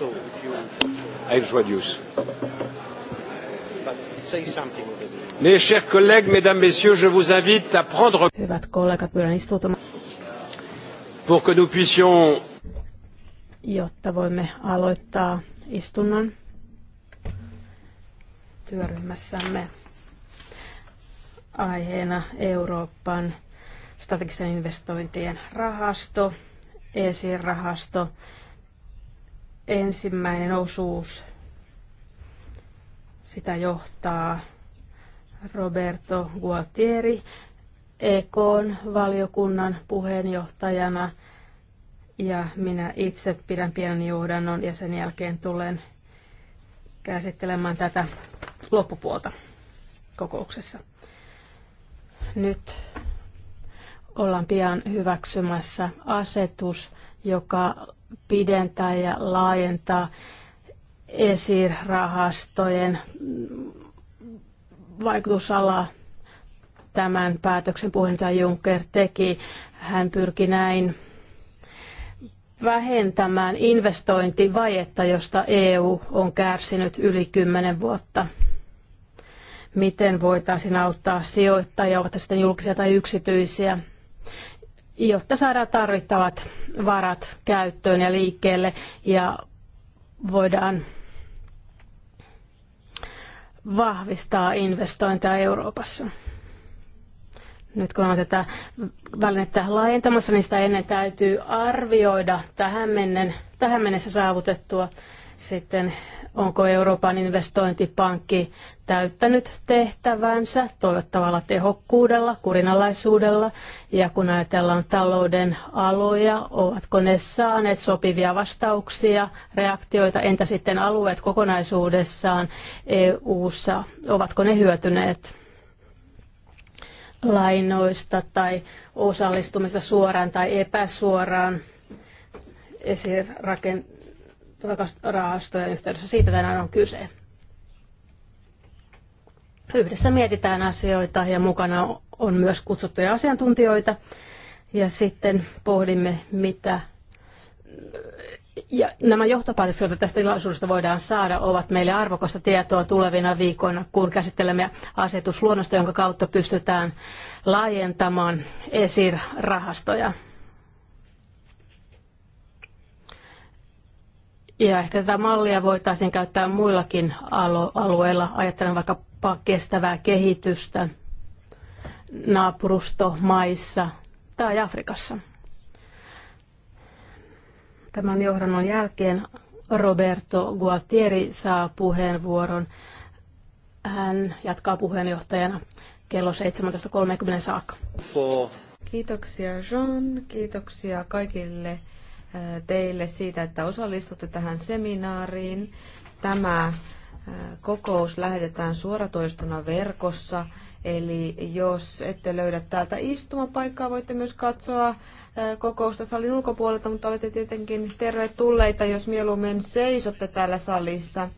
So if you... I introduce. Mes chers collègues, mesdames, messieurs, je vous invite à prendre... Hyvät kollegat, pyydän istuutumaan. Pour que nous puissions... Jotta voimme aloittaa istunnon työryhmässämme aiheena Euroopan strategisten investointien rahasto, ESI-rahasto ensimmäinen osuus, sitä johtaa Roberto Gualtieri EK valiokunnan puheenjohtajana ja minä itse pidän pienen johdannon ja sen jälkeen tulen käsittelemään tätä loppupuolta kokouksessa. Nyt ollaan pian hyväksymässä asetus, joka pidentää ja laajentaa esirahastojen vaikutusalaa tämän päätöksen puheenjohtaja Juncker teki. Hän pyrki näin vähentämään investointivajetta, josta EU on kärsinyt yli kymmenen vuotta. Miten voitaisiin auttaa sijoittajia, ovat sitten julkisia tai yksityisiä, jotta saadaan tarvittavat varat käyttöön ja liikkeelle ja voidaan vahvistaa investointeja Euroopassa. Nyt kun on tätä välinettä laajentamassa, niin sitä ennen täytyy arvioida tähän, mennen, tähän mennessä saavutettua sitten Onko Euroopan investointipankki täyttänyt tehtävänsä toivottavalla tehokkuudella, kurinalaisuudella ja kun ajatellaan talouden aloja, ovatko ne saaneet sopivia vastauksia, reaktioita, entä sitten alueet kokonaisuudessaan EU-ssa, ovatko ne hyötyneet lainoista tai osallistumista suoraan tai epäsuoraan esirakenteeseen rahastojen yhteydessä. Siitä tänään on kyse. Yhdessä mietitään asioita ja mukana on myös kutsuttuja asiantuntijoita. Ja sitten pohdimme, mitä ja nämä johtopäätökset, joita tästä tilaisuudesta voidaan saada, ovat meille arvokasta tietoa tulevina viikoina, kun käsittelemme asetusluonnosta, jonka kautta pystytään laajentamaan esirahastoja. rahastoja Ja ehkä tätä mallia voitaisiin käyttää muillakin alueilla, ajattelen vaikkapa kestävää kehitystä naapurustomaissa tai Afrikassa. Tämän johdannon jälkeen Roberto Guattieri saa puheenvuoron. Hän jatkaa puheenjohtajana kello 17.30 saakka. Kiitoksia Jean, kiitoksia kaikille teille siitä, että osallistutte tähän seminaariin. Tämä kokous lähetetään suoratoistona verkossa, eli jos ette löydä täältä istumapaikkaa, voitte myös katsoa kokousta salin ulkopuolelta, mutta olette tietenkin tervetulleita, jos mieluummin seisotte täällä salissa.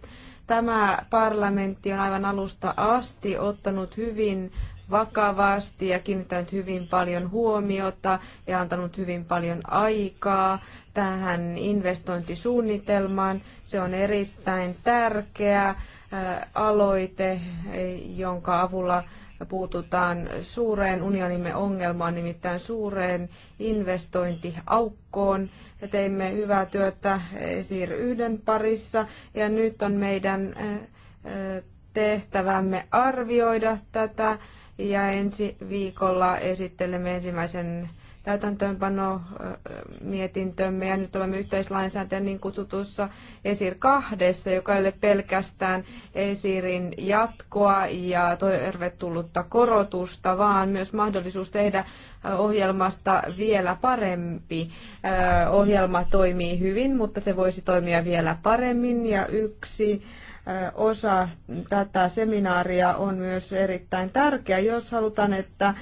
Tämä parlamentti on aivan alusta asti ottanut hyvin vakavasti ja kiinnittänyt hyvin paljon huomiota ja antanut hyvin paljon aikaa tähän investointisuunnitelmaan. Se on erittäin tärkeä äh, aloite, jonka avulla puututaan suureen unionimme ongelmaan, nimittäin suureen investointiaukkoon. Me teimme hyvää työtä ESIR yhden parissa ja nyt on meidän äh, äh, tehtävämme arvioida tätä ja ensi viikolla esittelemme ensimmäisen täytäntöönpano mietintömme ja nyt olemme yhteislainsäätäjän niin kutsutussa ESIR kahdessa, joka ei ole pelkästään ESIRin jatkoa ja tervetullutta korotusta, vaan myös mahdollisuus tehdä ohjelmasta vielä parempi. Ohjelma toimii hyvin, mutta se voisi toimia vielä paremmin ja yksi osa tätä seminaaria on myös erittäin tärkeä, jos halutaan, että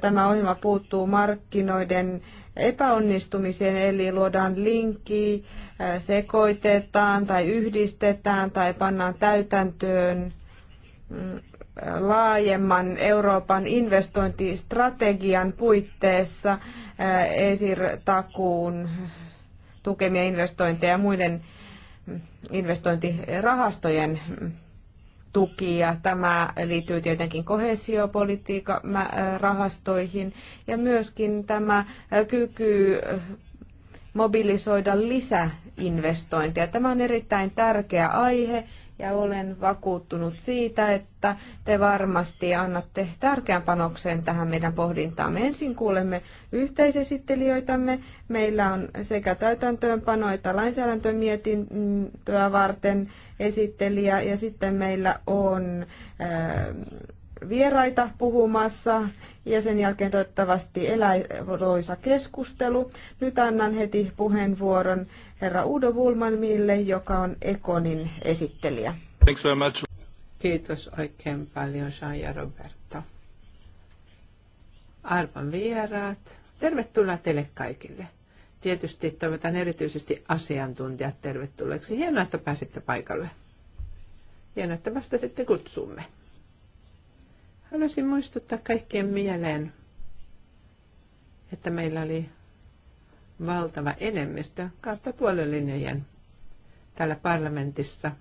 tämä ohjelma puuttuu markkinoiden epäonnistumiseen, eli luodaan linkki, sekoitetaan tai yhdistetään tai pannaan täytäntöön mm, laajemman Euroopan investointistrategian puitteissa esirtakuun tukemia investointeja ja muiden investointirahastojen tukia. Tämä liittyy tietenkin rahastoihin ja myöskin tämä kyky mobilisoida lisäinvestointeja. Tämä on erittäin tärkeä aihe ja olen vakuuttunut siitä, että te varmasti annatte tärkeän panoksen tähän meidän pohdintaamme. Ensin kuulemme yhteisesittelijöitämme. Meillä on sekä täytäntöönpano että lainsäädäntömietintöä varten esittelijä ja sitten meillä on vieraita puhumassa ja sen jälkeen toivottavasti eläinroisa keskustelu. Nyt annan heti puheenvuoron herra Udo Wulmanmille, joka on Ekonin esittelijä. Thanks very much. Kiitos oikein paljon Jean ja Roberta. Arvon vieraat, tervetuloa teille kaikille. Tietysti toivotan erityisesti asiantuntijat tervetulleeksi. Hienoa, että pääsitte paikalle. Hienoa, että vastasitte kutsumme. Haluaisin muistuttaa kaikkien mieleen, että meillä oli valtava enemmistö kautta puolilinjojen täällä parlamentissa,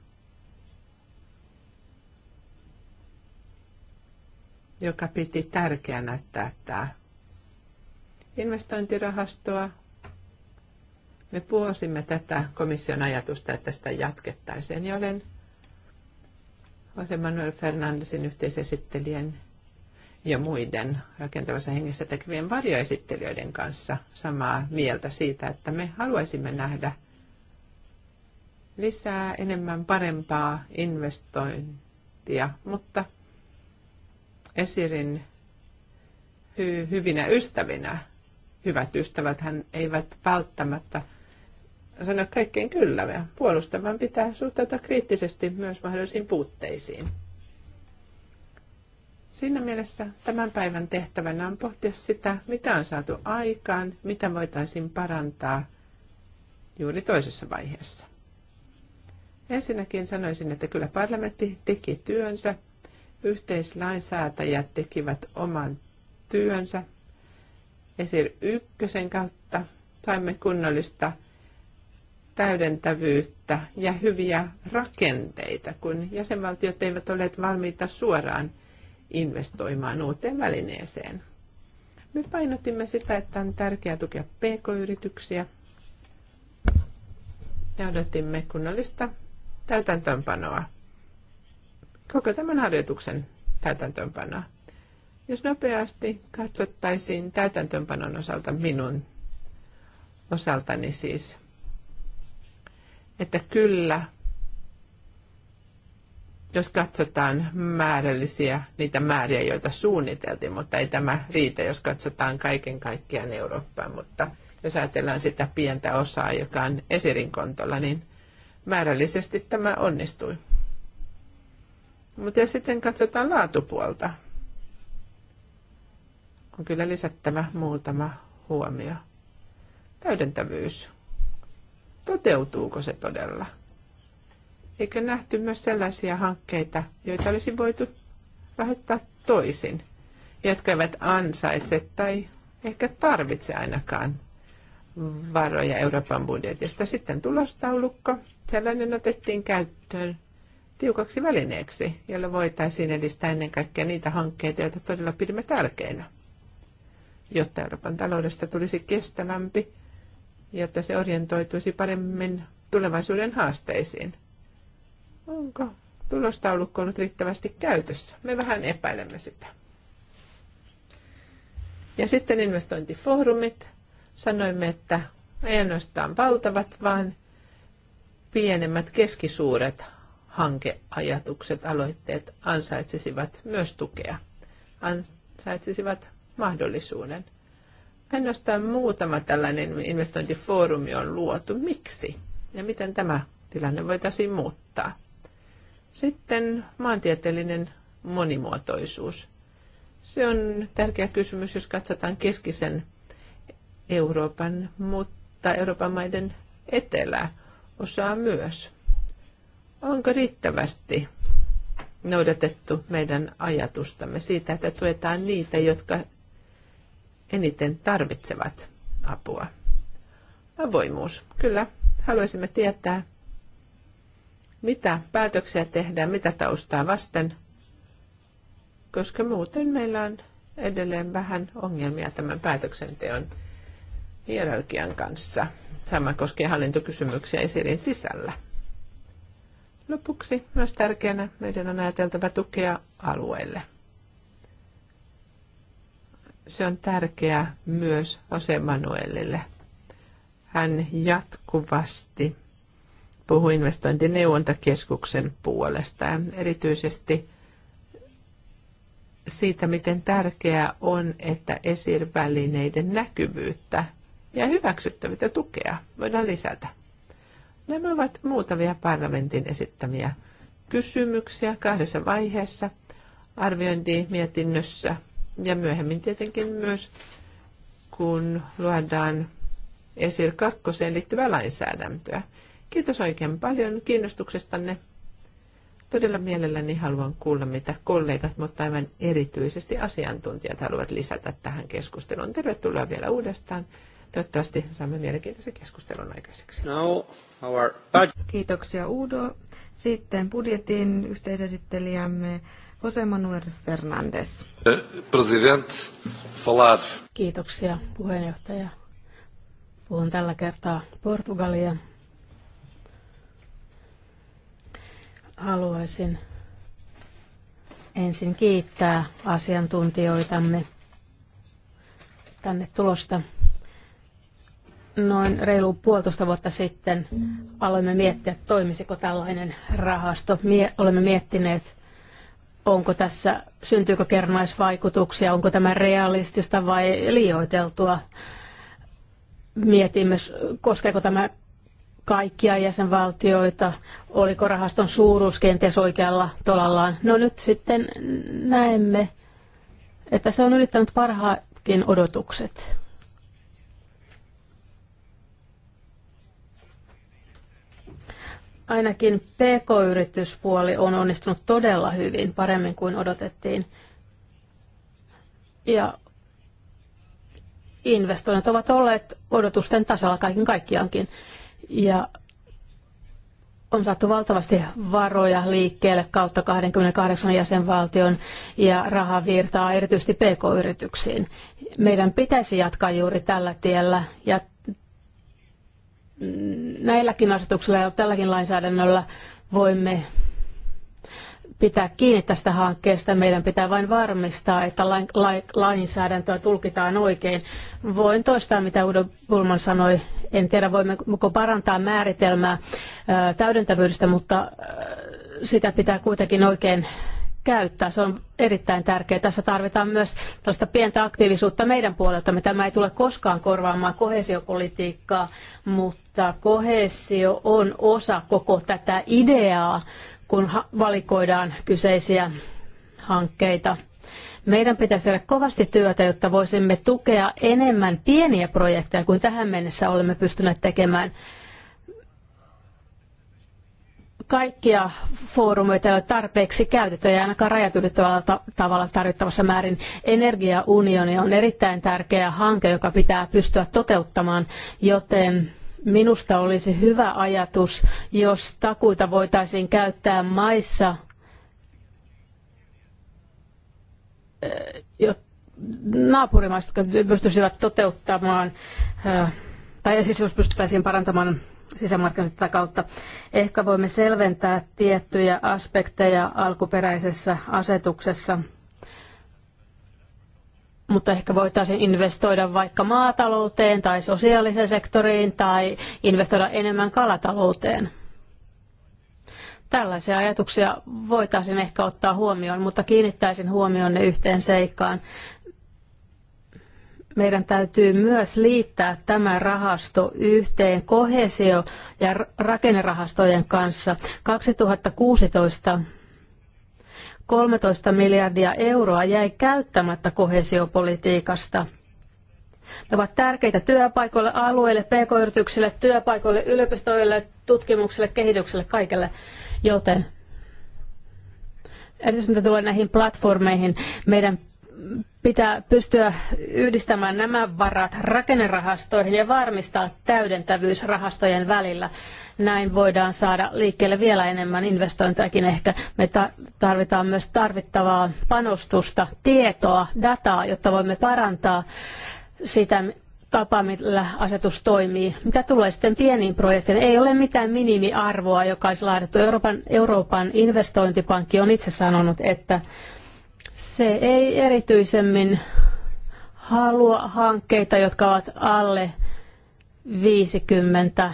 joka piti tärkeänä tämä investointirahastoa. Me puosimme tätä komission ajatusta, että sitä jatkettaisiin ja olen Jose Manuel Fernandesin yhteisesittelijän ja muiden rakentavassa hengessä tekevien varjoesittelijöiden kanssa samaa mieltä siitä, että me haluaisimme nähdä lisää enemmän parempaa investointia, mutta Esirin hy- hyvinä ystävinä, hyvät ystävät, hän eivät välttämättä sanoa kaikkein kyllä, ja puolustavan pitää suhtautua kriittisesti myös mahdollisiin puutteisiin. Siinä mielessä tämän päivän tehtävänä on pohtia sitä, mitä on saatu aikaan, mitä voitaisiin parantaa juuri toisessa vaiheessa. Ensinnäkin sanoisin, että kyllä parlamentti teki työnsä, yhteislainsäätäjät tekivät oman työnsä. Esir ykkösen kautta saimme kunnollista täydentävyyttä ja hyviä rakenteita, kun jäsenvaltiot eivät ole valmiita suoraan investoimaan uuteen välineeseen. Me painotimme sitä, että on tärkeää tukea pk-yrityksiä ja odotimme kunnollista täytäntöönpanoa, koko tämän harjoituksen täytäntöönpanoa. Jos nopeasti katsottaisiin täytäntöönpanon osalta minun osaltani siis että kyllä, jos katsotaan määrällisiä niitä määriä, joita suunniteltiin, mutta ei tämä riitä, jos katsotaan kaiken kaikkiaan Eurooppaa, mutta jos ajatellaan sitä pientä osaa, joka on esirinkontolla, niin määrällisesti tämä onnistui. Mutta jos sitten katsotaan laatupuolta, on kyllä lisättävä muutama huomio. Täydentävyys. Toteutuuko se todella? Eikö nähty myös sellaisia hankkeita, joita olisi voitu rahoittaa toisin, jotka eivät ansaitse tai ehkä tarvitse ainakaan varoja Euroopan budjetista. Sitten tulostaulukko, sellainen otettiin käyttöön tiukaksi välineeksi, jolla voitaisiin edistää ennen kaikkea niitä hankkeita, joita todella pidimme tärkeinä, jotta Euroopan taloudesta tulisi kestävämpi jotta se orientoituisi paremmin tulevaisuuden haasteisiin. Onko tulostaulukko nyt riittävästi käytössä? Me vähän epäilemme sitä. Ja sitten investointifoorumit. Sanoimme, että ei ainoastaan valtavat, vaan pienemmät keskisuuret hankeajatukset, aloitteet ansaitsisivat myös tukea, ansaitsisivat mahdollisuuden – Ainoastaan muutama tällainen investointifoorumi on luotu. Miksi? Ja miten tämä tilanne voitaisiin muuttaa? Sitten maantieteellinen monimuotoisuus. Se on tärkeä kysymys, jos katsotaan keskisen Euroopan, mutta Euroopan maiden etelä osaa myös. Onko riittävästi noudatettu meidän ajatustamme siitä, että tuetaan niitä, jotka eniten tarvitsevat apua. Avoimuus. Kyllä, haluaisimme tietää, mitä päätöksiä tehdään, mitä taustaa vasten, koska muuten meillä on edelleen vähän ongelmia tämän päätöksenteon hierarkian kanssa. Sama koskee hallintokysymyksiä esirin sisällä. Lopuksi myös tärkeänä meidän on ajateltava tukea alueelle. Se on tärkeää myös Jose Manuelille. Hän jatkuvasti puhuu investointineuvontakeskuksen puolesta ja erityisesti siitä, miten tärkeää on, että esirvälineiden näkyvyyttä ja hyväksyttävyyttä tukea voidaan lisätä. Nämä ovat muutamia parlamentin esittämiä kysymyksiä kahdessa vaiheessa arviointimietinnössä ja myöhemmin tietenkin myös, kun luodaan ESIR kakkoseen liittyvää lainsäädäntöä. Kiitos oikein paljon kiinnostuksestanne. Todella mielelläni haluan kuulla, mitä kollegat, mutta aivan erityisesti asiantuntijat haluavat lisätä tähän keskusteluun. Tervetuloa vielä uudestaan. Toivottavasti saamme mielenkiintoisen keskustelun aikaiseksi. Kiitoksia Udo. Sitten budjetin yhteisesittelijämme Jose Manuel Fernandes. President, falar. Kiitoksia puheenjohtaja. Puhun tällä kertaa Portugalia. Haluaisin ensin kiittää asiantuntijoitamme tänne tulosta. Noin reilu puolitoista vuotta sitten aloimme miettiä, toimisiko tällainen rahasto. Mie- olemme miettineet onko tässä, syntyykö kernaisvaikutuksia, onko tämä realistista vai liioiteltua. Mietimme, koskeeko tämä kaikkia jäsenvaltioita, oliko rahaston suuruus kenties oikealla tolallaan. No nyt sitten näemme, että se on ylittänyt parhaatkin odotukset. Ainakin PK-yrityspuoli on onnistunut todella hyvin, paremmin kuin odotettiin. Ja investoinnit ovat olleet odotusten tasalla kaiken kaikkiaankin. Ja on saatu valtavasti varoja liikkeelle kautta 28 jäsenvaltion ja rahavirtaa erityisesti pk-yrityksiin. Meidän pitäisi jatkaa juuri tällä tiellä ja näilläkin asetuksilla ja tälläkin lainsäädännöllä voimme pitää kiinni tästä hankkeesta. Meidän pitää vain varmistaa, että lainsäädäntöä tulkitaan oikein. Voin toistaa, mitä Udo Bulman sanoi. En tiedä, voimmeko parantaa määritelmää täydentävyydestä, mutta sitä pitää kuitenkin oikein käyttää. Se on erittäin tärkeää. Tässä tarvitaan myös tällaista pientä aktiivisuutta meidän puolelta. Tämä ei tule koskaan korvaamaan kohesiopolitiikkaa, mutta kohesio on osa koko tätä ideaa, kun valikoidaan kyseisiä hankkeita. Meidän pitäisi tehdä kovasti työtä, jotta voisimme tukea enemmän pieniä projekteja kuin tähän mennessä olemme pystyneet tekemään kaikkia foorumeita ei ole tarpeeksi käytetty ja ainakaan rajat ylittävällä tavalla tarvittavassa määrin. Energiaunioni on erittäin tärkeä hanke, joka pitää pystyä toteuttamaan, joten minusta olisi hyvä ajatus, jos takuita voitaisiin käyttää maissa, eh, naapurimaista, jotka pystyisivät toteuttamaan, eh, tai siis jos pystyttäisiin parantamaan sisämarkkinoiden kautta. Ehkä voimme selventää tiettyjä aspekteja alkuperäisessä asetuksessa, mutta ehkä voitaisiin investoida vaikka maatalouteen tai sosiaaliseen sektoriin tai investoida enemmän kalatalouteen. Tällaisia ajatuksia voitaisiin ehkä ottaa huomioon, mutta kiinnittäisin ne yhteen seikkaan meidän täytyy myös liittää tämä rahasto yhteen kohesio- ja rakennerahastojen kanssa. 2016 13 miljardia euroa jäi käyttämättä kohesiopolitiikasta. Ne ovat tärkeitä työpaikoille, alueille, pk-yrityksille, työpaikoille, yliopistoille, tutkimukselle, kehitykselle, kaikille. Joten erityisesti mitä tulee näihin platformeihin, meidän pitää pystyä yhdistämään nämä varat rakennerahastoihin ja varmistaa täydentävyys rahastojen välillä. Näin voidaan saada liikkeelle vielä enemmän investointiakin ehkä. Me tarvitaan myös tarvittavaa panostusta, tietoa, dataa, jotta voimme parantaa sitä tapa, millä asetus toimii. Mitä tulee sitten pieniin projekteihin, ei ole mitään minimiarvoa, joka olisi laadittu. Euroopan, Euroopan investointipankki on itse sanonut, että se ei erityisemmin halua hankkeita, jotka ovat alle 50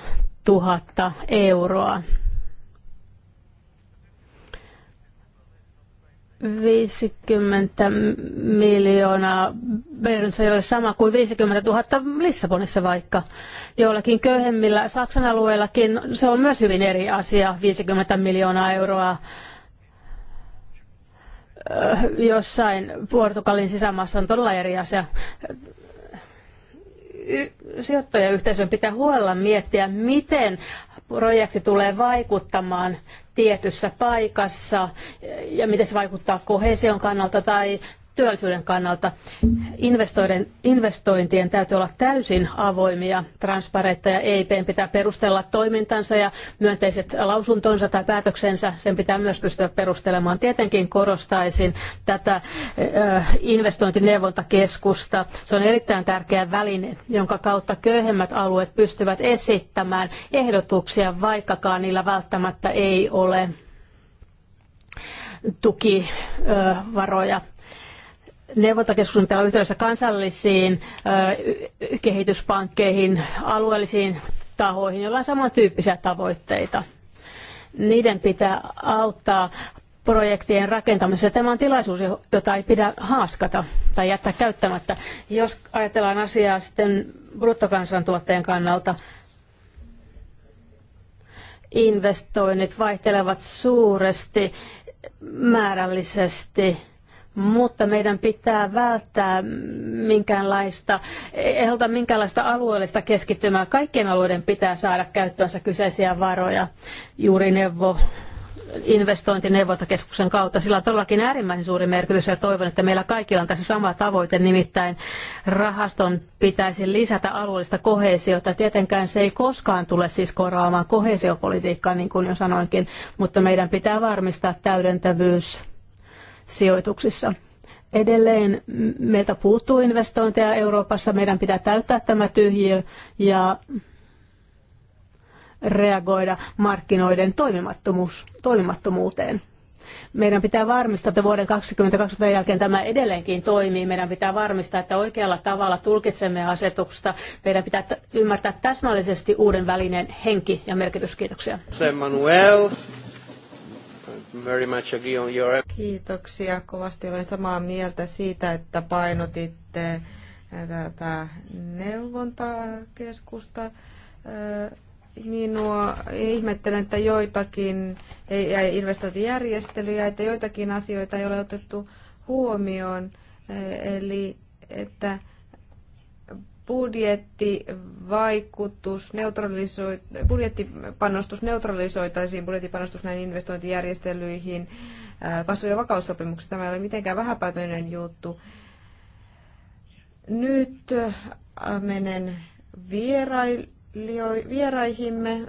000 euroa. 50 miljoonaa Se ei ole sama kuin 50 000 Lissabonissa vaikka. Joillakin köyhemmillä Saksan alueillakin se on myös hyvin eri asia, 50 miljoonaa euroa jossain Portugalin sisämaassa on todella eri asia. Y- sijoittajayhteisön pitää huolella miettiä, miten projekti tulee vaikuttamaan tietyssä paikassa ja miten se vaikuttaa kohesion kannalta tai työllisyyden kannalta. Investointien täytyy olla täysin avoimia, transparentteja. EIPn pitää perustella toimintansa ja myönteiset lausuntonsa tai päätöksensä. Sen pitää myös pystyä perustelemaan. Tietenkin korostaisin tätä investointineuvontakeskusta. Se on erittäin tärkeä väline, jonka kautta köyhemmät alueet pystyvät esittämään ehdotuksia, vaikkakaan niillä välttämättä ei ole tukivaroja neuvontakeskus pitää yhteydessä kansallisiin kehityspankkeihin, alueellisiin tahoihin, joilla on samantyyppisiä tavoitteita. Niiden pitää auttaa projektien rakentamisessa. Tämä on tilaisuus, jota ei pidä haaskata tai jättää käyttämättä. Jos ajatellaan asiaa sitten bruttokansantuotteen kannalta, investoinnit vaihtelevat suuresti määrällisesti mutta meidän pitää välttää minkäänlaista, ehdota minkäänlaista alueellista keskittymää. Kaikkien alueiden pitää saada käyttöönsä kyseisiä varoja. Juuri neuvo investointineuvontakeskuksen kautta. Sillä on todellakin äärimmäisen suuri merkitys ja toivon, että meillä kaikilla on tässä sama tavoite, nimittäin rahaston pitäisi lisätä alueellista kohesiota. Tietenkään se ei koskaan tule siis korvaamaan kohesiopolitiikkaa, niin kuin jo sanoinkin, mutta meidän pitää varmistaa täydentävyys sijoituksissa. Edelleen meiltä puuttuu investointeja Euroopassa, meidän pitää täyttää tämä tyhjiö ja reagoida markkinoiden toimimattomuus, toimimattomuuteen. Meidän pitää varmistaa, että vuoden 2020 jälkeen tämä edelleenkin toimii. Meidän pitää varmistaa, että oikealla tavalla tulkitsemme asetuksesta. Meidän pitää ymmärtää täsmällisesti uuden välineen henki ja merkitys. Kiitoksia very much agree on your... Kiitoksia kovasti. Olen samaa mieltä siitä, että painotitte tätä neuvontakeskusta. Minua ihmettelen, että joitakin ja investointijärjestelyjä, että joitakin asioita ei ole otettu huomioon. Eli että budjettivaikutus neutralisoi, budjettipanostus neutralisoitaisiin, budjettipanostus näihin investointijärjestelyihin, kasvu- ja vakaussopimuksessa. Tämä ei ole mitenkään vähäpäätöinen juttu. Nyt menen vieraihimme,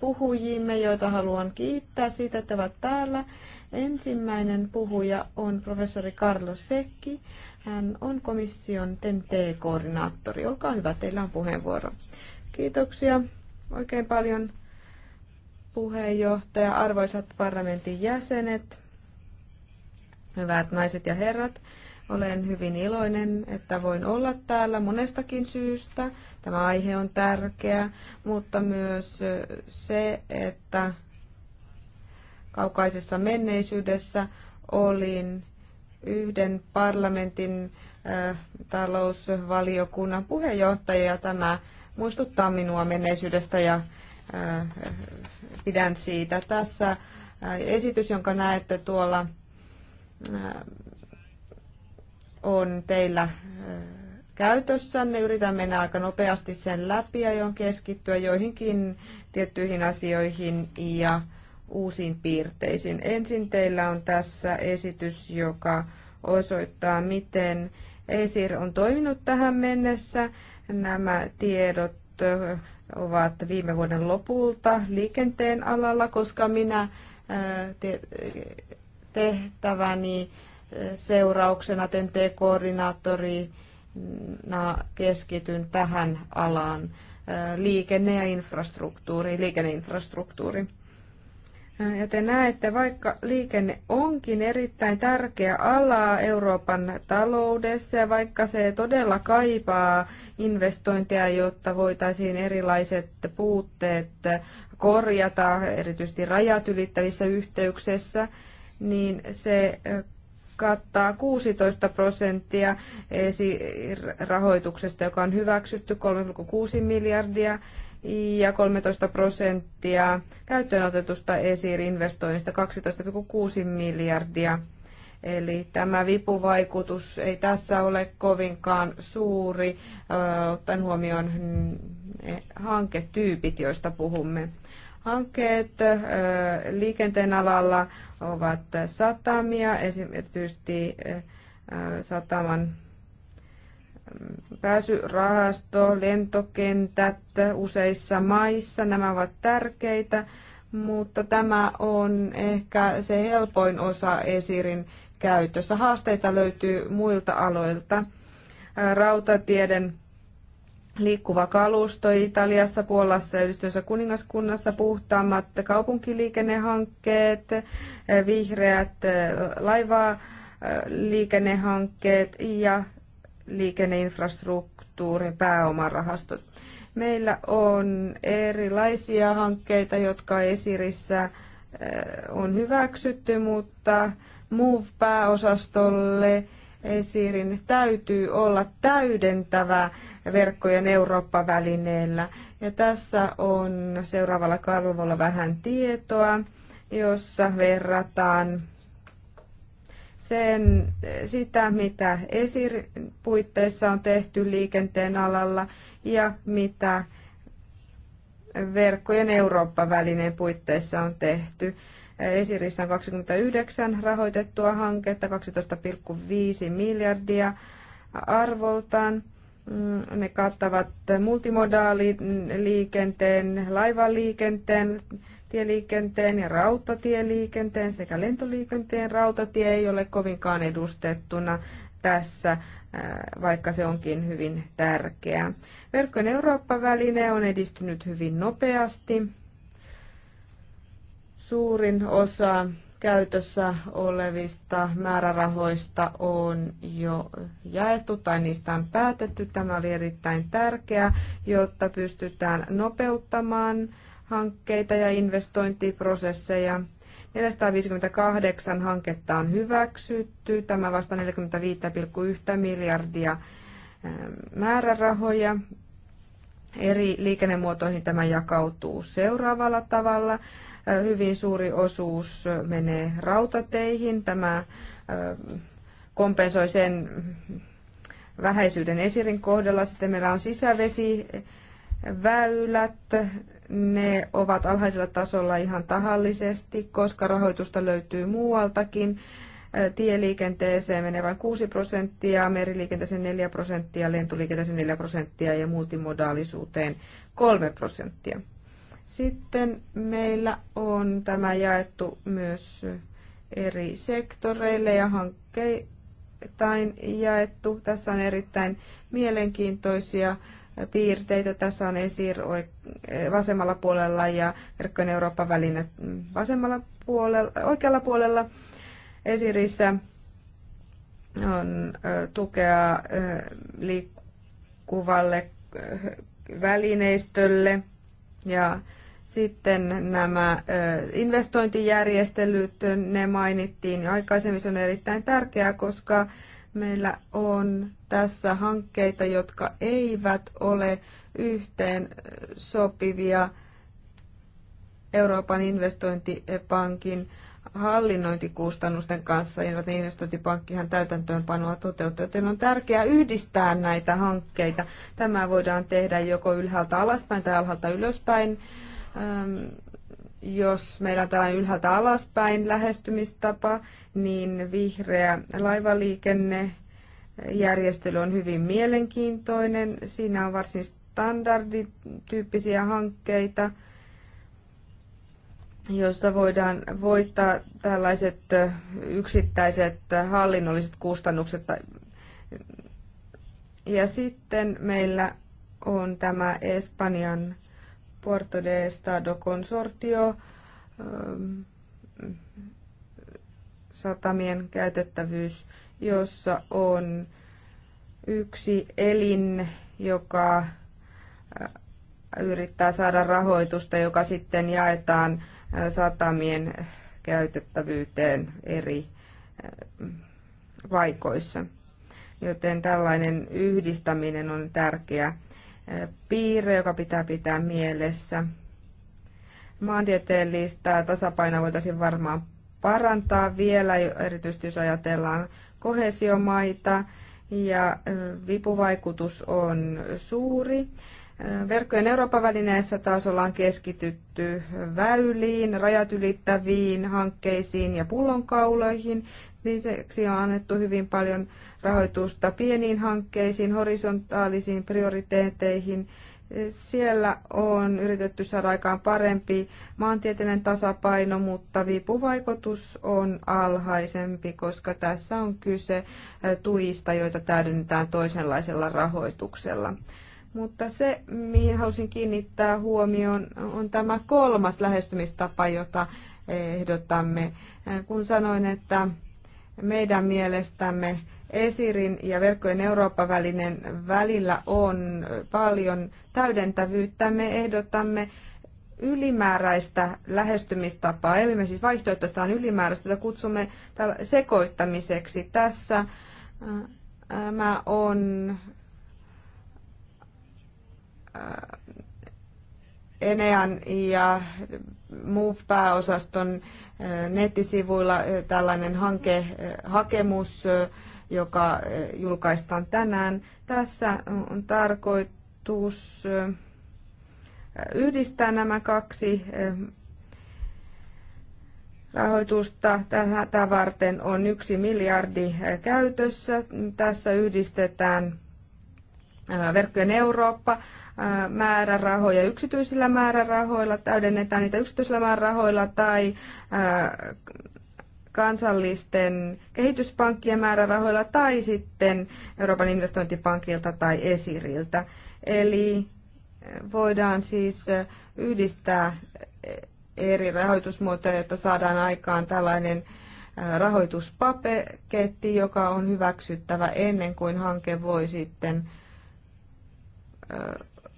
puhujiimme, joita haluan kiittää siitä, että ovat täällä. Ensimmäinen puhuja on professori Carlos Secchi, hän on komission TEN-T-koordinaattori. Olkaa hyvä, teillä on puheenvuoro. Kiitoksia oikein paljon puheenjohtaja, arvoisat parlamentin jäsenet, hyvät naiset ja herrat. Olen hyvin iloinen, että voin olla täällä monestakin syystä. Tämä aihe on tärkeä, mutta myös se, että kaukaisessa menneisyydessä olin yhden parlamentin äh, talousvaliokunnan puheenjohtajia. Tämä muistuttaa minua menneisyydestä ja äh, pidän siitä. Tässä äh, esitys, jonka näette tuolla, on teillä käytössänne. Yritän mennä aika nopeasti sen läpi ja on keskittyä joihinkin tiettyihin asioihin ja uusiin piirteisiin. Ensin teillä on tässä esitys, joka osoittaa, miten ESIR on toiminut tähän mennessä. Nämä tiedot äh, ovat viime vuoden lopulta liikenteen alalla, koska minä äh, tehtäväni äh, seurauksena tnt koordinaattorina keskityn tähän alaan liikenne- ja infrastruktuuri, liikenneinfrastruktuuri. Ja te näette, vaikka liikenne onkin erittäin tärkeä ala Euroopan taloudessa ja vaikka se todella kaipaa investointeja, jotta voitaisiin erilaiset puutteet korjata, erityisesti rajat ylittävissä yhteyksissä, niin se kattaa 16 prosenttia rahoituksesta, joka on hyväksytty 3,6 miljardia ja 13 prosenttia käyttöön otetusta ESIR-investoinnista 12,6 miljardia. Eli tämä vipuvaikutus ei tässä ole kovinkaan suuri, ottaen huomioon ne hanketyypit, joista puhumme. Hankkeet liikenteen alalla ovat satamia, esimerkiksi sataman pääsyrahasto, lentokentät useissa maissa, nämä ovat tärkeitä, mutta tämä on ehkä se helpoin osa esirin käytössä. Haasteita löytyy muilta aloilta. Rautatieden liikkuva kalusto Italiassa, Puolassa ja yhdistyössä kuningaskunnassa, puhtaammat kaupunkiliikennehankkeet, vihreät laivaa liikennehankkeet ja liikenneinfrastruktuurin pääomarahastot. Meillä on erilaisia hankkeita, jotka esirissä eh, on hyväksytty, mutta MOVE-pääosastolle Esirin täytyy olla täydentävä verkkojen Eurooppa-välineellä. Ja tässä on seuraavalla kalvolla vähän tietoa, jossa verrataan sen, sitä, mitä esipuitteissa on tehty liikenteen alalla ja mitä verkkojen Eurooppa-välineen puitteissa on tehty. Esirissä on 29 rahoitettua hanketta, 12,5 miljardia arvoltaan. Mm, ne kattavat multimodaaliliikenteen, liikenteen, laivaliikenteen, tieliikenteen ja rautatieliikenteen sekä lentoliikenteen rautatie ei ole kovinkaan edustettuna tässä, äh, vaikka se onkin hyvin tärkeä. Verkkojen Eurooppa-väline on edistynyt hyvin nopeasti. Suurin osa käytössä olevista määrärahoista on jo jaettu tai niistä on päätetty. Tämä oli erittäin tärkeää, jotta pystytään nopeuttamaan hankkeita ja investointiprosesseja. 458 hanketta on hyväksytty, tämä vasta 45,1 miljardia ähm, määrärahoja. Eri liikennemuotoihin tämä jakautuu seuraavalla tavalla. Äh, hyvin suuri osuus menee rautateihin. Tämä äh, kompensoi sen vähäisyyden esirin kohdalla. Sitten meillä on sisävesiväylät, ne ovat alhaisella tasolla ihan tahallisesti, koska rahoitusta löytyy muualtakin. Äh, tieliikenteeseen vain 6 prosenttia, meriliikenteeseen 4 prosenttia, lentoliikenteeseen 4 prosenttia ja multimodaalisuuteen 3 prosenttia. Sitten meillä on tämä jaettu myös eri sektoreille ja hankkeittain jaettu. Tässä on erittäin mielenkiintoisia piirteitä. Tässä on ESIR vasemmalla puolella ja Verkkojen Euroopan väline vasemmalla puolella, oikealla puolella. ESIRissä on tukea liikkuvalle välineistölle ja sitten nämä investointijärjestelyt, ne mainittiin se on erittäin tärkeää, koska Meillä on tässä hankkeita, jotka eivät ole yhteen sopivia Euroopan investointipankin hallinnointikustannusten kanssa. Euroopan investointipankkihan täytäntöönpanoa toteuttaa, joten on tärkeää yhdistää näitä hankkeita. Tämä voidaan tehdä joko ylhäältä alaspäin tai alhaalta ylöspäin jos meillä on tällainen ylhäältä alaspäin lähestymistapa, niin vihreä laivaliikenne järjestely on hyvin mielenkiintoinen. Siinä on varsin standardityyppisiä hankkeita, joissa voidaan voittaa tällaiset yksittäiset hallinnolliset kustannukset. Ja sitten meillä on tämä Espanjan Puerto de Estado Consortio ähm, satamien käytettävyys, jossa on yksi elin, joka äh, yrittää saada rahoitusta, joka sitten jaetaan äh, satamien käytettävyyteen eri äh, paikoissa. Joten tällainen yhdistäminen on tärkeä piirre, joka pitää pitää mielessä. Maantieteellistä tasapainoa voitaisiin varmaan parantaa vielä, erityisesti jos ajatellaan kohesiomaita, ja vipuvaikutus on suuri. Verkkojen Euroopan välineessä taas ollaan keskitytty väyliin, rajat ylittäviin hankkeisiin ja pullonkauloihin. Lisäksi on annettu hyvin paljon rahoitusta pieniin hankkeisiin, horisontaalisiin prioriteeteihin. Siellä on yritetty saada aikaan parempi maantieteellinen tasapaino, mutta vipuvaikutus on alhaisempi, koska tässä on kyse tuista, joita täydennetään toisenlaisella rahoituksella. Mutta se, mihin halusin kiinnittää huomioon, on tämä kolmas lähestymistapa, jota ehdotamme. Kun sanoin, että meidän mielestämme Esirin ja verkkojen Euroopan välinen välillä on paljon täydentävyyttä. Me ehdotamme ylimääräistä lähestymistapaa, eli me siis vaihtoehtoista on ylimääräistä, jota kutsumme sekoittamiseksi. Tässä äh, äh, mä on äh, Enean ja MOVE-pääosaston nettisivuilla tällainen hankehakemus, joka julkaistaan tänään. Tässä on tarkoitus yhdistää nämä kaksi rahoitusta tätä varten on yksi miljardi käytössä. Tässä yhdistetään verkkojen Eurooppa määrärahoja yksityisillä määrärahoilla, täydennetään niitä yksityisillä määrärahoilla tai kansallisten kehityspankkien määrärahoilla tai sitten Euroopan investointipankilta tai Esiriltä. Eli voidaan siis yhdistää eri rahoitusmuotoja, jotta saadaan aikaan tällainen rahoituspaketti, joka on hyväksyttävä ennen kuin hanke voi sitten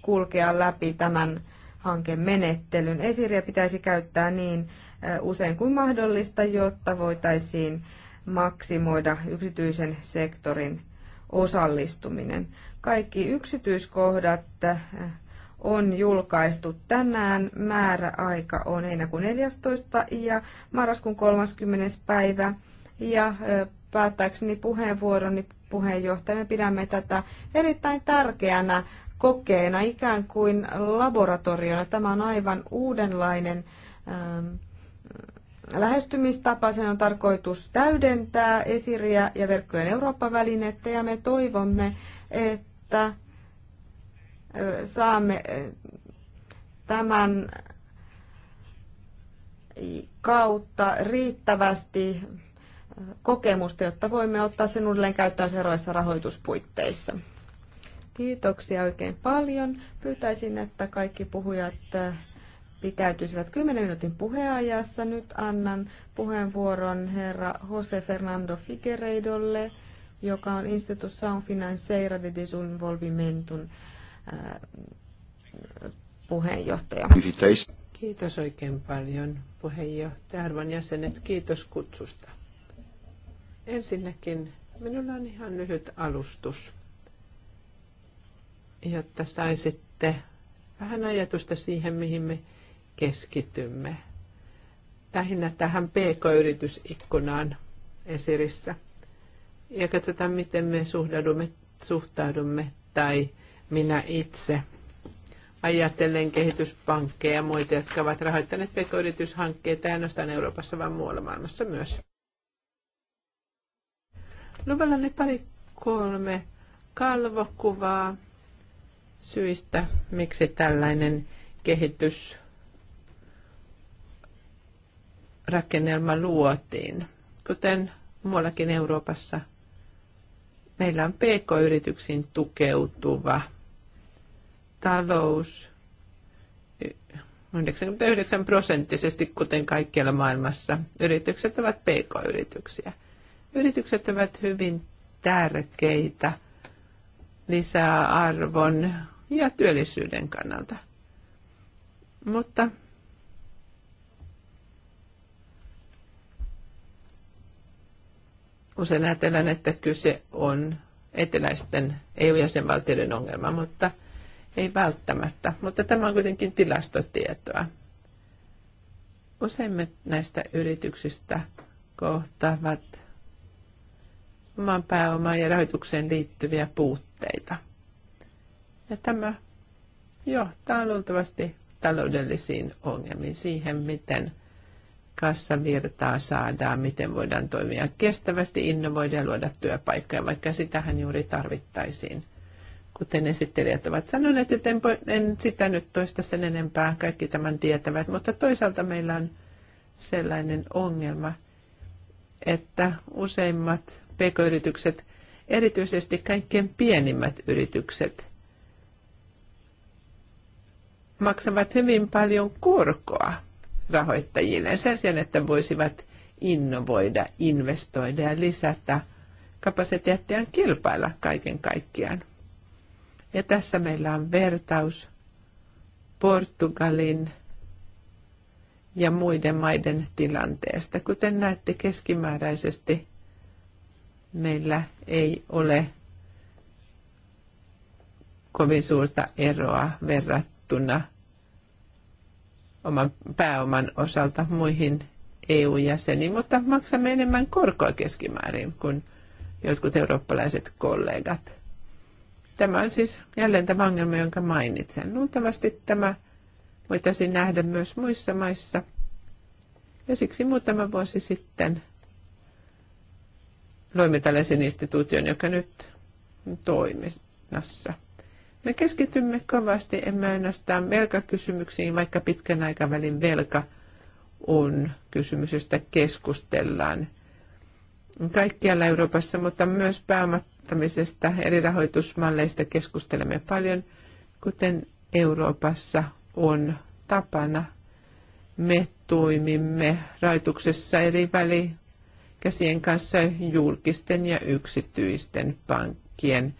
kulkea läpi tämän hankemenettelyn. Esiriä pitäisi käyttää niin usein kuin mahdollista, jotta voitaisiin maksimoida yksityisen sektorin osallistuminen. Kaikki yksityiskohdat on julkaistu tänään. Määräaika on heinäkuun 14. ja marraskuun 30. päivä. Ja päättääkseni puheenvuoroni puheenjohtaja, pidämme tätä erittäin tärkeänä kokeena, ikään kuin laboratoriona. Tämä on aivan uudenlainen ähm, lähestymistapa. Sen on tarkoitus täydentää esiriä ja verkkojen Eurooppa-välinettä ja me toivomme, että äh, saamme äh, tämän kautta riittävästi äh, kokemusta, jotta voimme ottaa sen uudelleen käyttöön seuraavissa rahoituspuitteissa. Kiitoksia oikein paljon. Pyytäisin, että kaikki puhujat äh, pitäytyisivät 10 minuutin puheajassa. Nyt annan puheenvuoron herra Jose Fernando Figueiredolle, joka on Institution Financeira de Desenvolvimentun äh, puheenjohtaja. Kiitos oikein paljon puheenjohtaja, arvon jäsenet. Kiitos kutsusta. Ensinnäkin minulla on ihan lyhyt alustus jotta saisitte vähän ajatusta siihen, mihin me keskitymme. Lähinnä tähän pk-yritysikkunaan esirissä. Ja katsotaan, miten me suhtaudumme, suhtaudumme tai minä itse ajatellen kehityspankkeja ja muita, jotka ovat rahoittaneet pk-yrityshankkeita ainoastaan Euroopassa, vaan muualla maailmassa myös. ne pari kolme kalvokuvaa syistä, miksi tällainen kehitys rakennelma luotiin. Kuten muuallakin Euroopassa, meillä on pk-yrityksiin tukeutuva talous 99 prosenttisesti, kuten kaikkialla maailmassa. Yritykset ovat pk-yrityksiä. Yritykset ovat hyvin tärkeitä – lisää arvon ja työllisyyden kannalta. Mutta usein ajatellaan, että kyse on eteläisten EU-jäsenvaltioiden ongelma, mutta ei välttämättä. Mutta tämä on kuitenkin tilastotietoa. Useimmat näistä yrityksistä kohtaavat oman pääomaan ja rahoitukseen liittyviä puutteita tuotteita. Ja tämä johtaa luultavasti taloudellisiin ongelmiin siihen, miten kassavirtaa saadaan, miten voidaan toimia kestävästi, innovoida ja luoda työpaikkoja, vaikka sitähän juuri tarvittaisiin. Kuten esittelijät ovat sanoneet, että en, en sitä nyt toista sen enempää, kaikki tämän tietävät, mutta toisaalta meillä on sellainen ongelma, että useimmat pk-yritykset – erityisesti kaikkein pienimmät yritykset maksavat hyvin paljon korkoa rahoittajille sen sijaan, että voisivat innovoida, investoida ja lisätä kapasiteettiaan kilpailla kaiken kaikkiaan. Ja tässä meillä on vertaus Portugalin ja muiden maiden tilanteesta. Kuten näette, keskimääräisesti meillä ei ole kovin suurta eroa verrattuna oman pääoman osalta muihin EU-jäseniin, mutta maksamme enemmän korkoa keskimäärin kuin jotkut eurooppalaiset kollegat. Tämä on siis jälleen tämä ongelma, jonka mainitsen. Luultavasti tämä voitaisiin nähdä myös muissa maissa. Ja siksi muutama vuosi sitten – loimme tällaisen instituution, joka nyt toiminnassa. Me keskitymme kovasti emme ainoastaan velkakysymyksiin, vaikka pitkän aikavälin velka on kysymys, josta keskustellaan kaikkialla Euroopassa, mutta myös pääomattamisesta eri rahoitusmalleista keskustelemme paljon, kuten Euroopassa on tapana. Me toimimme rahoituksessa eri väliin käsien kanssa julkisten ja yksityisten pankkien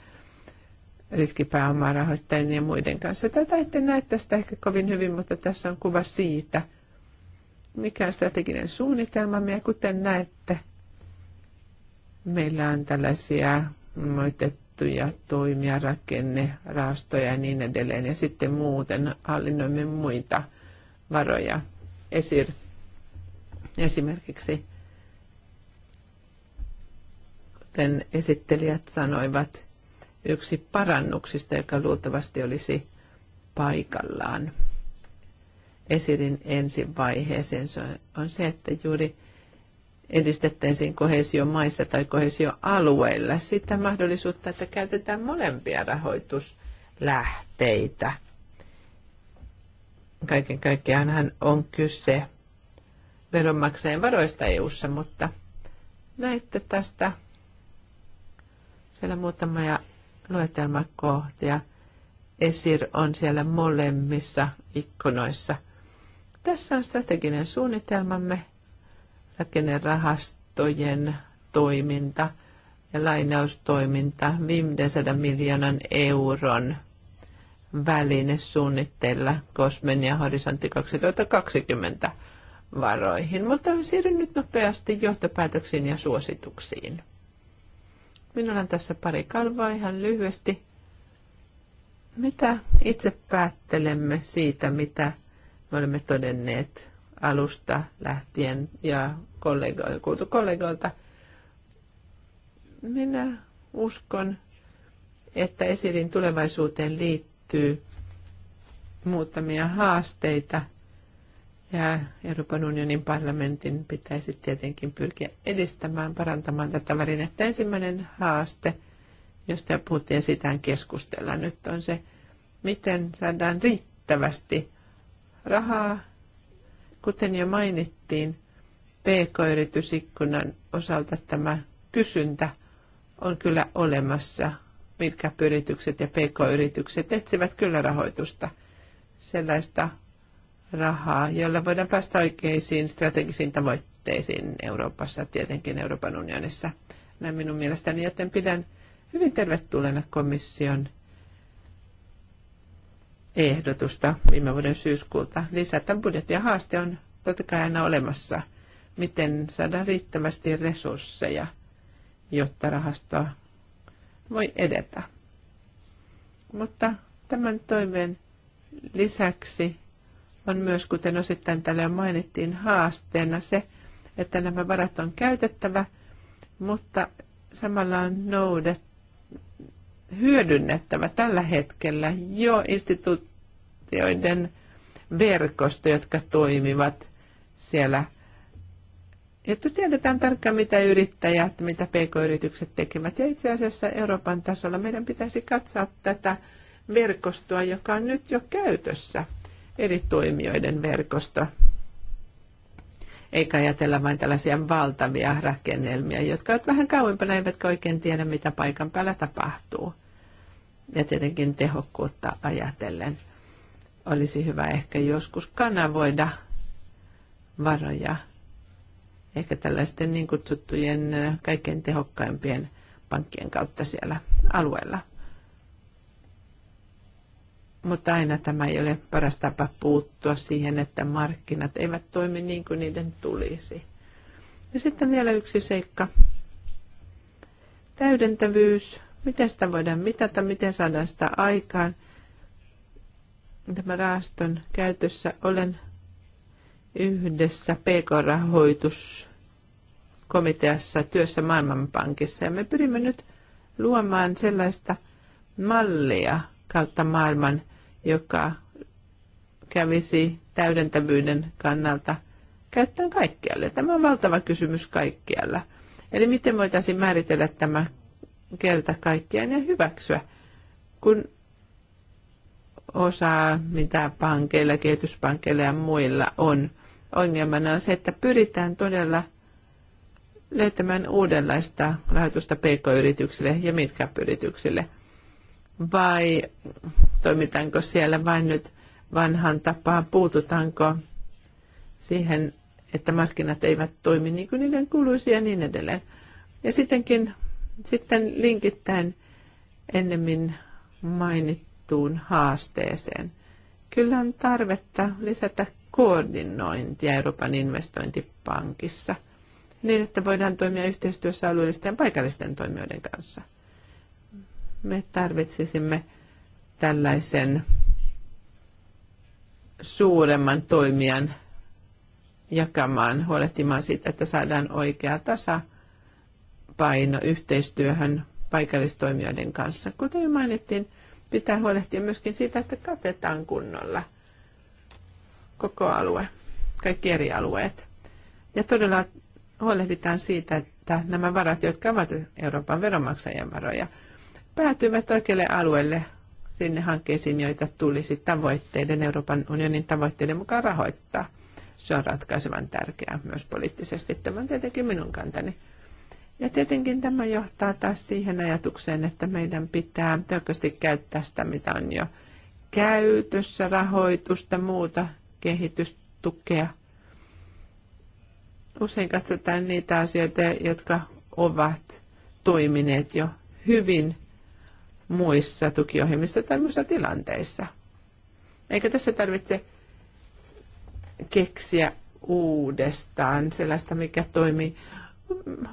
riskipääomarahoittajien ja muiden kanssa. Tätä ette näe tästä ehkä kovin hyvin, mutta tässä on kuva siitä, mikä on strateginen suunnitelma, Ja kuten näette, meillä on tällaisia moitettuja toimia, rahastoja ja niin edelleen. Ja sitten muuten hallinnoimme muita varoja. Esir, esimerkiksi sitten esittelijät sanoivat, yksi parannuksista, joka luultavasti olisi paikallaan esirin ensi vaiheeseen, se on se, että juuri edistettäisiin kohesiomaissa tai kohesioalueilla sitä mahdollisuutta, että käytetään molempia rahoituslähteitä. Kaiken kaikkiaanhan on kyse veronmaksajien varoista EU-ssa, mutta näette tästä siellä on muutamia luetelmakohtia. Esir on siellä molemmissa ikkunoissa. Tässä on strateginen suunnitelmamme, rakennerahastojen toiminta ja lainaustoiminta 500 miljoonan euron väline suunnitteilla Kosmen ja Horisontti 2020 varoihin, mutta siirryn nyt nopeasti johtopäätöksiin ja suosituksiin. Minulla on tässä pari kalvoa ihan lyhyesti. Mitä itse päättelemme siitä, mitä me olemme todenneet alusta lähtien ja kollegoilta, kuultu kollegoilta? Minä uskon, että Esilin tulevaisuuteen liittyy muutamia haasteita – ja Euroopan unionin parlamentin pitäisi tietenkin pyrkiä edistämään, parantamaan tätä välinettä. Ensimmäinen haaste, josta puhuttiin, sitä keskustella nyt, on se, miten saadaan riittävästi rahaa, kuten jo mainittiin, pk-yritysikkunan osalta tämä kysyntä on kyllä olemassa. Mitkä yritykset ja pk-yritykset etsivät kyllä rahoitusta. Sellaista rahaa, jolla voidaan päästä oikeisiin strategisiin tavoitteisiin Euroopassa, tietenkin Euroopan unionissa. Näin minun mielestäni, joten pidän hyvin tervetulleena komission ehdotusta viime vuoden syyskuulta. Lisätä budjetti ja haaste on totta kai aina olemassa. Miten saadaan riittävästi resursseja, jotta rahastoa voi edetä. Mutta tämän toiveen lisäksi on myös, kuten osittain täällä jo mainittiin, haasteena se, että nämä varat on käytettävä, mutta samalla on noudet, hyödynnettävä tällä hetkellä jo instituutioiden verkosto, jotka toimivat siellä että tiedetään tarkkaan, mitä yrittäjät, mitä pk-yritykset tekevät. Ja itse asiassa Euroopan tasolla meidän pitäisi katsoa tätä verkostoa, joka on nyt jo käytössä – eri toimijoiden verkosto. Eikä ajatella vain tällaisia valtavia rakennelmia, jotka ovat vähän kauempana, eivätkä oikein tiedä, mitä paikan päällä tapahtuu. Ja tietenkin tehokkuutta ajatellen olisi hyvä ehkä joskus kanavoida varoja ehkä tällaisten niin kutsuttujen kaikkein tehokkaimpien pankkien kautta siellä alueella. Mutta aina tämä ei ole paras tapa puuttua siihen, että markkinat eivät toimi niin kuin niiden tulisi. Ja sitten vielä yksi seikka. Täydentävyys. Miten sitä voidaan mitata, miten saadaan sitä aikaan? Tämä raaston käytössä olen yhdessä PK-rahoituskomiteassa työssä Maailmanpankissa. Ja me pyrimme nyt luomaan sellaista mallia, kautta maailman, joka kävisi täydentävyyden kannalta käyttöön kaikkialle. Tämä on valtava kysymys kaikkialla. Eli miten voitaisiin määritellä tämä kerta kaikkiaan ja hyväksyä, kun osa, mitä pankeilla, kehityspankeilla ja muilla on, ongelmana on se, että pyritään todella löytämään uudenlaista rahoitusta pk-yrityksille ja mitkä yrityksille vai toimitaanko siellä vain nyt vanhan tapaan, puututaanko siihen, että markkinat eivät toimi niin kuin niiden kuuluisi ja niin edelleen. Ja sittenkin, sitten linkittäen ennemmin mainittuun haasteeseen. Kyllä on tarvetta lisätä koordinointia Euroopan investointipankissa, niin että voidaan toimia yhteistyössä alueellisten ja paikallisten toimijoiden kanssa – me tarvitsisimme tällaisen suuremman toimijan jakamaan, huolehtimaan siitä, että saadaan oikea tasapaino yhteistyöhön paikallistoimijoiden kanssa. Kuten jo mainittiin, pitää huolehtia myöskin siitä, että katetaan kunnolla koko alue, kaikki eri alueet. Ja todella huolehditaan siitä, että nämä varat, jotka ovat Euroopan veronmaksajien varoja – päätyivät oikealle alueelle sinne hankkeisiin, joita tulisi tavoitteiden, Euroopan unionin tavoitteiden mukaan rahoittaa. Se on ratkaisevan tärkeää myös poliittisesti. Tämä on tietenkin minun kantani. Ja tietenkin tämä johtaa taas siihen ajatukseen, että meidän pitää tehokkaasti käyttää sitä, mitä on jo käytössä, rahoitusta, muuta kehitystukea. Usein katsotaan niitä asioita, jotka ovat toimineet jo hyvin muissa tukiohjelmissa tai muissa tilanteissa. Eikä tässä tarvitse keksiä uudestaan sellaista, mikä toimii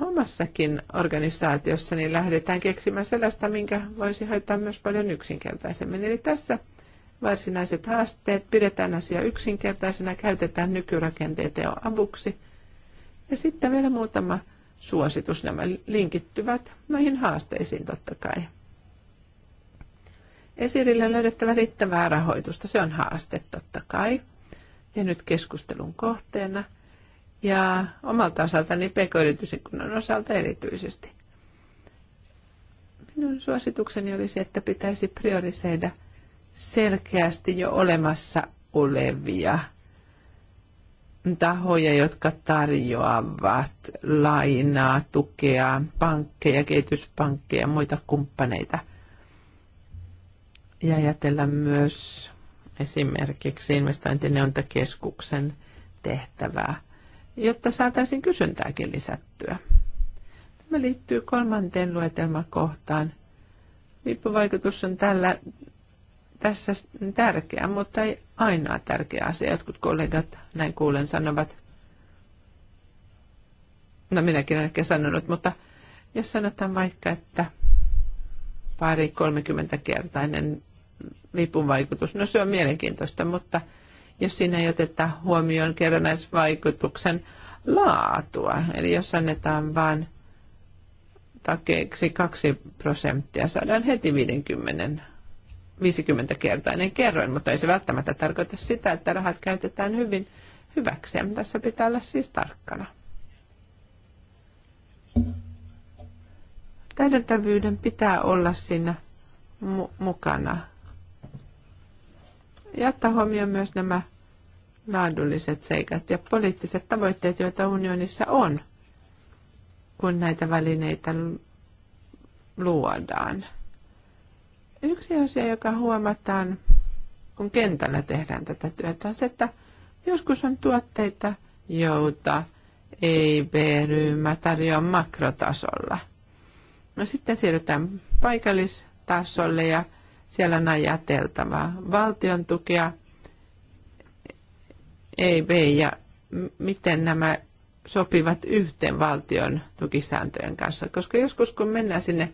omassakin organisaatiossa, niin lähdetään keksimään sellaista, minkä voisi hoitaa myös paljon yksinkertaisemmin. Eli tässä varsinaiset haasteet, pidetään asia yksinkertaisena, käytetään nykyrakenteita jo avuksi. Ja sitten vielä muutama suositus, nämä linkittyvät noihin haasteisiin totta kai. Esirille on löydettävä riittävää rahoitusta. Se on haaste totta kai. Ja nyt keskustelun kohteena. Ja omalta osaltani pk-yrityskunnan osalta erityisesti. Minun suositukseni olisi, että pitäisi priorisoida selkeästi jo olemassa olevia tahoja, jotka tarjoavat lainaa, tukea, pankkeja, kehityspankkeja ja muita kumppaneita – ja ajatella myös esimerkiksi investointineontakeskuksen tehtävää, jotta saataisiin kysyntääkin lisättyä. Tämä liittyy kolmanteen luetelmakohtaan. Viippuvaikutus on tällä, tässä tärkeä, mutta ei ainoa tärkeä asia. Jotkut kollegat, näin kuulen, sanovat, no minäkin olen ehkä sanonut, mutta jos sanotaan vaikka, että pari 30 kertainen vipuvaikutus. No se on mielenkiintoista, mutta jos siinä ei oteta huomioon kerrannaisvaikutuksen laatua, eli jos annetaan vain takeeksi 2 prosenttia, saadaan heti 50 50-kertainen kerroin, mutta ei se välttämättä tarkoita sitä, että rahat käytetään hyvin hyväksi. Tässä pitää olla siis tarkkana. Täydentävyyden pitää olla siinä mu- mukana ja ottaa huomioon myös nämä laadulliset seikat ja poliittiset tavoitteet, joita unionissa on, kun näitä välineitä luodaan. Yksi asia, joka huomataan, kun kentällä tehdään tätä työtä, on se, että joskus on tuotteita, joita b e ryhmä tarjoa makrotasolla. No sitten siirrytään paikallistasolle ja siellä on ajateltavaa valtion tukea, vei ja miten nämä sopivat yhteen valtion tukisääntöjen kanssa. Koska joskus kun mennään sinne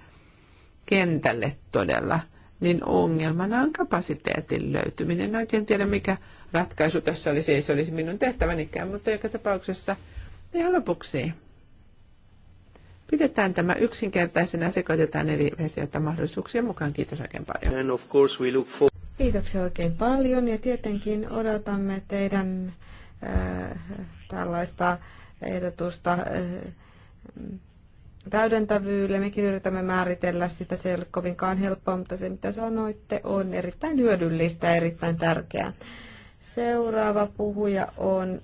kentälle todella, niin ongelmana on kapasiteetin löytyminen. En oikein tiedä, mikä ratkaisu tässä olisi, ei se olisi minun tehtävänikään, mutta joka tapauksessa ihan lopuksi Pidetään tämä yksinkertaisena, sekoitetaan eri vesioita mahdollisuuksien mukaan. Kiitos oikein paljon. And of course we look for... Kiitoksia oikein paljon ja tietenkin odotamme teidän äh, tällaista ehdotusta äh, täydentävyydelle. Mekin yritämme määritellä sitä, se ei ole kovinkaan helppoa, mutta se mitä sanoitte on erittäin hyödyllistä ja erittäin tärkeää. Seuraava puhuja on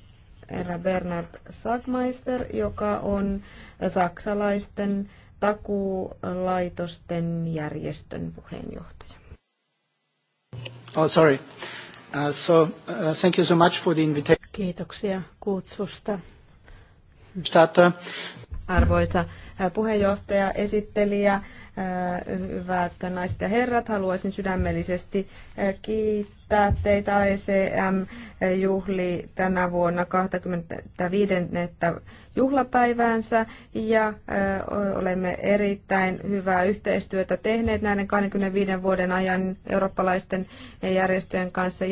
herra Bernard Sagmeister, joka on saksalaisten takuulaitosten järjestön puheenjohtaja. Oh, sorry. Uh, so, uh, thank you so much for the invitation. Kiitoksia kutsusta. Arvoisa uh, puheenjohtaja, esittelijä, Hyvät naiset ja herrat, haluaisin sydämellisesti kiittää teitä ECM juhli tänä vuonna 25. juhlapäiväänsä ja olemme erittäin hyvää yhteistyötä tehneet näiden 25 vuoden ajan eurooppalaisten järjestöjen kanssa.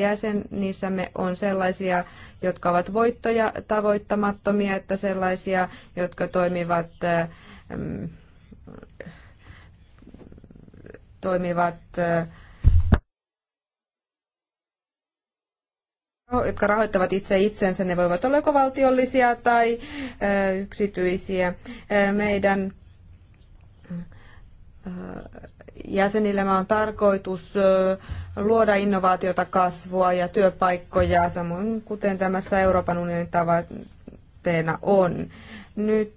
me on sellaisia, jotka ovat voittoja tavoittamattomia, että sellaisia, jotka toimivat mm, toimivat eh, jotka rahoittavat itse itsensä, ne voivat olla joko valtiollisia tai eh, yksityisiä. Eh, meidän jäsenillemme on tarkoitus luoda innovaatiota, kasvua ja työpaikkoja, samoin kuten tämässä Euroopan unionin tavoitteena on. Nyt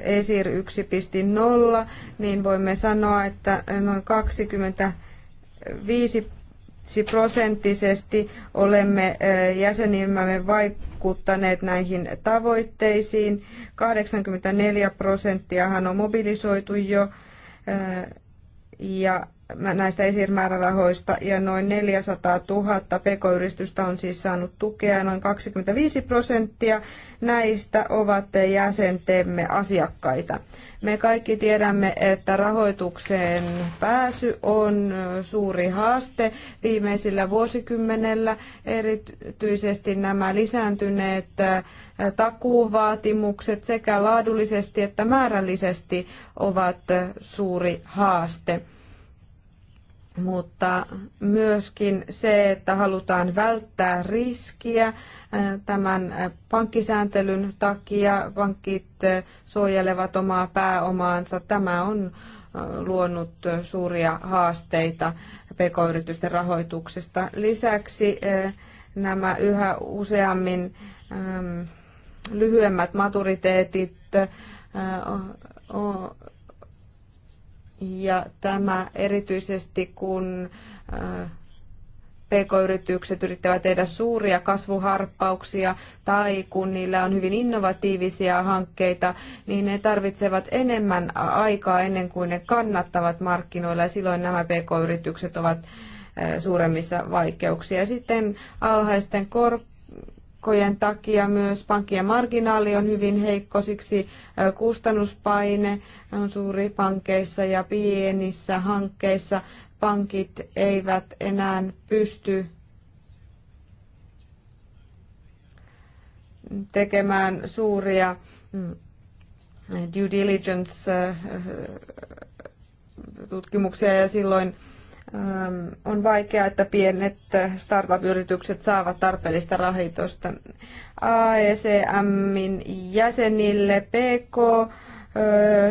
ESIR 1.0, niin voimme sanoa, että noin 25 prosenttisesti olemme jäsenimämme vaikuttaneet näihin tavoitteisiin. 84 prosenttiahan on mobilisoitu jo ja näistä esimäärärahoista ja noin 400 000 pekoyritystä on siis saanut tukea ja noin 25 prosenttia näistä ovat jäsentemme asiakkaita. Me kaikki tiedämme, että rahoitukseen pääsy on suuri haaste viimeisillä vuosikymmenellä, erityisesti nämä lisääntyneet takuuvaatimukset sekä laadullisesti että määrällisesti ovat suuri haaste mutta myöskin se, että halutaan välttää riskiä äh, tämän äh, pankkisääntelyn takia. Pankit äh, suojelevat omaa pääomaansa. Tämä on luonut suuria haasteita pk-yritysten rahoituksesta. Lisäksi nämä yhä useammin lyhyemmät maturiteetit ja tämä erityisesti kun äh, PK-yritykset yrittävät tehdä suuria kasvuharppauksia tai kun niillä on hyvin innovatiivisia hankkeita, niin ne tarvitsevat enemmän aikaa ennen kuin ne kannattavat markkinoilla ja silloin nämä PK-yritykset ovat äh, suuremmissa vaikeuksia. Sitten alhaisten korp- korkojen takia myös pankkien marginaali on hyvin heikko, siksi kustannuspaine on suuri pankeissa ja pienissä hankkeissa pankit eivät enää pysty tekemään suuria mm, due diligence tutkimuksia ja silloin Ähm, on vaikeaa, että pienet startup-yritykset saavat tarpeellista rahoitusta. AECMin jäsenille PK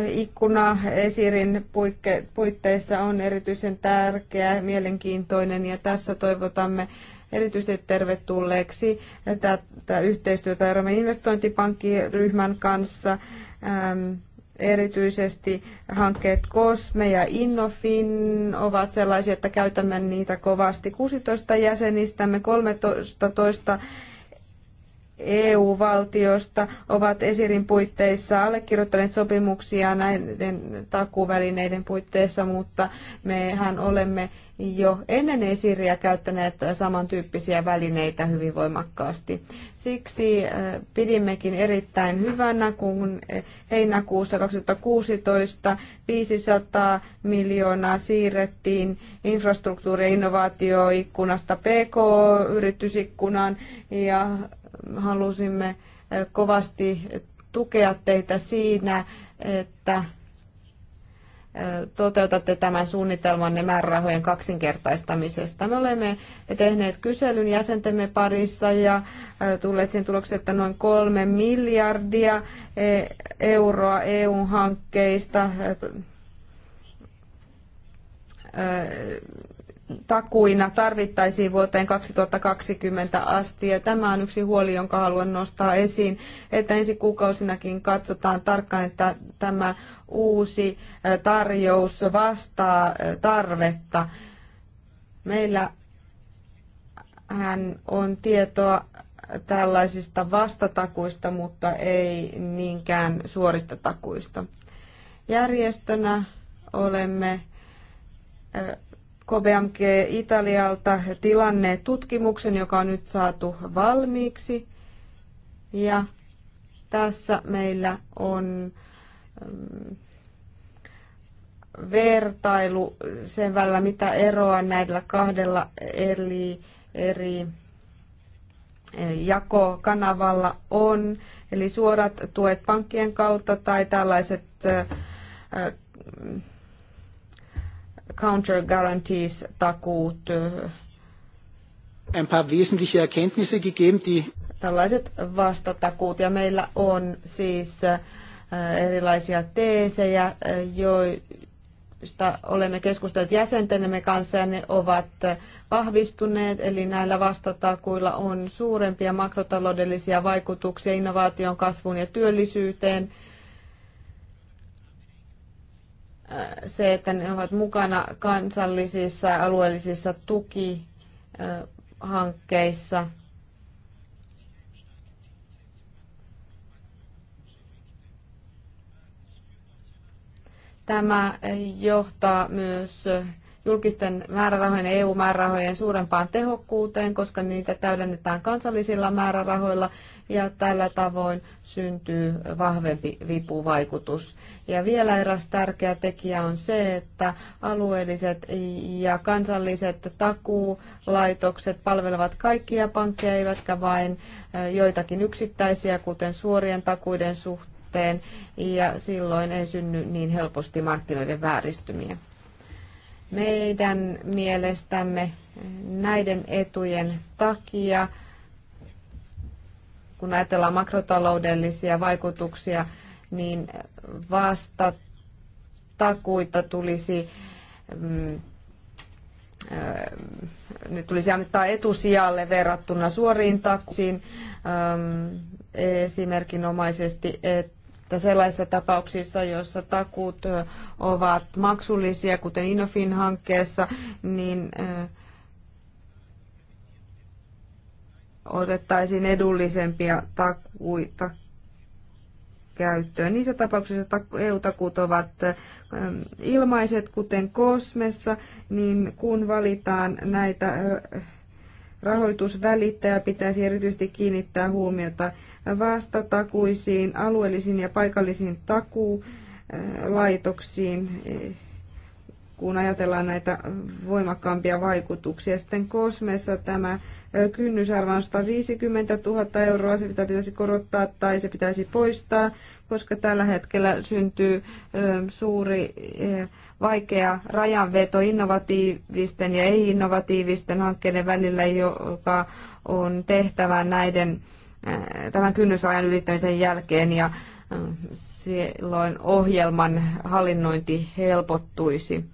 ikkuna Esirin puitteissa on erityisen tärkeä, mielenkiintoinen ja tässä toivotamme erityisesti tervetulleeksi tätä yhteistyötä Euroopan investointipankkiryhmän kanssa. Ähm, Erityisesti hankkeet COSME ja INNOFIN ovat sellaisia, että käytämme niitä kovasti. 16 jäsenistämme 13 EU-valtiosta ovat esirin puitteissa allekirjoittaneet sopimuksia näiden takuvälineiden puitteissa, mutta mehän olemme jo ennen esiriä käyttäneet samantyyppisiä välineitä hyvin voimakkaasti. Siksi äh, pidimmekin erittäin hyvänä, kun äh, heinäkuussa 2016 500 miljoonaa siirrettiin infrastruktuuri- ja innovaatioikkunasta PK-yritysikkunaan ja halusimme eh, kovasti tukea teitä siinä, että eh, toteutatte tämän suunnitelmanne määrärahojen kaksinkertaistamisesta. Me olemme tehneet kyselyn jäsentemme parissa ja eh, tulleet siihen tulokseen, että noin kolme miljardia euroa EU-hankkeista takuina tarvittaisiin vuoteen 2020 asti. Ja tämä on yksi huoli, jonka haluan nostaa esiin, että ensi kuukausinakin katsotaan tarkkaan, että tämä uusi tarjous vastaa tarvetta. Meillä hän on tietoa tällaisista vastatakuista, mutta ei niinkään suorista takuista. Järjestönä olemme Kobeamke Italialta tilanne tutkimuksen, joka on nyt saatu valmiiksi. Ja tässä meillä on mm, vertailu sen välillä, mitä eroa näillä kahdella eri, eri e, jakokanavalla on. Eli suorat tuet pankkien kautta tai tällaiset e, e, counter guarantees, takuut. Ein paar wesentliche Erkenntnisse gegeben, die tällaiset vastatakuut. Ja meillä on siis erilaisia teesejä, joista olemme keskustelleet jäsentenemme kanssa ja ne ovat vahvistuneet. Eli näillä vastatakuilla on suurempia makrotaloudellisia vaikutuksia innovaation kasvuun ja työllisyyteen – Äh, se, että ne ovat mukana kansallisissa ja alueellisissa tukihankkeissa. Tämä johtaa myös julkisten määrärahojen EU-määrärahojen suurempaan tehokkuuteen, koska niitä täydennetään kansallisilla määrärahoilla ja tällä tavoin syntyy vahvempi vipuvaikutus. Ja vielä eräs tärkeä tekijä on se, että alueelliset ja kansalliset takuulaitokset palvelevat kaikkia pankkeja, eivätkä vain joitakin yksittäisiä, kuten suorien takuiden suhteen, ja silloin ei synny niin helposti markkinoiden vääristymiä. Meidän mielestämme näiden etujen takia kun ajatellaan makrotaloudellisia vaikutuksia, niin vasta takuita tulisi mm, äh, ne tulisi antaa etusijalle verrattuna suoriin taksiin ähm, esimerkinomaisesti, että sellaisissa tapauksissa, joissa takuut äh, ovat maksullisia, kuten Inofin hankkeessa, niin äh, otettaisiin edullisempia takuita käyttöön. Niissä tapauksissa EU-takuut ovat ähm, ilmaiset, kuten Kosmessa, niin kun valitaan näitä äh, rahoitusvälittäjä pitäisi erityisesti kiinnittää huomiota vastatakuisiin, alueellisiin ja paikallisiin takuulaitoksiin, äh, kun ajatellaan näitä voimakkaampia vaikutuksia. Sitten Kosmessa tämä kynnysarvo on 150 000 euroa, se pitää, pitäisi korottaa tai se pitäisi poistaa, koska tällä hetkellä syntyy suuri vaikea rajanveto innovatiivisten ja ei-innovatiivisten hankkeiden välillä, joka on tehtävä näiden tämän kynnysrajan ylittämisen jälkeen ja silloin ohjelman hallinnointi helpottuisi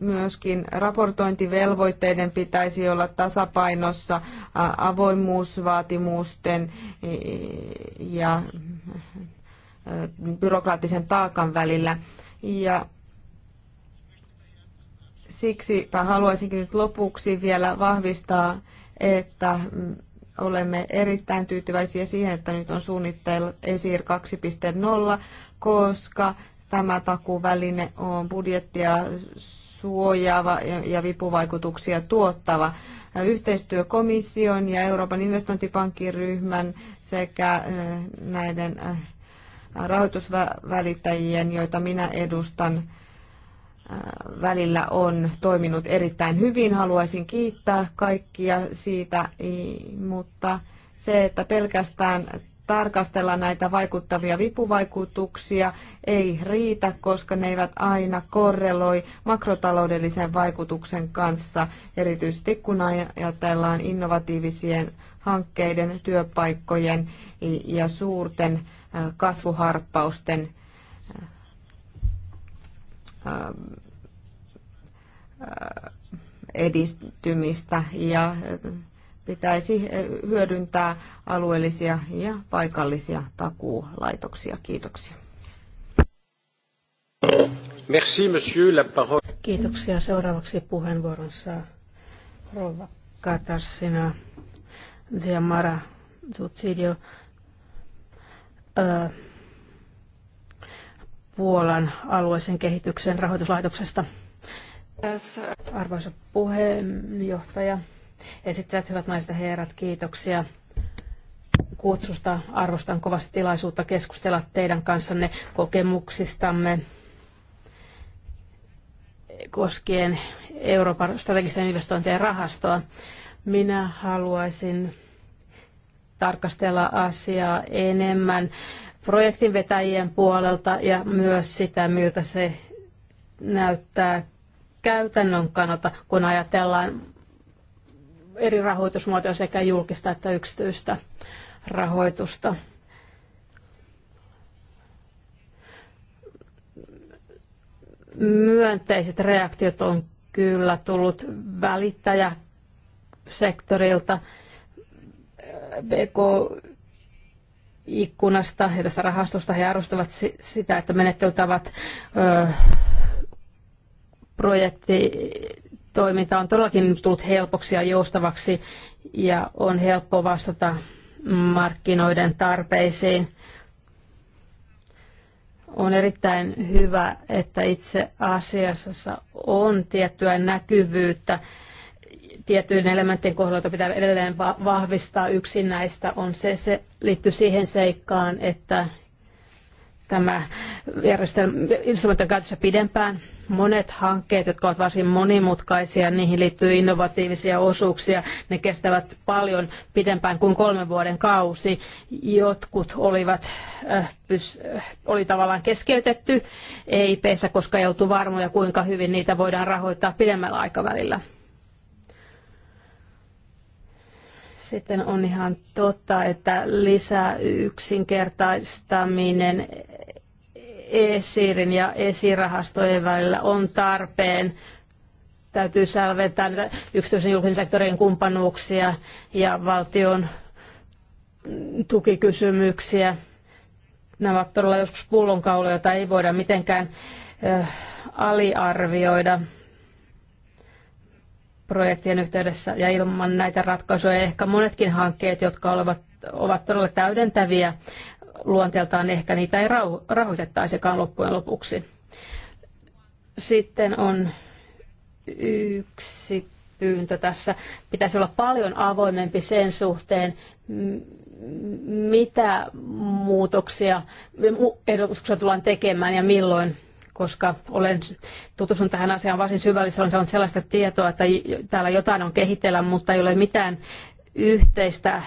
myöskin raportointivelvoitteiden pitäisi olla tasapainossa avoimuusvaatimusten ja byrokraattisen taakan välillä. Ja siksi haluaisinkin nyt lopuksi vielä vahvistaa, että olemme erittäin tyytyväisiä siihen, että nyt on suunnitteilla ESIR 2.0, koska tämä takuväline on budjettia suojaava ja vipuvaikutuksia tuottava. Yhteistyö ja Euroopan investointipankkiryhmän sekä eh, näiden eh, rahoitusvälittäjien, joita minä edustan, eh, välillä on toiminut erittäin hyvin. Haluaisin kiittää kaikkia siitä, mutta se, että pelkästään tarkastella näitä vaikuttavia vipuvaikutuksia ei riitä, koska ne eivät aina korreloi makrotaloudellisen vaikutuksen kanssa, erityisesti kun ajatellaan innovatiivisien hankkeiden, työpaikkojen ja suurten kasvuharppausten edistymistä ja pitäisi eh, hyödyntää alueellisia ja paikallisia takuulaitoksia. Kiitoksia. Merci, monsieur. La parole. Kiitoksia. Seuraavaksi puheenvuoron saa Rova Katarsina Ziamara Zutsidio Puolan alueisen kehityksen rahoituslaitoksesta. Arvoisa puheenjohtaja, Esittäjät, hyvät naiset ja herrat, kiitoksia kutsusta. Arvostan kovasti tilaisuutta keskustella teidän kanssanne kokemuksistamme koskien Euroopan strategisten investointien rahastoa. Minä haluaisin tarkastella asiaa enemmän projektin vetäjien puolelta ja myös sitä, miltä se näyttää käytännön kannalta, kun ajatellaan eri rahoitusmuotoja sekä julkista että yksityistä rahoitusta. Myönteiset reaktiot on kyllä tullut välittäjäsektorilta, BK-ikkunasta ja tästä rahastosta. He arvostavat sitä, että menettelytavat projekti toiminta on todellakin tullut helpoksi ja joustavaksi ja on helppo vastata markkinoiden tarpeisiin. On erittäin hyvä, että itse asiassa on tiettyä näkyvyyttä tiettyjen elementtien kohdalla pitää edelleen vahvistaa. Yksi näistä on se, se liittyy siihen seikkaan, että tämä järjestelmä, instrumentti käytössä pidempään. Monet hankkeet, jotka ovat varsin monimutkaisia, niihin liittyy innovatiivisia osuuksia. Ne kestävät paljon pidempään kuin kolmen vuoden kausi. Jotkut olivat, äh, pys, äh, oli tavallaan keskeytetty EIPssä, koska ei oltu varmoja, kuinka hyvin niitä voidaan rahoittaa pidemmällä aikavälillä. Sitten on ihan totta, että lisää yksinkertaistaminen esirin ja esirahastojen välillä on tarpeen. Täytyy selventää yksityisen julkisen sektorin kumppanuuksia ja valtion tukikysymyksiä. Nämä ovat todella joskus pullonkauloja, joita ei voida mitenkään aliarvioida projektien yhteydessä ja ilman näitä ratkaisuja ehkä monetkin hankkeet, jotka olevat, ovat todella täydentäviä luonteeltaan, niin ehkä niitä ei rahoitettaisikaan loppujen lopuksi. Sitten on yksi pyyntö tässä. Pitäisi olla paljon avoimempi sen suhteen, mitä muutoksia, ehdotuksia tullaan tekemään ja milloin koska olen tutustunut tähän asiaan varsin syvällisesti, olen saanut sellaista tietoa, että täällä jotain on kehitellä, mutta ei ole mitään yhteistä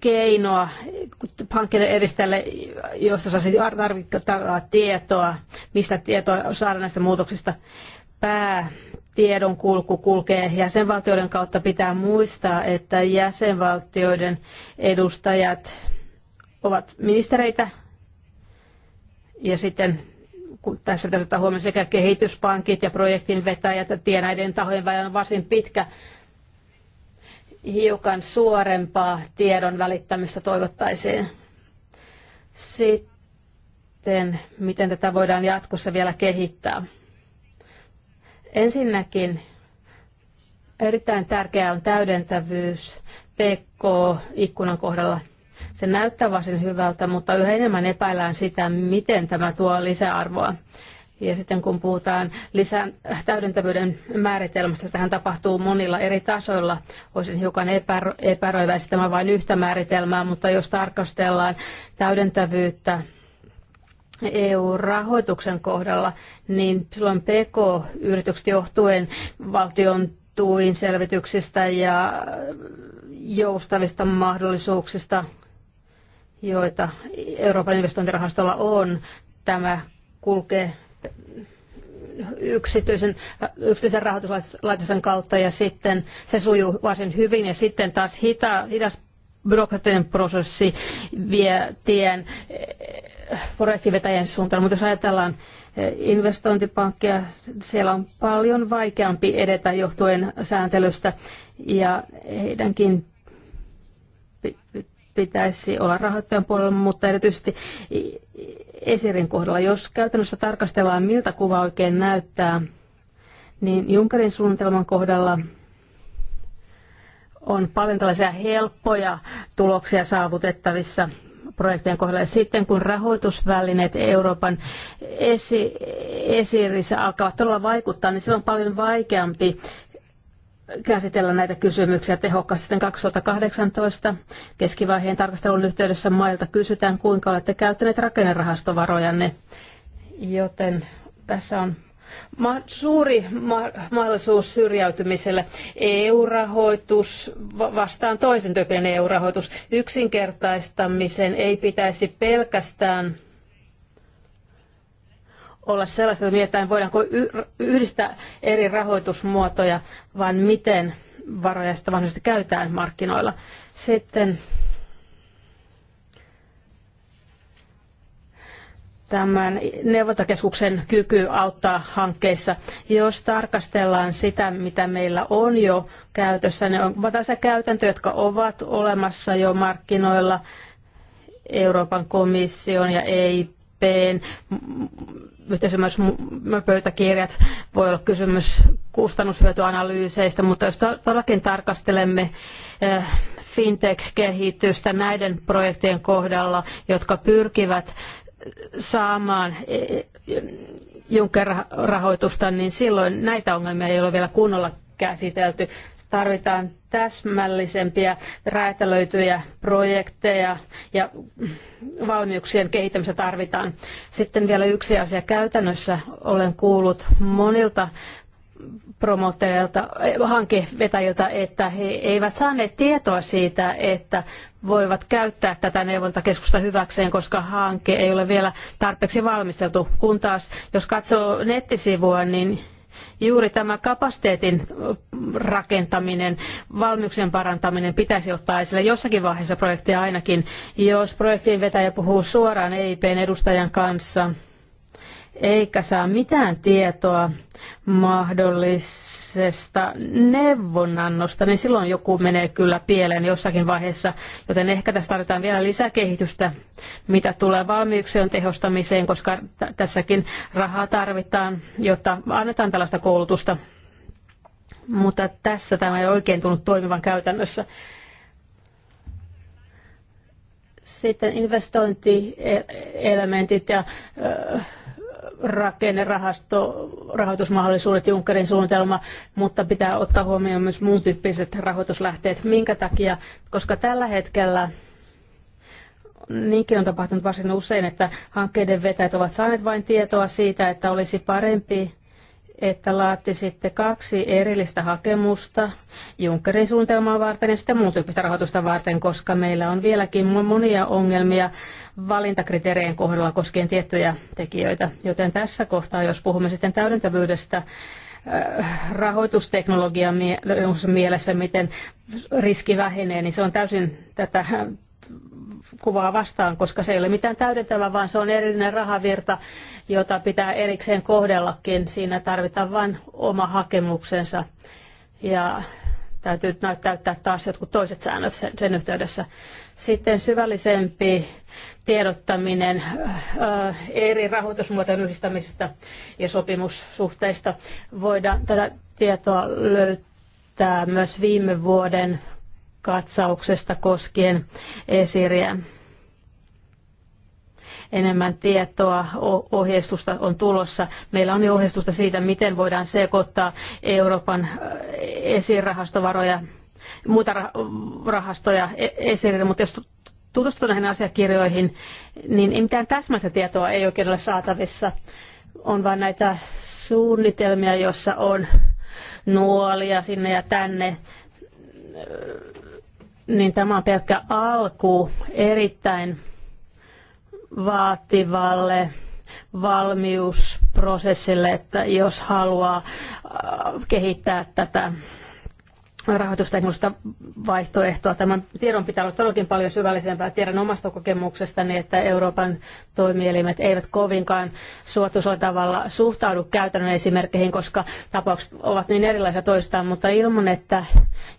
keinoa pankkien edistäjälle, josta saisi tarvittavaa tietoa, mistä tietoa saada näistä muutoksista. Päätiedon kulku kulkee jäsenvaltioiden kautta. Pitää muistaa, että jäsenvaltioiden edustajat ovat ministereitä, ja sitten kun tässä tätä huomioon sekä kehityspankit ja projektin vetäjät että näiden tahojen välillä on varsin pitkä hiukan suorempaa tiedon välittämistä toivottaisiin. Sitten, miten tätä voidaan jatkossa vielä kehittää. Ensinnäkin erittäin tärkeää on täydentävyys PK-ikkunan kohdalla. Se näyttää varsin hyvältä, mutta yhä enemmän epäillään sitä, miten tämä tuo lisäarvoa. Ja sitten kun puhutaan lisää täydentävyyden määritelmästä, tähän tapahtuu monilla eri tasoilla. Olisin hiukan epäröivä esittämään vain yhtä määritelmää, mutta jos tarkastellaan täydentävyyttä EU-rahoituksen kohdalla, niin silloin PK-yritykset johtuen valtion tuin selvityksistä ja joustavista mahdollisuuksista – joita Euroopan investointirahastolla on. Tämä kulkee yksityisen, yksityisen rahoituslaitoksen kautta ja sitten se sujuu varsin hyvin ja sitten taas hita, hidas byrokraattinen prosessi vie tien eh, projektivetäjien suuntaan. Mutta jos ajatellaan eh, investointipankkia, siellä on paljon vaikeampi edetä johtuen sääntelystä ja heidänkin pitäisi olla rahoittajan puolella, mutta erityisesti Esirin kohdalla. Jos käytännössä tarkastellaan, miltä kuva oikein näyttää, niin Junkerin suunnitelman kohdalla on paljon tällaisia helppoja tuloksia saavutettavissa projektien kohdalla. Sitten kun rahoitusvälineet Euroopan esi- esirissä alkavat todella vaikuttaa, niin se on paljon vaikeampi käsitellä näitä kysymyksiä tehokkaasti sitten 2018. Keskivaiheen tarkastelun yhteydessä mailta kysytään, kuinka olette käyttäneet rakennerahastovarojanne. Joten tässä on ma- suuri ma- mahdollisuus syrjäytymiselle. EU-rahoitus vastaan toisen tyyppinen EU-rahoitus. Yksinkertaistamisen ei pitäisi pelkästään olla sellaista, että mietitään, voidaanko yhdistää eri rahoitusmuotoja, vaan miten varoja sitä vanhasta käytetään markkinoilla. Sitten tämän neuvontakeskuksen kyky auttaa hankkeissa. Jos tarkastellaan sitä, mitä meillä on jo käytössä, ne on tässä käytäntöjä, jotka ovat olemassa jo markkinoilla Euroopan komission ja EIPn pöytäkirjat, Voi olla kysymys kustannushyötyanalyyseistä, mutta jos todellakin tarkastelemme eh, fintech-kehitystä näiden projektien kohdalla, jotka pyrkivät saamaan eh, eh, Junker-rahoitusta, niin silloin näitä ongelmia ei ole vielä kunnolla käsitelty. Tarvitaan täsmällisempiä, räätälöityjä projekteja ja valmiuksien kehittämistä tarvitaan. Sitten vielä yksi asia. Käytännössä olen kuullut monilta promotteilta, eh, hankevetäjiltä, että he eivät saaneet tietoa siitä, että voivat käyttää tätä neuvontakeskusta hyväkseen, koska hanke ei ole vielä tarpeeksi valmisteltu. Kun taas, jos katsoo nettisivua, niin Juuri tämä kapasiteetin rakentaminen, valmiuksien parantaminen pitäisi ottaa esille jossakin vaiheessa projektia ainakin, jos projektin vetäjä puhuu suoraan EIPn edustajan kanssa eikä saa mitään tietoa mahdollisesta neuvonannosta, niin silloin joku menee kyllä pieleen jossakin vaiheessa, joten ehkä tässä tarvitaan vielä lisäkehitystä, mitä tulee valmiuksien tehostamiseen, koska tässäkin rahaa tarvitaan, jotta annetaan tällaista koulutusta. Mutta tässä tämä ei oikein tunnu toimivan käytännössä. Sitten investointielementit ja rakennerahasto, rahoitusmahdollisuudet, Junckerin suunnitelma, mutta pitää ottaa huomioon myös muun tyyppiset rahoituslähteet. Minkä takia? Koska tällä hetkellä niinkin on tapahtunut varsin usein, että hankkeiden vetäjät ovat saaneet vain tietoa siitä, että olisi parempi että laatisitte kaksi erillistä hakemusta Junckerin suunnitelmaa varten ja sitten muun tyyppistä rahoitusta varten, koska meillä on vieläkin monia ongelmia valintakriteerien kohdalla koskien tiettyjä tekijöitä. Joten tässä kohtaa, jos puhumme sitten täydentävyydestä, äh, rahoitusteknologian mielessä, miten riski vähenee, niin se on täysin tätä kuvaa vastaan, koska se ei ole mitään täydentävää, vaan se on erillinen rahavirta, jota pitää erikseen kohdellakin. Siinä tarvitaan vain oma hakemuksensa ja täytyy täyttää taas jotkut toiset säännöt sen yhteydessä. Sitten syvällisempi tiedottaminen eri rahoitusmuotojen yhdistämisestä ja sopimussuhteista. Voidaan tätä tietoa löytää myös viime vuoden katsauksesta koskien esiriä. Enemmän tietoa, ohjeistusta on tulossa. Meillä on jo ohjeistusta siitä, miten voidaan sekoittaa Euroopan äh, esirahastovaroja, muita rahastoja e- esirille, mutta jos tutustuu näihin asiakirjoihin, niin ei mitään täsmäistä tietoa ei oikein ole saatavissa. On vain näitä suunnitelmia, joissa on nuolia sinne ja tänne niin tämä on pelkkä alku erittäin vaativalle valmiusprosessille, että jos haluaa äh, kehittää tätä rahoitusteknologista vaihtoehtoa. Tämän tiedon pitää olla todellakin paljon syvällisempää. Tiedän omasta kokemuksestani, että Euroopan toimielimet eivät kovinkaan suotuisella tavalla suhtaudu käytännön esimerkkeihin, koska tapaukset ovat niin erilaisia toistaan, mutta ilman, että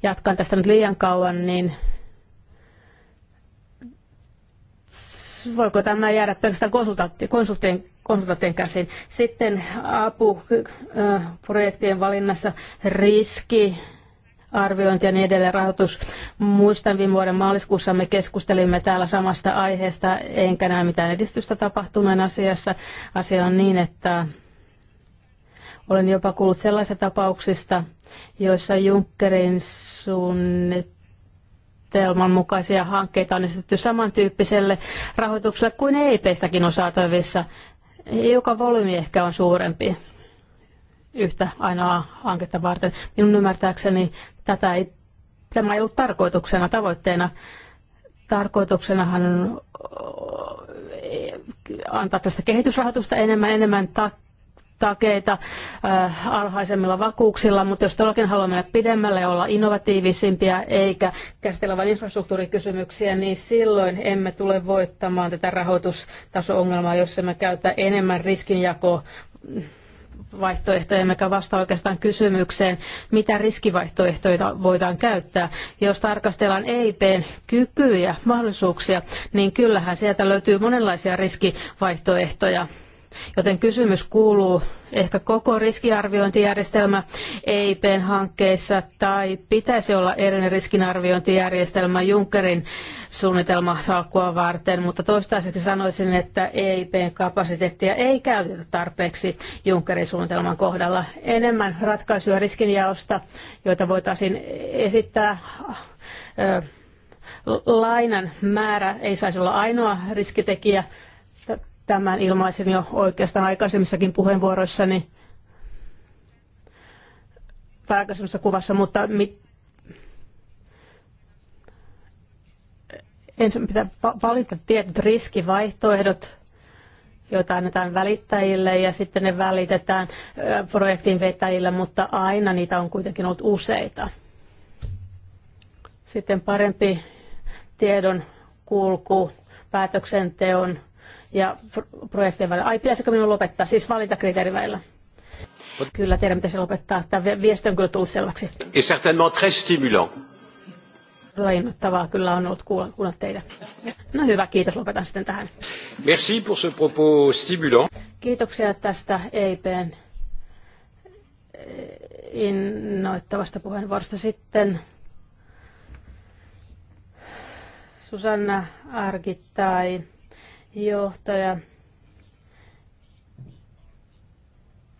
jatkan tästä nyt liian kauan, niin voiko tämä jäädä pelkästään konsulttien konsultaattien käsin Sitten apu äh, projektien valinnassa riski arviointi ja niin edelleen rahoitus. Muistan viime vuoden maaliskuussa me keskustelimme täällä samasta aiheesta, enkä näe mitään edistystä tapahtuneen asiassa. Asia on niin, että olen jopa kuullut sellaisista tapauksista, joissa Junckerin suunnitelman mukaisia hankkeita on esitetty samantyyppiselle rahoitukselle kuin EIP-stäkin on saatavissa. Joka volyymi ehkä on suurempi yhtä ainoa hanketta varten. Minun ymmärtääkseni Tätä ei, tämä ei ollut tarkoituksena, tavoitteena. Tarkoituksenahan on antaa tästä kehitysrahoitusta enemmän, enemmän ta- takeita äh, alhaisemmilla vakuuksilla, mutta jos todellakin haluamme mennä pidemmälle ja olla innovatiivisimpia eikä käsitellä vain infrastruktuurikysymyksiä, niin silloin emme tule voittamaan tätä rahoitustaso-ongelmaa, jos emme käytä enemmän riskinjakoa vaihtoehtoja, mikä vastaa oikeastaan kysymykseen, mitä riskivaihtoehtoja voidaan käyttää. Jos tarkastellaan EIPn kykyjä, mahdollisuuksia, niin kyllähän sieltä löytyy monenlaisia riskivaihtoehtoja Joten kysymys kuuluu, ehkä koko riskiarviointijärjestelmä eip hankkeissa tai pitäisi olla erinen riskinarviointijärjestelmä Junckerin suunnitelmasalkkua varten, mutta toistaiseksi sanoisin, että eip kapasiteettia ei käytetä tarpeeksi Junckerin suunnitelman kohdalla. Enemmän ratkaisuja riskinjaosta, joita voitaisiin esittää lainan määrä ei saisi olla ainoa riskitekijä, Tämän ilmaisin jo oikeastaan aikaisemmissakin puheenvuoroissani tai aikaisemmassa kuvassa, mutta mit, ensin pitää valita tietyt riskivaihtoehdot, joita annetaan välittäjille ja sitten ne välitetään projektin vetäjille, mutta aina niitä on kuitenkin ollut useita. Sitten parempi tiedon kulku päätöksenteon ja projektien välillä. Ai, pitäisikö minun lopettaa, siis valintakriteerin välillä? But Kyllä, teidän pitäisi lopettaa. Tämä viesti on kyllä tullut selväksi. Et certainement très stimulant. Lainnottavaa kyllä on ollut kuulla, kuulla teitä. No hyvä, kiitos. Lopetan sitten tähän. Merci pour ce propos stimulant. Kiitoksia tästä EIPn eh, innoittavasta puheenvuorosta sitten. Susanna Argittai johtaja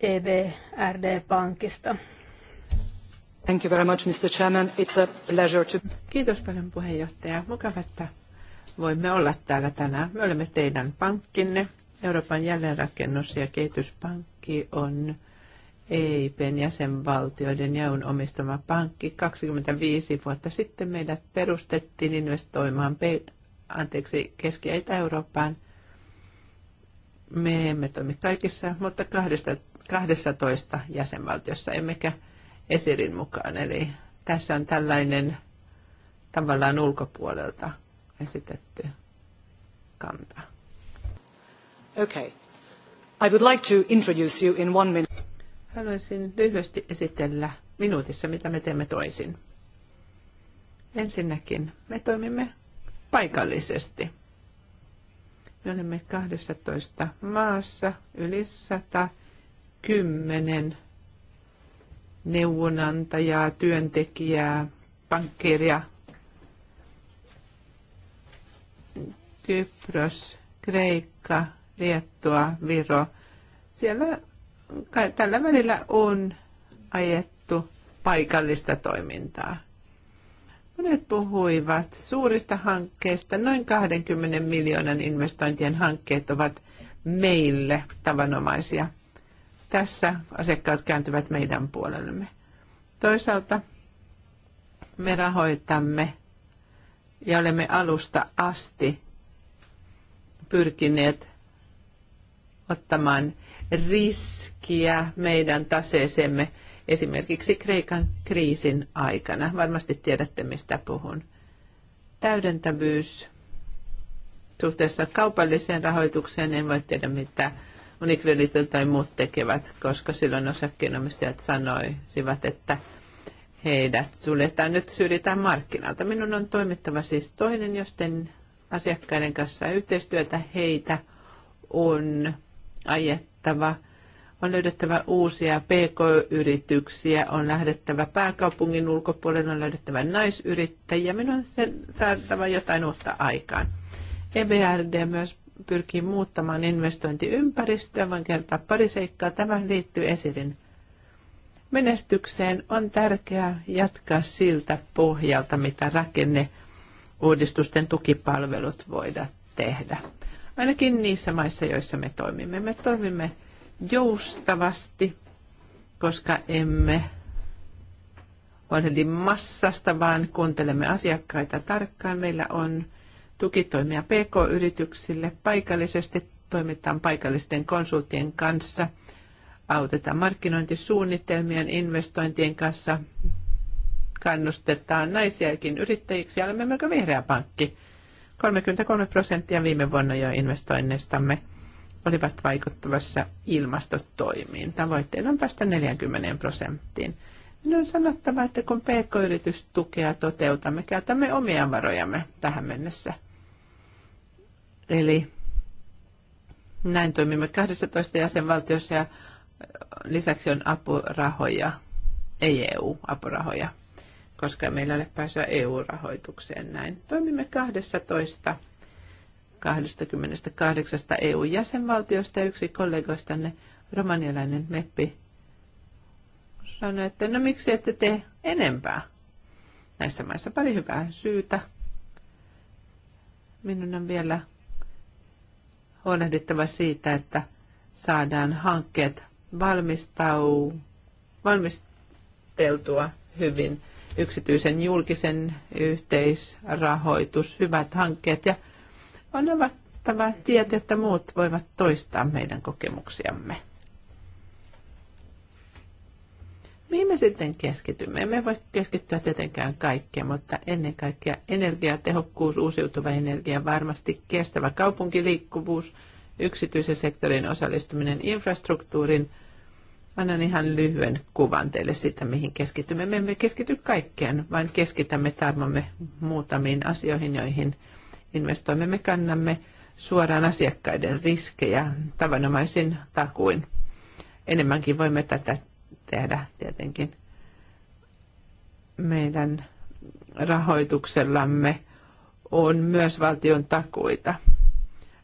EBRD-pankista. Thank you very much, Mr. Chairman. It's a pleasure to... Kiitos paljon puheenjohtaja. Mukava, että voimme olla täällä tänään. Me olemme teidän pankkinne. Euroopan jälleenrakennus- ja kehityspankki on EIPn jäsenvaltioiden ja on omistama pankki. 25 vuotta sitten meidät perustettiin investoimaan anteeksi, Keski- ja Itä-Eurooppaan. Me emme toimi kaikissa, mutta 12 jäsenvaltiossa, emmekä esirin mukaan. Eli tässä on tällainen tavallaan ulkopuolelta esitetty kanta. Okay. I would like to introduce you in one minute. Haluaisin lyhyesti esitellä minuutissa, mitä me teemme toisin. Ensinnäkin me toimimme paikallisesti. Me olemme 12 maassa yli 110 neuvonantajaa, työntekijää, pankkiiria. Kypros, Kreikka, Liettua, Viro. Siellä tällä välillä on ajettu paikallista toimintaa. Monet puhuivat suurista hankkeista. Noin 20 miljoonan investointien hankkeet ovat meille tavanomaisia. Tässä asiakkaat kääntyvät meidän puolellemme. Toisaalta me rahoitamme ja olemme alusta asti pyrkineet ottamaan riskiä meidän taseeseemme – esimerkiksi Kreikan kriisin aikana. Varmasti tiedätte, mistä puhun. Täydentävyys suhteessa kaupalliseen rahoitukseen en voi tiedä, mitä Unicredit tai muut tekevät, koska silloin osakkeenomistajat sanoisivat, että heidät suljetaan nyt syrjitään markkinalta. Minun on toimittava siis toinen, jos asiakkaiden kanssa yhteistyötä. Heitä on ajettava on löydettävä uusia pk-yrityksiä, on lähdettävä pääkaupungin ulkopuolelle, on löydettävä naisyrittäjiä. Minun on sen saatava jotain uutta aikaan. EBRD myös pyrkii muuttamaan investointiympäristöä. Voin kertoa pari seikkaa. Tämä liittyy esirin menestykseen. On tärkeää jatkaa siltä pohjalta, mitä rakenne uudistusten tukipalvelut voidaan tehdä. Ainakin niissä maissa, joissa me toimimme. Me toimimme joustavasti, koska emme huolehdi massasta, vaan kuuntelemme asiakkaita tarkkaan. Meillä on tukitoimia PK-yrityksille. Paikallisesti toimitaan paikallisten konsulttien kanssa. Autetaan markkinointisuunnitelmien, investointien kanssa. Kannustetaan naisiakin yrittäjiksi. Olemme melko vihreä pankki. 33 prosenttia viime vuonna jo investoinneistamme olivat vaikuttavassa ilmastotoimiin. Tavoitteena on päästä 40 prosenttiin. Minun on sanottava, että kun pk-yritystukea toteutamme, käytämme omia varojamme tähän mennessä. Eli näin toimimme 12 jäsenvaltiossa ja lisäksi on apurahoja, ei EU-apurahoja, koska meillä ei ole pääsyä EU-rahoitukseen näin. Toimimme 12 28 EU-jäsenvaltiosta ja yksi kollegoistanne, romanialainen meppi, sanoi, että no miksi ette tee enempää? Näissä maissa paljon hyvää syytä. Minun on vielä huolehdittava siitä, että saadaan hankkeet valmistau, valmisteltua hyvin. Yksityisen julkisen yhteisrahoitus, hyvät hankkeet ja – on avattava tiet, että muut voivat toistaa meidän kokemuksiamme. Mihin me sitten keskitymme? me voi keskittyä tietenkään kaikkeen, mutta ennen kaikkea energiatehokkuus, uusiutuva energia, varmasti kestävä kaupunkiliikkuvuus, yksityisen sektorin osallistuminen infrastruktuurin. Annan ihan lyhyen kuvan teille siitä, mihin keskitymme. Me emme keskity kaikkeen, vaan keskitämme tarmamme muutamiin asioihin, joihin – investoimme. Me kannamme suoraan asiakkaiden riskejä tavanomaisin takuin. Enemmänkin voimme tätä tehdä tietenkin meidän rahoituksellamme on myös valtion takuita.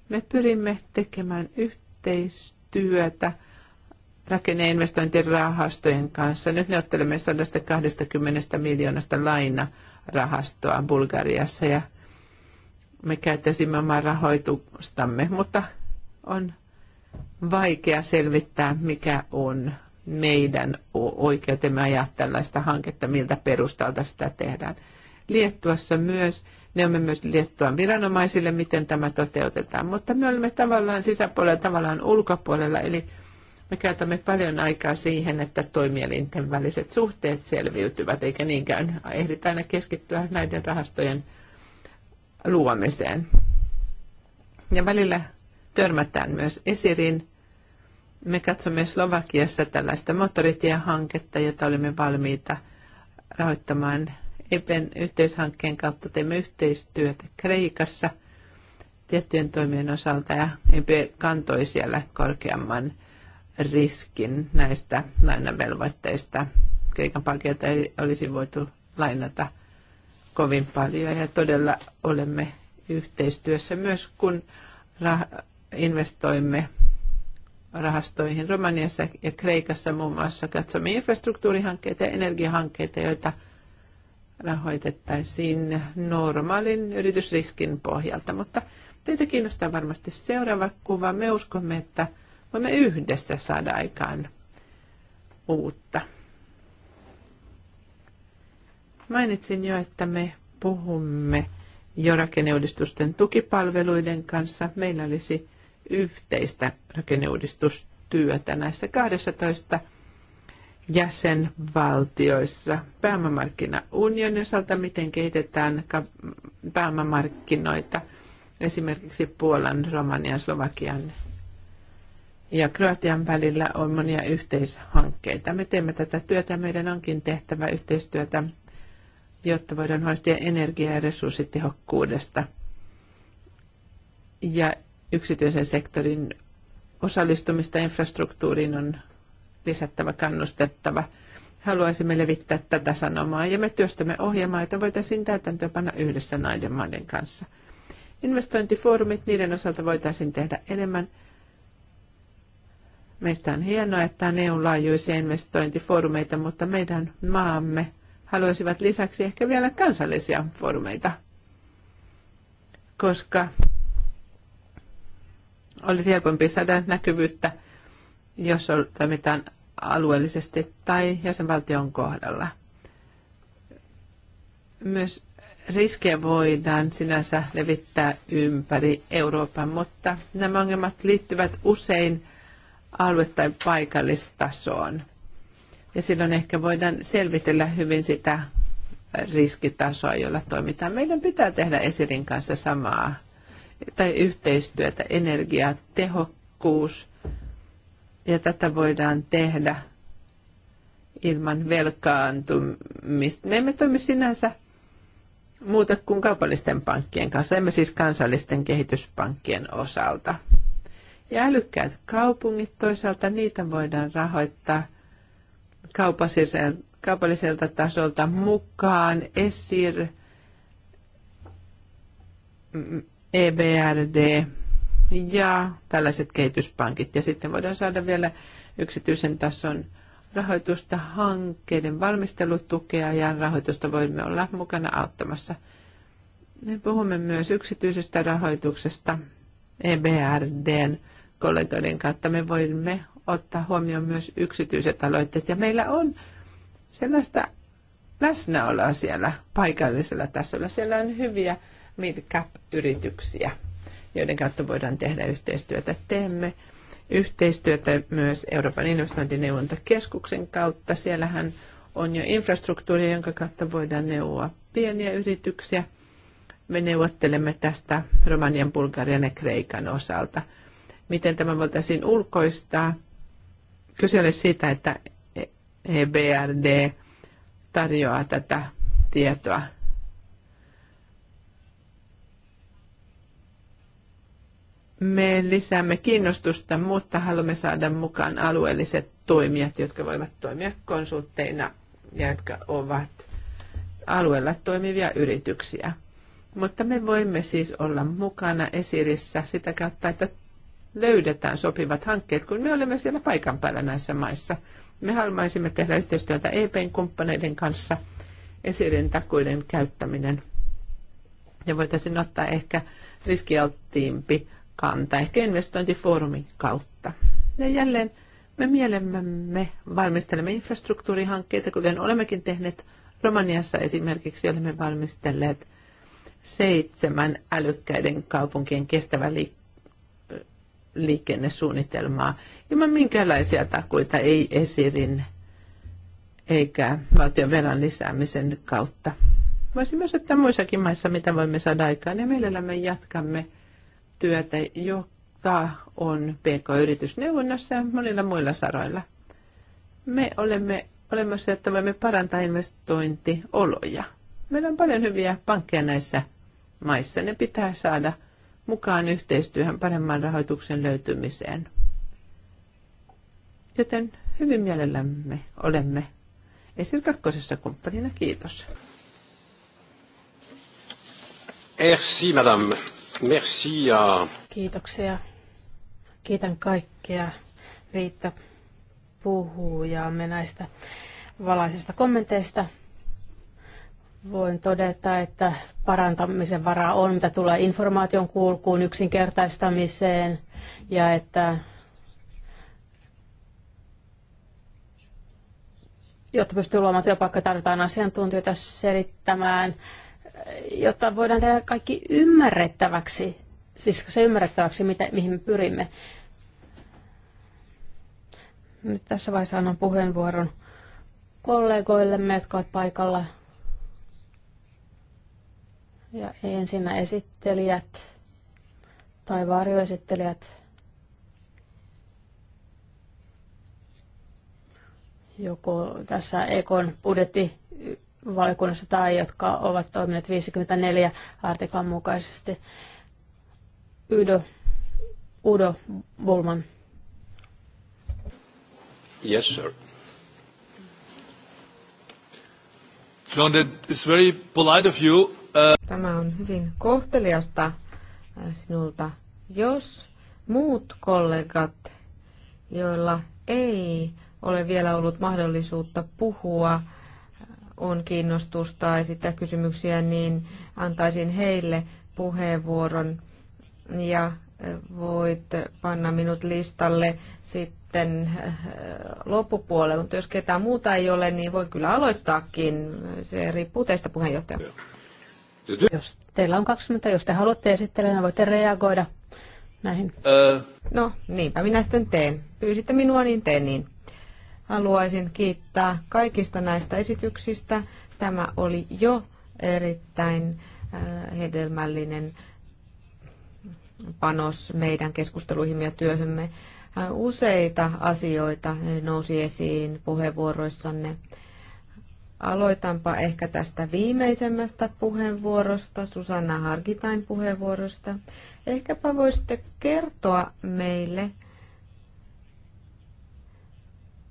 Me pyrimme tekemään yhteistyötä rakenneinvestointirahastojen kanssa. Nyt neuvottelemme 120 miljoonasta lainarahastoa Bulgariassa ja me käyttäisimme omaa rahoitustamme, mutta on vaikea selvittää, mikä on meidän oikeutemme ajaa tällaista hanketta, miltä perustalta sitä tehdään. Liettuassa myös, ne olemme myös Liettuan viranomaisille, miten tämä toteutetaan, mutta me olemme tavallaan sisäpuolella, tavallaan ulkopuolella, eli me käytämme paljon aikaa siihen, että toimielinten väliset suhteet selviytyvät, eikä niinkään ehditä aina keskittyä näiden rahastojen – luomiseen. Ja välillä törmätään myös esiriin. Me katsomme Slovakiassa tällaista moottoritiehanketta, jota olimme valmiita rahoittamaan EPEN yhteishankkeen kautta. Teemme yhteistyötä Kreikassa tiettyjen toimien osalta ja EP kantoi siellä korkeamman riskin näistä lainavelvoitteista. Kreikan pankilta ei olisi voitu lainata kovin paljon ja todella olemme yhteistyössä myös, kun rah- investoimme rahastoihin Romaniassa ja Kreikassa muun muassa katsomme infrastruktuurihankkeita ja energiahankkeita, joita rahoitettaisiin normaalin yritysriskin pohjalta. Mutta teitä kiinnostaa varmasti seuraava kuva. Me uskomme, että voimme yhdessä saada aikaan uutta. Mainitsin jo, että me puhumme jo rakenneuudistusten tukipalveluiden kanssa. Meillä olisi yhteistä rakenneuudistustyötä näissä 12 jäsenvaltioissa pääomamarkkinaunionin osalta, miten kehitetään pääomamarkkinoita esimerkiksi Puolan, Romanian, Slovakian ja Kroatian välillä on monia yhteishankkeita. Me teemme tätä työtä, meidän onkin tehtävä yhteistyötä jotta voidaan huolehtia energia- ja resurssitehokkuudesta. Ja yksityisen sektorin osallistumista infrastruktuuriin on lisättävä, kannustettava. Haluaisimme levittää tätä sanomaa ja me työstämme ohjelmaa, jota voitaisiin täytäntöönpanna yhdessä näiden maiden kanssa. Investointifoorumit, niiden osalta voitaisiin tehdä enemmän. Meistä on hienoa, että on EU-laajuisia investointifoorumeita, mutta meidän maamme haluaisivat lisäksi ehkä vielä kansallisia foorumeita, koska olisi helpompi saada näkyvyyttä, jos toimitaan alueellisesti tai jäsenvaltion kohdalla. Myös riskejä voidaan sinänsä levittää ympäri Euroopan, mutta nämä ongelmat liittyvät usein alue- tai paikallistasoon – ja silloin ehkä voidaan selvitellä hyvin sitä riskitasoa, jolla toimitaan. Meidän pitää tehdä Esirin kanssa samaa tai yhteistyötä, energiatehokkuus. Ja tätä voidaan tehdä ilman velkaantumista. Me emme toimi sinänsä muuta kuin kaupallisten pankkien kanssa, emme siis kansallisten kehityspankkien osalta. Ja älykkäät kaupungit toisaalta, niitä voidaan rahoittaa – kaupalliselta tasolta mukaan. ESIR, mm, EBRD ja tällaiset kehityspankit. Ja sitten voidaan saada vielä yksityisen tason rahoitusta, hankkeiden valmistelutukea ja rahoitusta voimme olla mukana auttamassa. Me puhumme myös yksityisestä rahoituksesta EBRDn kollegoiden kautta. Me voimme ottaa huomioon myös yksityiset aloitteet. Ja meillä on sellaista läsnäoloa siellä paikallisella tasolla. Siellä on hyviä mid-cap-yrityksiä, joiden kautta voidaan tehdä yhteistyötä. Teemme yhteistyötä myös Euroopan investointineuvontakeskuksen kautta. Siellähän on jo infrastruktuuri, jonka kautta voidaan neuvoa pieniä yrityksiä. Me neuvottelemme tästä Romanian, Bulgarian ja Kreikan osalta. Miten tämä voitaisiin ulkoistaa – Kyse ole siitä, että EBRD tarjoaa tätä tietoa. Me lisäämme kiinnostusta, mutta haluamme saada mukaan alueelliset toimijat, jotka voivat toimia konsultteina ja jotka ovat alueella toimivia yrityksiä. Mutta me voimme siis olla mukana esirissä sitä kautta, että löydetään sopivat hankkeet, kun me olemme siellä paikan päällä näissä maissa. Me haluaisimme tehdä yhteistyötä ep kumppaneiden kanssa, esiden takuiden käyttäminen. Ja voitaisiin ottaa ehkä riskialttiimpi kanta, ehkä investointifoorumin kautta. Ja jälleen me mielemmämme valmistelemme infrastruktuurihankkeita, kuten olemmekin tehneet Romaniassa esimerkiksi olemme valmistelleet seitsemän älykkäiden kaupunkien kestävän liikkeen liikennesuunnitelmaa ilman minkäänlaisia takuita ei esirin eikä valtion velan lisäämisen kautta. Voisi myös ottaa muissakin maissa, mitä voimme saada aikaan, ja mielellämme jatkamme työtä, joka on PK-yritysneuvonnassa ja monilla muilla saroilla. Me olemme olemassa, että voimme parantaa investointioloja. Meillä on paljon hyviä pankkeja näissä maissa. Ne pitää saada – mukaan yhteistyöhön paremman rahoituksen löytymiseen. Joten hyvin mielellämme olemme Esir kakkosessa kumppanina. Kiitos. Merci, madame. Merci. Kiitoksia. Kiitän kaikkia ja me näistä valaisista kommenteista. Voin todeta, että parantamisen varaa on, mitä tulee informaation kulkuun, yksinkertaistamiseen ja että jotta pystyy luomaan työpaikka, tarvitaan asiantuntijoita selittämään, jotta voidaan tehdä kaikki ymmärrettäväksi, siis se ymmärrettäväksi, mitä, mihin me pyrimme. Nyt tässä vaiheessa annan puheenvuoron kollegoillemme, jotka ovat paikalla – ja ensinnä esittelijät tai varjoesittelijät. Joko tässä Ekon budjettivalikunnassa tai jotka ovat toimineet 54 artiklan mukaisesti. Udo, Udo Bulman. Yes, sir. John, it's very polite of you Tämä on hyvin kohteliasta sinulta. Jos muut kollegat, joilla ei ole vielä ollut mahdollisuutta puhua, on kiinnostusta tai sitä kysymyksiä, niin antaisin heille puheenvuoron ja voit panna minut listalle sitten loppupuolelle. Mutta jos ketään muuta ei ole, niin voi kyllä aloittaakin. Se riippuu teistä puheenjohtaja. Jos teillä on 20, jos te haluatte esitellä, niin voitte reagoida näihin. Ö... No, niinpä minä sitten teen. Pyysitte minua, niin teen niin. Haluaisin kiittää kaikista näistä esityksistä. Tämä oli jo erittäin hedelmällinen panos meidän keskusteluihin ja työhömme. Useita asioita nousi esiin puheenvuoroissanne. Aloitanpa ehkä tästä viimeisemmästä puheenvuorosta, Susanna Harkitain puheenvuorosta. Ehkäpä voisitte kertoa meille,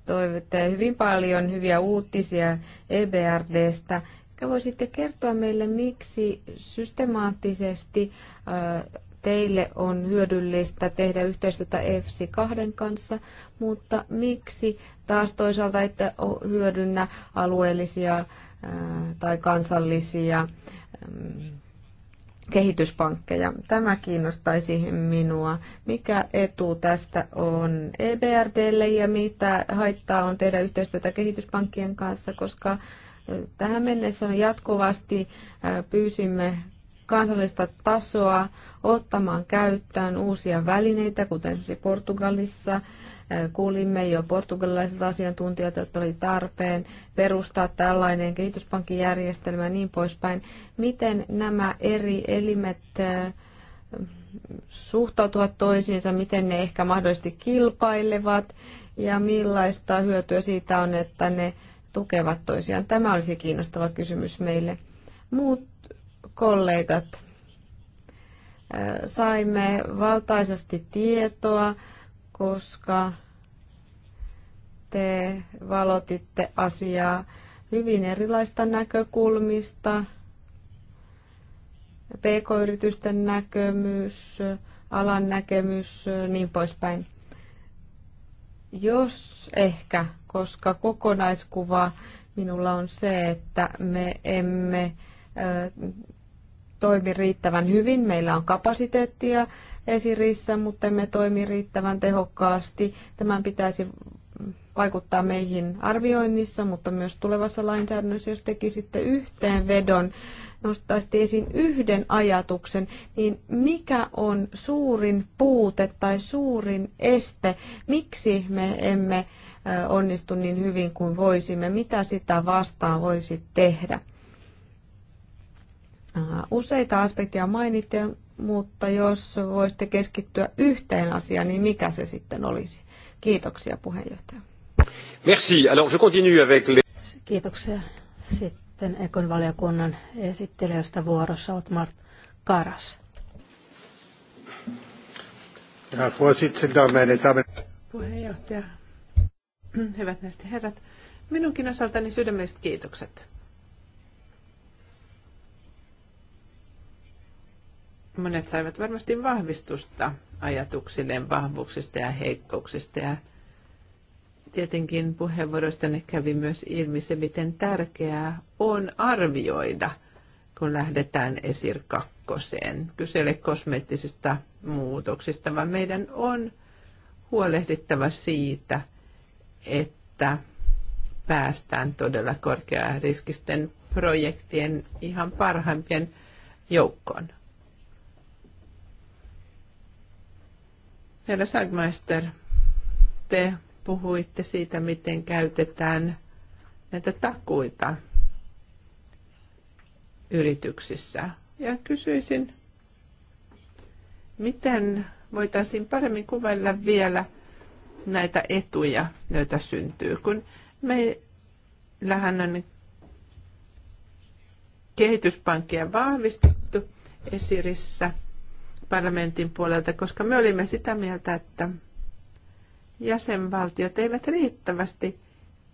toivotte hyvin paljon hyviä uutisia EBRDstä. Ehkä voisitte kertoa meille, miksi systemaattisesti teille on hyödyllistä tehdä yhteistyötä EFSI kahden kanssa mutta miksi taas toisaalta ette hyödynnä alueellisia tai kansallisia kehityspankkeja. Tämä kiinnostaisi minua. Mikä etu tästä on EBRDlle ja mitä haittaa on tehdä yhteistyötä kehityspankkien kanssa, koska tähän mennessä jatkuvasti pyysimme kansallista tasoa ottamaan käyttöön uusia välineitä, kuten Portugalissa Kuulimme jo portugalilaiset asiantuntijat, että oli tarpeen perustaa tällainen kehityspankkijärjestelmä ja niin poispäin. Miten nämä eri elimet suhtautuvat toisiinsa, miten ne ehkä mahdollisesti kilpailevat ja millaista hyötyä siitä on, että ne tukevat toisiaan. Tämä olisi kiinnostava kysymys meille. Muut kollegat, saimme valtaisesti tietoa koska te valotitte asiaa hyvin erilaista näkökulmista. PK-yritysten näkemys, alan näkemys, niin poispäin. Jos ehkä, koska kokonaiskuva minulla on se, että me emme toimi riittävän hyvin, meillä on kapasiteettia esirissä, mutta emme toimi riittävän tehokkaasti. Tämän pitäisi vaikuttaa meihin arvioinnissa, mutta myös tulevassa lainsäädännössä, jos tekisitte yhteenvedon, nostaisitte esiin yhden ajatuksen, niin mikä on suurin puute tai suurin este, miksi me emme onnistu niin hyvin kuin voisimme, mitä sitä vastaan voisi tehdä? Useita aspekteja mainittiin, mutta jos voisitte keskittyä yhteen asiaan, niin mikä se sitten olisi? Kiitoksia puheenjohtaja. Merci. Alors je continue avec les... Kiitoksia. Sitten Ekon valiokunnan esittelijöistä vuorossa Otmar Karas. Herr Puheenjohtaja, hyvät näistä herrat, minunkin osaltani sydämelliset kiitokset. monet saivat varmasti vahvistusta ajatuksilleen vahvuuksista ja heikkouksista. Ja tietenkin ne kävi myös ilmi se, miten tärkeää on arvioida, kun lähdetään esir kakkoseen. Kyse ei kosmeettisista muutoksista, vaan meidän on huolehdittava siitä, että päästään todella korkeariskisten projektien ihan parhaimpien joukkoon. Herra Sagmeister, te puhuitte siitä, miten käytetään näitä takuita yrityksissä. Ja kysyisin, miten voitaisiin paremmin kuvailla vielä näitä etuja, joita syntyy, kun meillähän on kehityspankkia vahvistettu esirissä – parlamentin puolelta, koska me olimme sitä mieltä, että jäsenvaltiot eivät riittävästi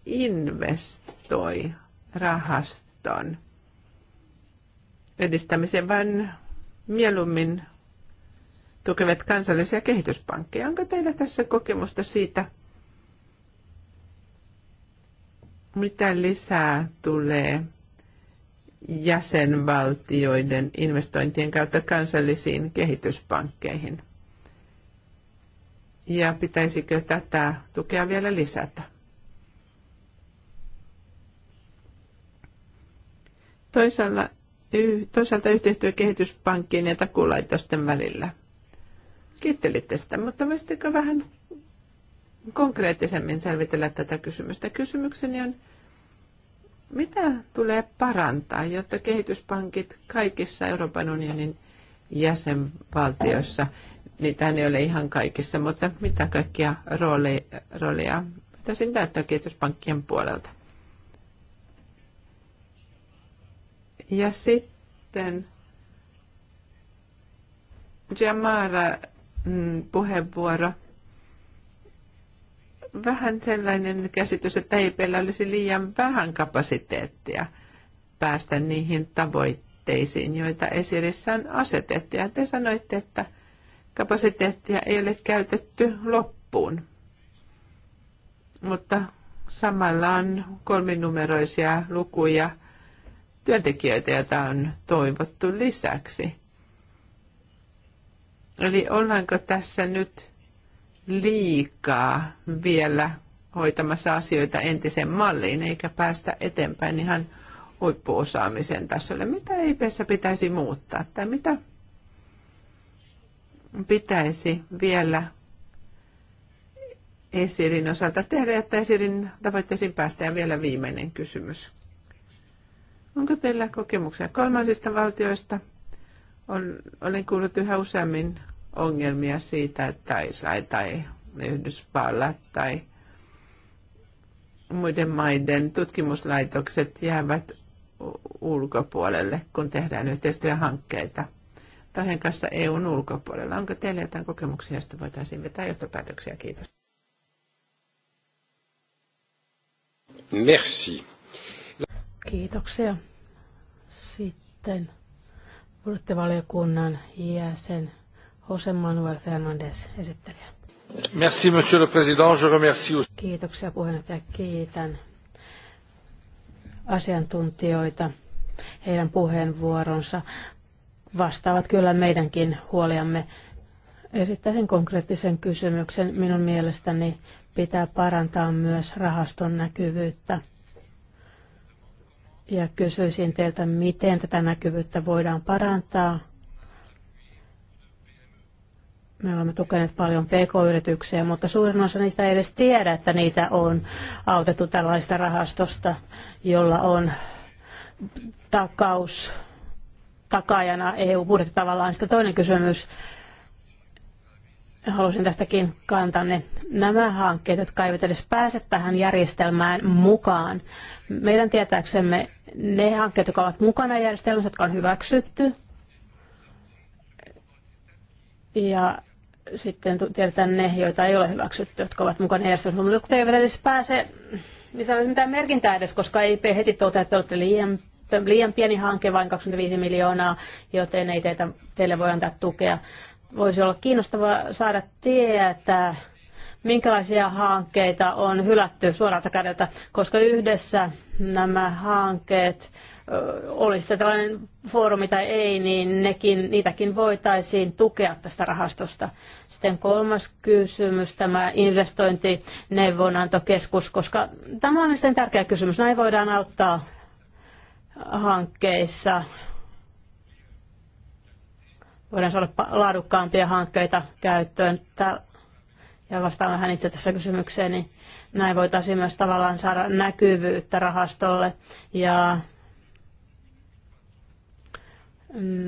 investoi rahaston edistämiseen, vaan mieluummin tukevat kansallisia kehityspankkeja. Onko teillä tässä kokemusta siitä, mitä lisää tulee jäsenvaltioiden investointien kautta kansallisiin kehityspankkeihin? Ja pitäisikö tätä tukea vielä lisätä? Toisaalta, toisaalta yhteistyö kehityspankkien ja takulaitosten välillä. Kiittelitte sitä, mutta voisitteko vähän konkreettisemmin selvitellä tätä kysymystä? Kysymykseni on, mitä tulee parantaa, jotta kehityspankit kaikissa Euroopan unionin jäsenvaltioissa, niitä ei ole ihan kaikissa, mutta mitä kaikkia rooleja, pitäisi voitaisiin täyttää kehityspankkien puolelta? Ja sitten Jamara mm, puheenvuoro – vähän sellainen käsitys, että EIPllä olisi liian vähän kapasiteettia päästä niihin tavoitteisiin, joita esirissä on asetettu. Ja te sanoitte, että kapasiteettia ei ole käytetty loppuun, mutta samalla on kolminumeroisia lukuja työntekijöitä, joita on toivottu lisäksi. Eli ollaanko tässä nyt liikaa vielä hoitamassa asioita entisen malliin, eikä päästä eteenpäin ihan huippuosaamisen tasolle. Mitä IPssä pitäisi muuttaa tai mitä pitäisi vielä Esirin osalta tehdä, että Esirin tavoitteisiin päästään vielä viimeinen kysymys. Onko teillä kokemuksia kolmansista valtioista? olen kuullut yhä useammin ongelmia siitä, että Israel tai Yhdysvallat tai muiden maiden tutkimuslaitokset jäävät ulkopuolelle, kun tehdään yhteistyöhankkeita tahojen kanssa EUn ulkopuolella. Onko teillä jotain kokemuksia, joista voitaisiin vetää johtopäätöksiä? Kiitos. Merci. Kiitoksia. Sitten budjettivaliokunnan jäsen Jose Manuel Fernandez esittelijä. Merci, monsieur le président. Je remercie. Kiitoksia puheenjohtaja. Kiitän asiantuntijoita heidän puheenvuoronsa. Vastaavat kyllä meidänkin huoliamme. Esittäisin konkreettisen kysymyksen. Minun mielestäni pitää parantaa myös rahaston näkyvyyttä. Ja kysyisin teiltä, miten tätä näkyvyyttä voidaan parantaa me olemme tukeneet paljon pk-yrityksiä, mutta suurin osa niistä ei edes tiedä, että niitä on autettu tällaista rahastosta, jolla on takaus takajana EU-budjetti tavallaan. Sitten toinen kysymys, halusin tästäkin kantanne. Nämä hankkeet, jotka eivät edes pääse tähän järjestelmään mukaan, meidän tietääksemme ne hankkeet, jotka ovat mukana järjestelmässä, jotka on hyväksytty, ja sitten tiedetään ne, joita ei ole hyväksytty, jotka ovat mukana järjestelmässä, mutta jotka eivät edes pääse, niitä ei mitään merkintää edes, koska IP heti toteaa, että olette liian, liian pieni hanke, vain 25 miljoonaa, joten ei teitä, teille voi antaa tukea. Voisi olla kiinnostavaa saada tietää, minkälaisia hankkeita on hylätty suoralta kädeltä, koska yhdessä nämä hankkeet oli sitten tällainen foorumi tai ei, niin nekin, niitäkin voitaisiin tukea tästä rahastosta. Sitten kolmas kysymys, tämä investointineuvonantokeskus, koska tämä on sitten tärkeä kysymys. Näin voidaan auttaa hankkeissa. Voidaan saada laadukkaampia hankkeita käyttöön. Ja vastaan vähän itse tässä kysymykseen, niin näin voitaisiin myös tavallaan saada näkyvyyttä rahastolle ja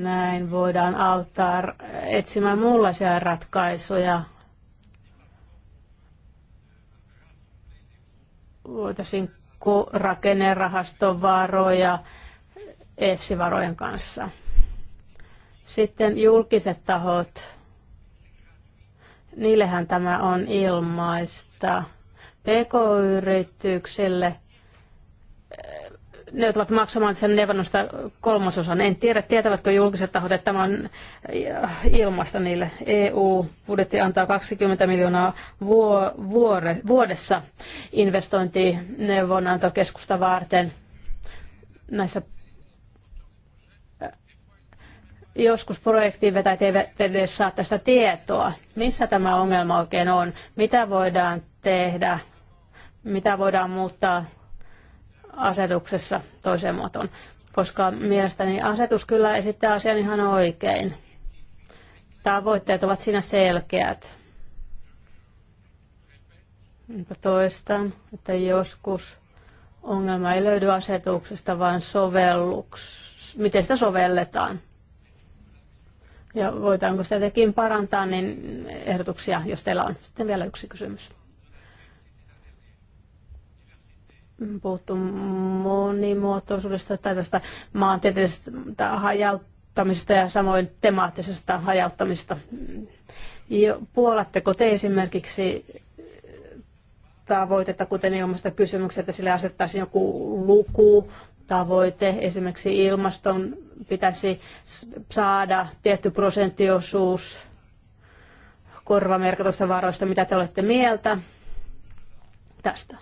näin voidaan auttaa etsimään muunlaisia ratkaisuja. Voitaisiin rakennerahastovaroja EFSI-varojen kanssa. Sitten julkiset tahot, niillehän tämä on ilmaista. PK-yrityksille ne joutuvat maksamaan sen nevannosta kolmasosan. En tiedä, tietävätkö julkiset tahot, että tämä on äh, ilmasta niille. EU-budjetti antaa 20 miljoonaa vuodessa investointineuvonantokeskusta varten näissä äh, joskus projektiin vetäjät eivät edes saa tästä tietoa. Missä tämä ongelma oikein on? Mitä voidaan tehdä? Mitä voidaan muuttaa asetuksessa toiseen muotoon, koska mielestäni asetus kyllä esittää asian ihan oikein. Tavoitteet ovat siinä selkeät. Toistan, että joskus ongelma ei löydy asetuksesta, vaan sovelluks, miten sitä sovelletaan. Ja voitaanko sitä tekin parantaa, niin ehdotuksia, jos teillä on. Sitten vielä yksi kysymys. puhuttu monimuotoisuudesta tai tästä maantieteellisestä hajauttamisesta ja samoin temaattisesta hajauttamista. Puolatteko te esimerkiksi tavoitetta, kuten ilmasta kysymyksiä, että sille asettaisiin joku luku, tavoite, esimerkiksi ilmaston pitäisi saada tietty prosenttiosuus korvamerkitystä varoista, mitä te olette mieltä tästä?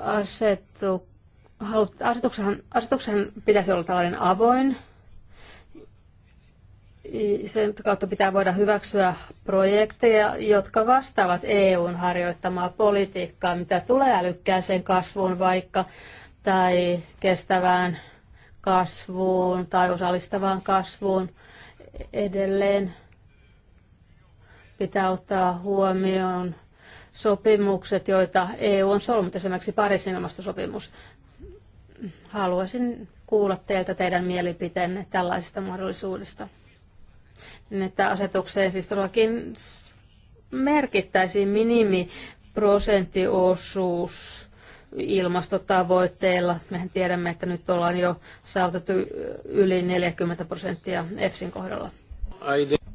asetu, asetuksen, asetuksen pitäisi olla tällainen avoin. Sen kautta pitää voida hyväksyä projekteja, jotka vastaavat EUn harjoittamaa politiikkaa, mitä tulee älykkääseen kasvuun vaikka tai kestävään kasvuun tai osallistavaan kasvuun edelleen pitää ottaa huomioon sopimukset, joita EU on solmut, esimerkiksi Pariisin ilmastosopimus. Haluaisin kuulla teiltä teidän mielipiteenne tällaisista mahdollisuudesta. Niin, että asetukseen siis todellakin merkittäisiin minimiprosenttiosuus ilmastotavoitteilla. Mehän tiedämme, että nyt ollaan jo saavutettu yli 40 prosenttia EFSin kohdalla.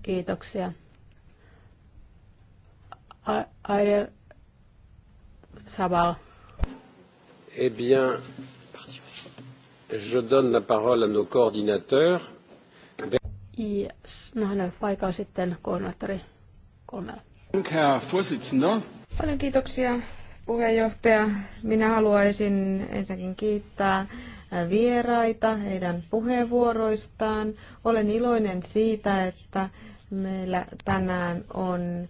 Kiitoksia. Aider Sabal. Eh bien, je donne la parole à nos coordinateurs. Ja, no, Paljon kiitoksia puheenjohtaja. Minä haluaisin ensinnäkin kiittää vieraita heidän puheenvuoroistaan. Olen iloinen siitä, että meillä tänään on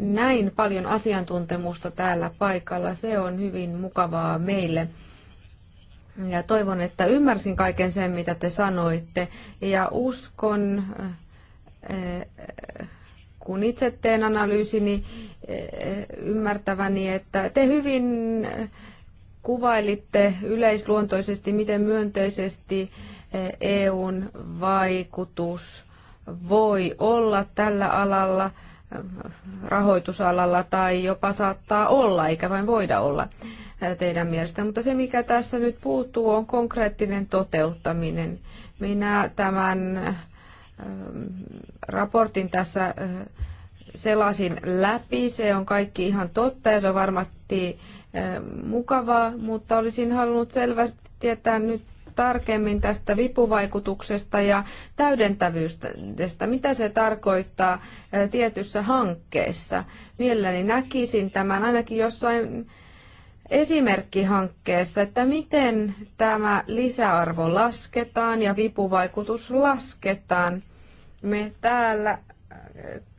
näin paljon asiantuntemusta täällä paikalla. Se on hyvin mukavaa meille. Ja toivon, että ymmärsin kaiken sen, mitä te sanoitte. Ja uskon, eh, kun itse teen analyysini, eh, ymmärtäväni, että te hyvin kuvailitte yleisluontoisesti, miten myönteisesti EUn eh, e vaikutus voi olla tällä alalla – rahoitusalalla tai jopa saattaa olla, eikä vain voida olla teidän mielestä. Mutta se, mikä tässä nyt puuttuu, on konkreettinen toteuttaminen. Minä tämän ähm, raportin tässä äh, selasin läpi. Se on kaikki ihan totta ja se on varmasti äh, mukavaa, mutta olisin halunnut selvästi tietää nyt tarkemmin tästä vipuvaikutuksesta ja täydentävyydestä, mitä se tarkoittaa tietyssä hankkeessa. Mielelläni näkisin tämän ainakin jossain esimerkkihankkeessa, että miten tämä lisäarvo lasketaan ja vipuvaikutus lasketaan. Me täällä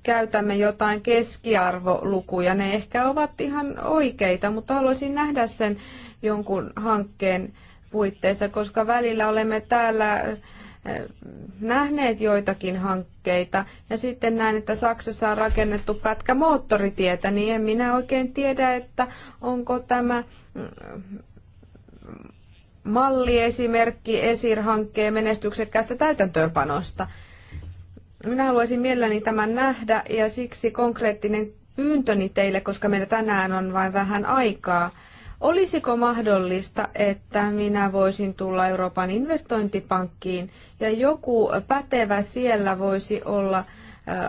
käytämme jotain keskiarvolukuja. Ne ehkä ovat ihan oikeita, mutta haluaisin nähdä sen jonkun hankkeen puitteissa, koska välillä olemme täällä nähneet joitakin hankkeita ja sitten näin, että Saksassa on rakennettu pätkä moottoritietä, niin en minä oikein tiedä, että onko tämä mm, malliesimerkki ESIR-hankkeen menestyksekkäästä täytäntöönpanosta. Minä haluaisin mielelläni tämän nähdä ja siksi konkreettinen pyyntöni teille, koska meillä tänään on vain vähän aikaa, Olisiko mahdollista, että minä voisin tulla Euroopan investointipankkiin ja joku pätevä siellä voisi olla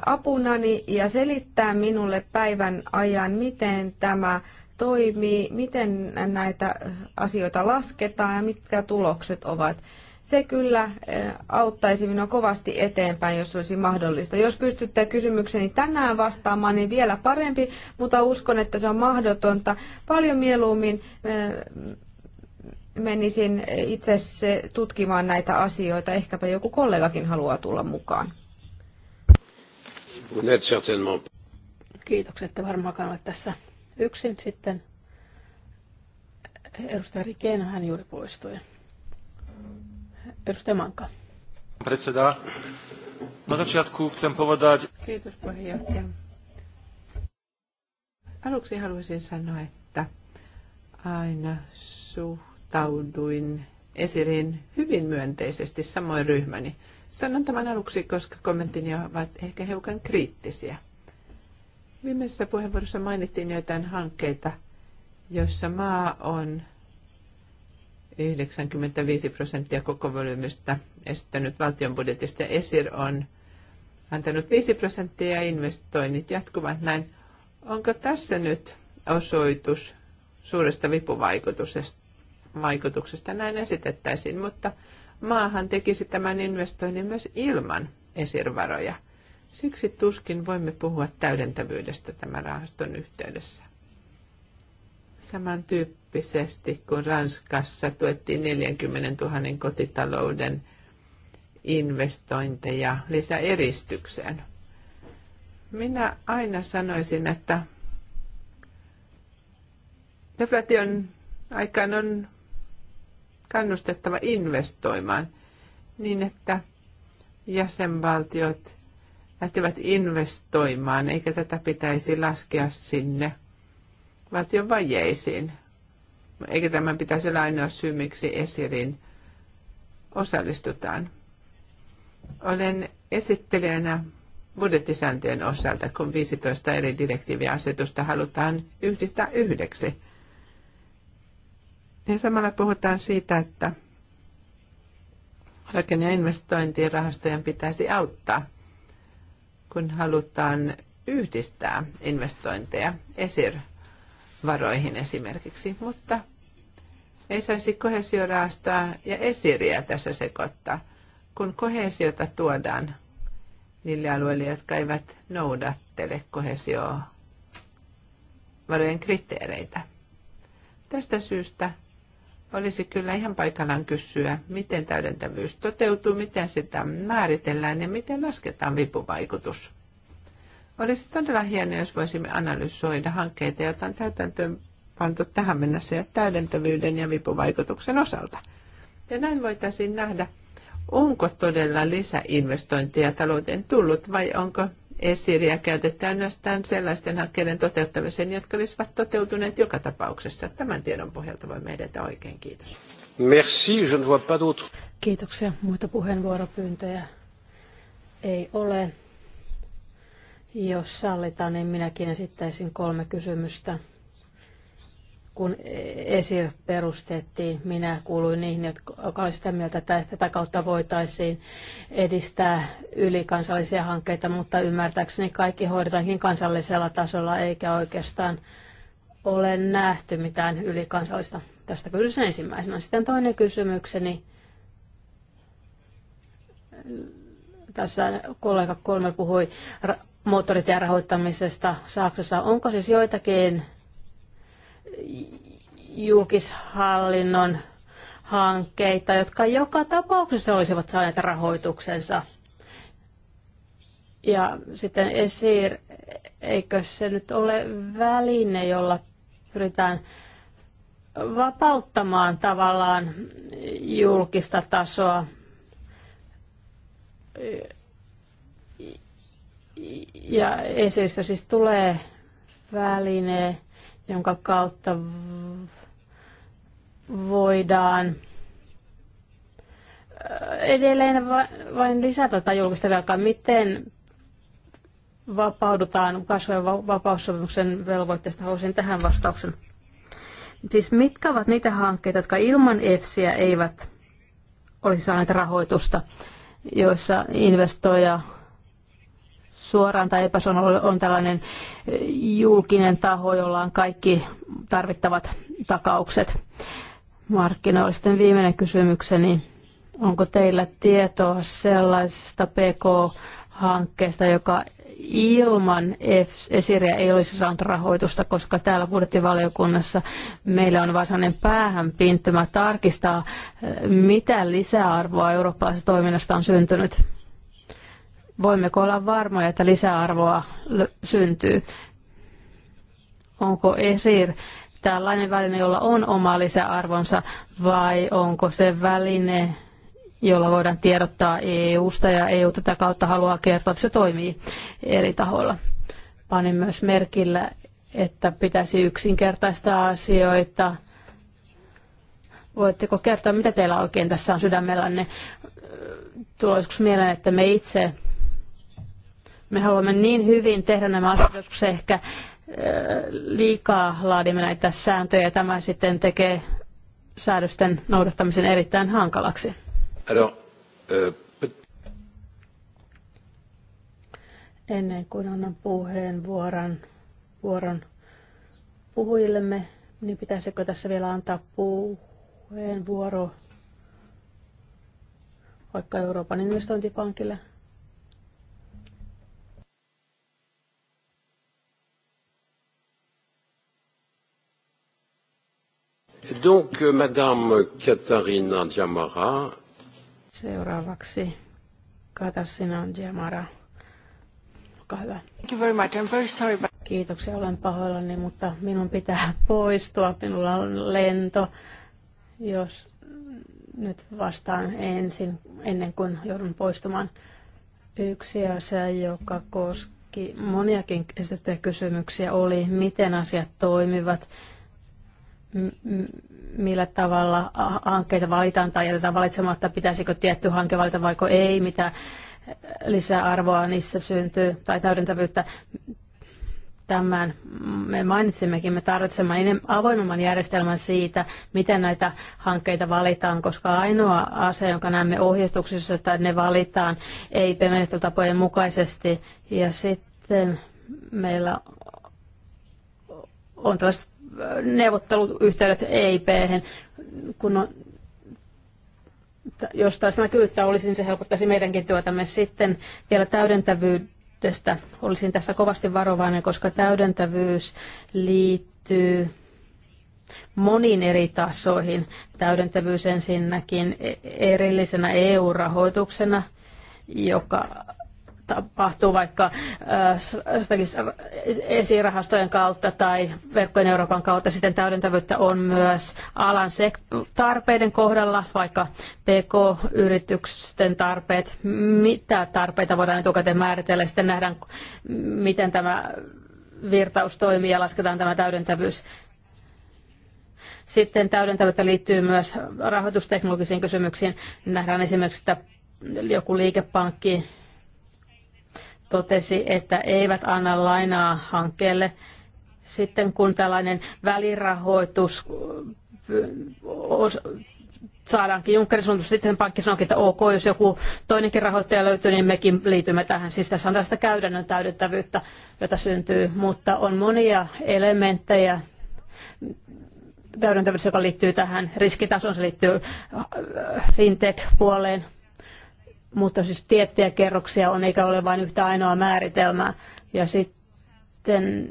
apunani ja selittää minulle päivän ajan, miten tämä toimii, miten näitä asioita lasketaan ja mitkä tulokset ovat. Se kyllä eh, auttaisi minua kovasti eteenpäin, jos olisi mahdollista. Jos pystytte kysymykseni tänään vastaamaan, niin vielä parempi, mutta uskon, että se on mahdotonta. Paljon mieluummin eh, menisin itse tutkimaan näitä asioita. Ehkäpä joku kollegakin haluaa tulla mukaan. Kiitokset, että varmaankaan olet tässä yksin sitten. Edustaja Rikeen, hän juuri poistui. Edustaja Manka. Predseda. Na začiatku chcem povedať... Kiitos puheenjohtaja. Aluksi haluaisin sanoa, että aina suhtauduin esiriin hyvin myönteisesti, samoin ryhmäni. Sanon tämän aluksi, koska kommenttini ovat ehkä hiukan kriittisiä. Viimeisessä puheenvuorossa mainittiin joitain hankkeita, joissa maa on 95 prosenttia koko volyymistä estänyt valtion budjetista. ESIR on antanut 5 prosenttia ja investoinnit jatkuvat näin. Onko tässä nyt osoitus suuresta vipuvaikutuksesta? Näin esitettäisiin, mutta maahan tekisi tämän investoinnin myös ilman esirvaroja. Siksi tuskin voimme puhua täydentävyydestä tämän rahaston yhteydessä samantyyppisesti kuin Ranskassa tuettiin 40 000 kotitalouden investointeja lisäeristykseen. Minä aina sanoisin, että deflation aikaan on kannustettava investoimaan niin, että jäsenvaltiot lähtevät investoimaan, eikä tätä pitäisi laskea sinne – valtion vajeisiin. Eikä tämän pitäisi olla ainoa syy, miksi Esirin osallistutaan. Olen esittelijänä budjettisääntöjen osalta, kun 15 eri direktiiviasetusta halutaan yhdistää yhdeksi. Ja samalla puhutaan siitä, että rakenne- ja investointirahastojen pitäisi auttaa, kun halutaan yhdistää investointeja. ESIR varoihin esimerkiksi, mutta ei saisi kohesioraastaa ja esiriä tässä sekoittaa. Kun kohesiota tuodaan niille alueille, jotka eivät noudattele kohesiovarojen kriteereitä. Tästä syystä olisi kyllä ihan paikallaan kysyä, miten täydentävyys toteutuu, miten sitä määritellään ja miten lasketaan vipuvaikutus. Olisi todella hienoa, jos voisimme analysoida hankkeita, joita on täytäntöön pantu tähän mennessä ja täydentävyyden ja vipuvaikutuksen osalta. Ja näin voitaisiin nähdä, onko todella lisäinvestointeja talouteen tullut vai onko esiriä käytetty ainoastaan sellaisten hankkeiden toteuttamiseen, jotka olisivat toteutuneet joka tapauksessa. Tämän tiedon pohjalta voimme edetä oikein. Kiitos. Merci, je ne vois pas Kiitoksia. Muita puheenvuoropyyntöjä ei ole. Jos sallitaan, niin minäkin esittäisin kolme kysymystä. Kun ESIR perustettiin, minä kuuluin niihin, jotka olivat sitä mieltä, että tätä kautta voitaisiin edistää ylikansallisia hankkeita, mutta ymmärtääkseni kaikki hoidetaankin kansallisella tasolla, eikä oikeastaan ole nähty mitään ylikansallista. Tästä kysyn ensimmäisenä. Sitten toinen kysymykseni tässä kollega kolme puhui moottoritien rahoittamisesta Saksassa. Onko siis joitakin julkishallinnon hankkeita, jotka joka tapauksessa olisivat saaneet rahoituksensa? Ja sitten ESIR, eikö se nyt ole väline, jolla pyritään vapauttamaan tavallaan julkista tasoa ja ESEistä siis tulee väline, jonka kautta voidaan äh, edelleen vain lisätä tai julkista velkaa. Miten vapaudutaan kasvojen vapaussopimuksen velvoitteesta? Haluaisin tähän vastauksen. Siis mitkä ovat niitä hankkeita, jotka ilman EFSiä eivät olisi saaneet rahoitusta, joissa investoija suoraan tai epäsuoraan on tällainen julkinen taho, jolla on kaikki tarvittavat takaukset markkinoille. Sitten viimeinen kysymykseni, onko teillä tietoa sellaisesta PK-hankkeesta, joka ilman esiriä ei olisi saanut rahoitusta, koska täällä budjettivaliokunnassa meillä on vain sellainen pinttymä tarkistaa, mitä lisäarvoa eurooppalaisesta toiminnasta on syntynyt voimmeko olla varmoja, että lisäarvoa syntyy? Onko ESIR tällainen väline, jolla on oma lisäarvonsa, vai onko se väline, jolla voidaan tiedottaa EU-sta ja EU tätä kautta haluaa kertoa, että se toimii eri tahoilla. Panin myös merkillä, että pitäisi yksinkertaistaa asioita. Voitteko kertoa, mitä teillä oikein tässä on sydämellänne? Tulee joskus mieleen, että me itse me haluamme niin hyvin tehdä nämä asiat, joskus ehkä liikaa laadimme näitä sääntöjä ja tämä sitten tekee säädösten noudattamisen erittäin hankalaksi. Alors, euh, Ennen kuin annan puheenvuoron vuoron puhujillemme, niin pitäisikö tässä vielä antaa puheenvuoro vaikka Euroopan investointipankille? Donc, euh, Madame Katarina Diamara. Seuraavaksi Katarina Diamara. Thank you very much. I'm very sorry. But... Kiitoksia, olen pahoillani, mutta minun pitää poistua. Minulla on lento. Jos nyt vastaan ensin, ennen kuin joudun poistumaan. Yksi asia, joka koski moniakin esitettyjä kysymyksiä, oli, miten asiat toimivat millä tavalla hankkeita valitaan tai jätetään valitsematta, pitäisikö tietty hanke valita vaiko ei, mitä lisäarvoa niistä syntyy tai täydentävyyttä. Tämän me mainitsimmekin, me tarvitsemme avoimemman järjestelmän siitä, miten näitä hankkeita valitaan, koska ainoa asia, jonka näemme ohjeistuksessa, että ne valitaan ei menettelytapojen mukaisesti ja sitten meillä on tällaiset neuvotteluyhteydet eip kun on, jos taas näkyvyyttä olisi, niin se helpottaisi meidänkin työtämme. Sitten vielä täydentävyydestä olisin tässä kovasti varovainen, koska täydentävyys liittyy moniin eri tasoihin. Täydentävyys ensinnäkin e- erillisenä EU-rahoituksena, joka tapahtuu vaikka esirahastojen kautta tai verkkojen Euroopan kautta. Sitten täydentävyyttä on myös alan tarpeiden kohdalla, vaikka PK-yritysten tarpeet. Mitä tarpeita voidaan etukäteen määritellä? Sitten nähdään, miten tämä virtaus toimii ja lasketaan tämä täydentävyys. Sitten täydentävyyttä liittyy myös rahoitusteknologisiin kysymyksiin. Nähdään esimerkiksi, että joku liikepankki totesi, että eivät anna lainaa hankkeelle. Sitten kun tällainen välirahoitus saadaankin Junckerin suuntaan, sitten pankki sanoikin, että ok, jos joku toinenkin rahoittaja löytyy, niin mekin liitymme tähän. Siis tässä on tästä käytännön täydettävyyttä, jota syntyy, mutta on monia elementtejä täydentävyys, joka liittyy tähän riskitasoon, se liittyy fintech-puoleen, mutta siis tiettyjä kerroksia on, eikä ole vain yhtä ainoa määritelmää. Ja sitten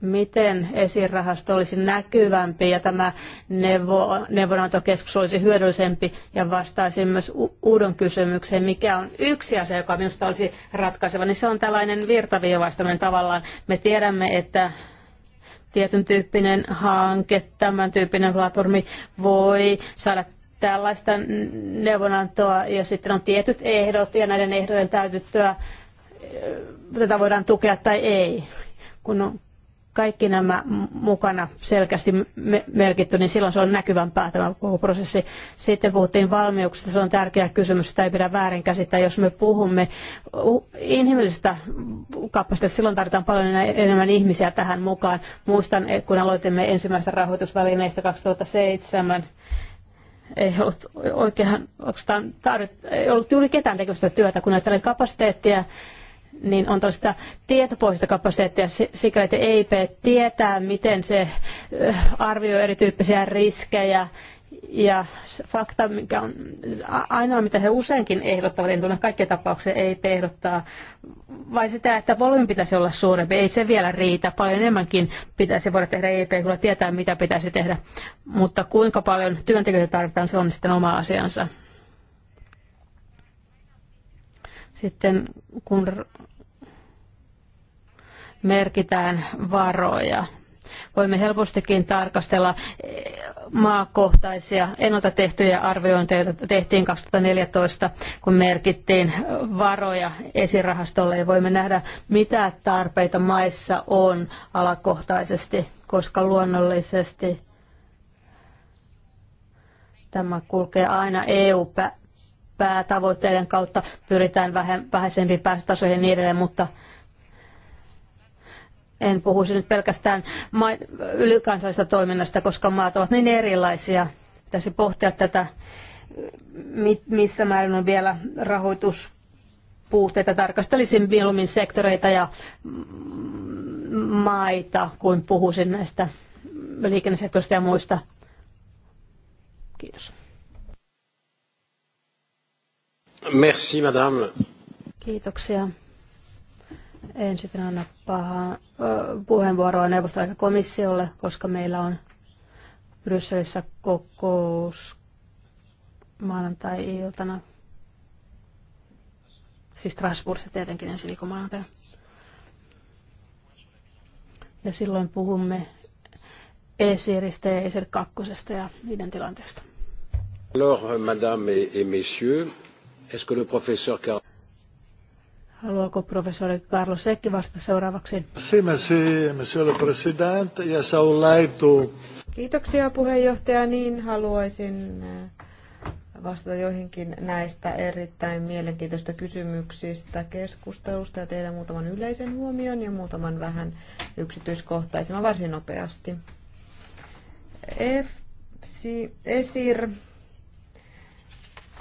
miten esirahasto olisi näkyvämpi ja tämä neuvo, neuvonantokeskus olisi hyödyllisempi ja vastaisi myös uuden kysymykseen, mikä on yksi asia, joka minusta olisi ratkaiseva, niin se on tällainen virtaviivaistaminen tavallaan. Me tiedämme, että tietyn tyyppinen hanke, tämän tyyppinen platformi voi saada tällaista neuvonantoa ja sitten on tietyt ehdot ja näiden ehdojen täytyttyä tätä voidaan tukea tai ei. Kun on kaikki nämä mukana selkeästi merkitty, niin silloin se on näkyvämpää tämä koko prosessi. Sitten puhuttiin valmiuksista, se on tärkeä kysymys, sitä ei pidä väärin käsittää. Jos me puhumme inhimillisestä kapasiteetista, silloin tarvitaan paljon enemmän ihmisiä tähän mukaan. Muistan, eh, kun aloitimme ensimmäistä rahoitusvälineistä 2007, ei ollut oikein, oikeastaan tarvit, ei ollut juuri ketään tekemistä työtä, kun näitä kapasiteettia niin on tällaista tietopohjaista kapasiteettia, sikäli että EIP tietää, miten se arvioi erityyppisiä riskejä, ja fakta, mikä on ainoa, mitä he useinkin ehdottavat, en tunne kaikkia tapauksia, ei ehdottaa, vai sitä, että volyymi pitäisi olla suurempi. Ei se vielä riitä. Paljon enemmänkin pitäisi voida tehdä EIP, kyllä tietää, mitä pitäisi tehdä. Mutta kuinka paljon työntekijöitä tarvitaan, se on sitten oma asiansa. Sitten kun merkitään varoja. Voimme helpostikin tarkastella maakohtaisia ennalta tehtyjä arviointeja, tehtiin 2014, kun merkittiin varoja esirahastolle. Ja voimme nähdä, mitä tarpeita maissa on alakohtaisesti, koska luonnollisesti tämä kulkee aina EU-päätavoitteiden kautta. Pyritään vähäisempiin päästötasoihin ja niin edelleen, mutta en puhuisi nyt pelkästään ylikansallisesta toiminnasta, koska maat ovat niin erilaisia. Pitäisi pohtia tätä, missä määrin on vielä rahoituspuutteita. Tarkastelisin mieluummin sektoreita ja maita, kuin puhuisin näistä liikennesektorista ja muista. Kiitos. Merci, madame. Kiitoksia. En sitten anna pahaa puheenvuoroa neuvosto komissiolle, koska meillä on Brysselissä kokous maanantai-iltana. Siis Strasbourgissa tietenkin ensi viikon maanantaina. Ja silloin puhumme ESIRistä ja ESIR kakkosesta ja niiden tilanteesta. Alors, madame et messieurs, est-ce que le professeur Car... Haluaako professori Carlos Secchi vastata seuraavaksi? Kiitoksia puheenjohtaja. Niin haluaisin eh, vastata joihinkin näistä erittäin mielenkiintoista kysymyksistä, keskustelusta ja tehdä muutaman yleisen huomion ja muutaman vähän yksityiskohtaisemman varsin nopeasti. si, ESIR,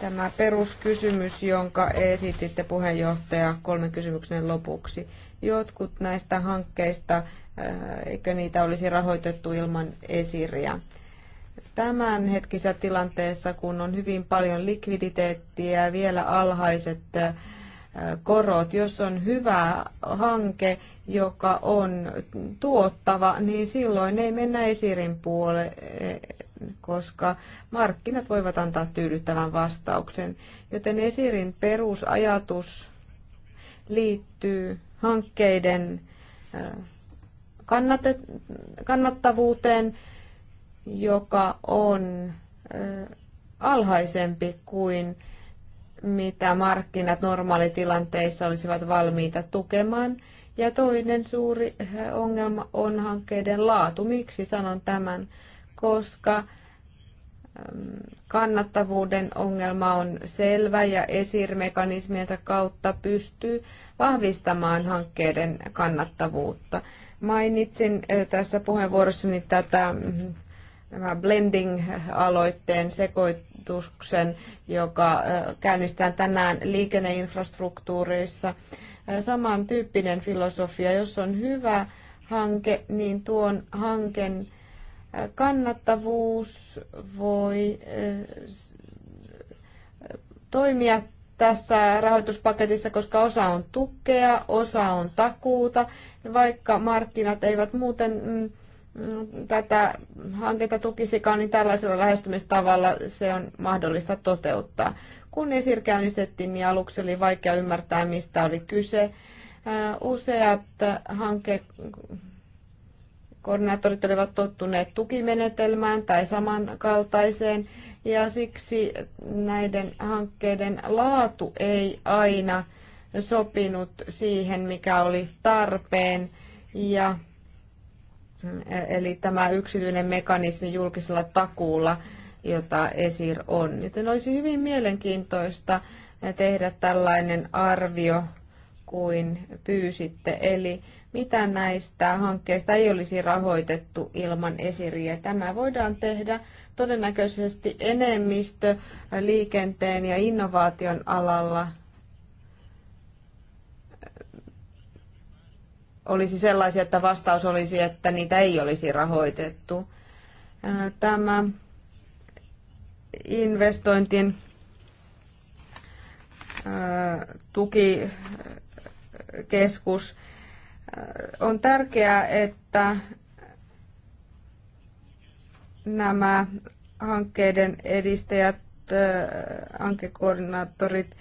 Tämä peruskysymys, jonka esititte puheenjohtaja kolmen kysymyksen lopuksi. Jotkut näistä hankkeista, äh, eikö niitä olisi rahoitettu ilman esiriä? Tämänhetkisessä tilanteessa, kun on hyvin paljon likviditeettiä ja vielä alhaiset äh, korot. Jos on hyvä hanke, joka on tuottava, niin silloin ei mennä esirin puolelle, koska markkinat voivat antaa tyydyttävän vastauksen. Joten Esirin perusajatus liittyy hankkeiden kannattavuuteen, joka on alhaisempi kuin mitä markkinat normaalitilanteissa olisivat valmiita tukemaan. Ja toinen suuri ongelma on hankkeiden laatu. Miksi sanon tämän? koska kannattavuuden ongelma on selvä ja esirmekanismiensa kautta pystyy vahvistamaan hankkeiden kannattavuutta. Mainitsin tässä puheenvuorossani tätä nämä blending-aloitteen sekoituksen, joka käynnistää tänään liikenneinfrastruktuurissa. Samantyyppinen filosofia, jos on hyvä hanke, niin tuon hanken kannattavuus voi eh, toimia tässä rahoituspaketissa, koska osa on tukea, osa on takuuta, vaikka markkinat eivät muuten mm, mm, tätä hanketta tukisikaan, niin tällaisella lähestymistavalla se on mahdollista toteuttaa. Kun esir käynnistettiin, niin aluksi oli vaikea ymmärtää, mistä oli kyse. Äh, useat hanke koordinaattorit olivat tottuneet tukimenetelmään tai samankaltaiseen, ja siksi näiden hankkeiden laatu ei aina sopinut siihen, mikä oli tarpeen. Ja, e, eli tämä yksityinen mekanismi julkisella takuulla, jota ESIR on. Joten olisi hyvin mielenkiintoista tehdä tällainen arvio kuin pyysitte. Eli mitä näistä hankkeista ei olisi rahoitettu ilman esiriä. Tämä voidaan tehdä todennäköisesti enemmistö liikenteen ja innovaation alalla olisi sellaisia, että vastaus olisi, että niitä ei olisi rahoitettu. Tämä investointin tukikeskus on tärkeää, että nämä hankkeiden edistäjät, hankekoordinaattorit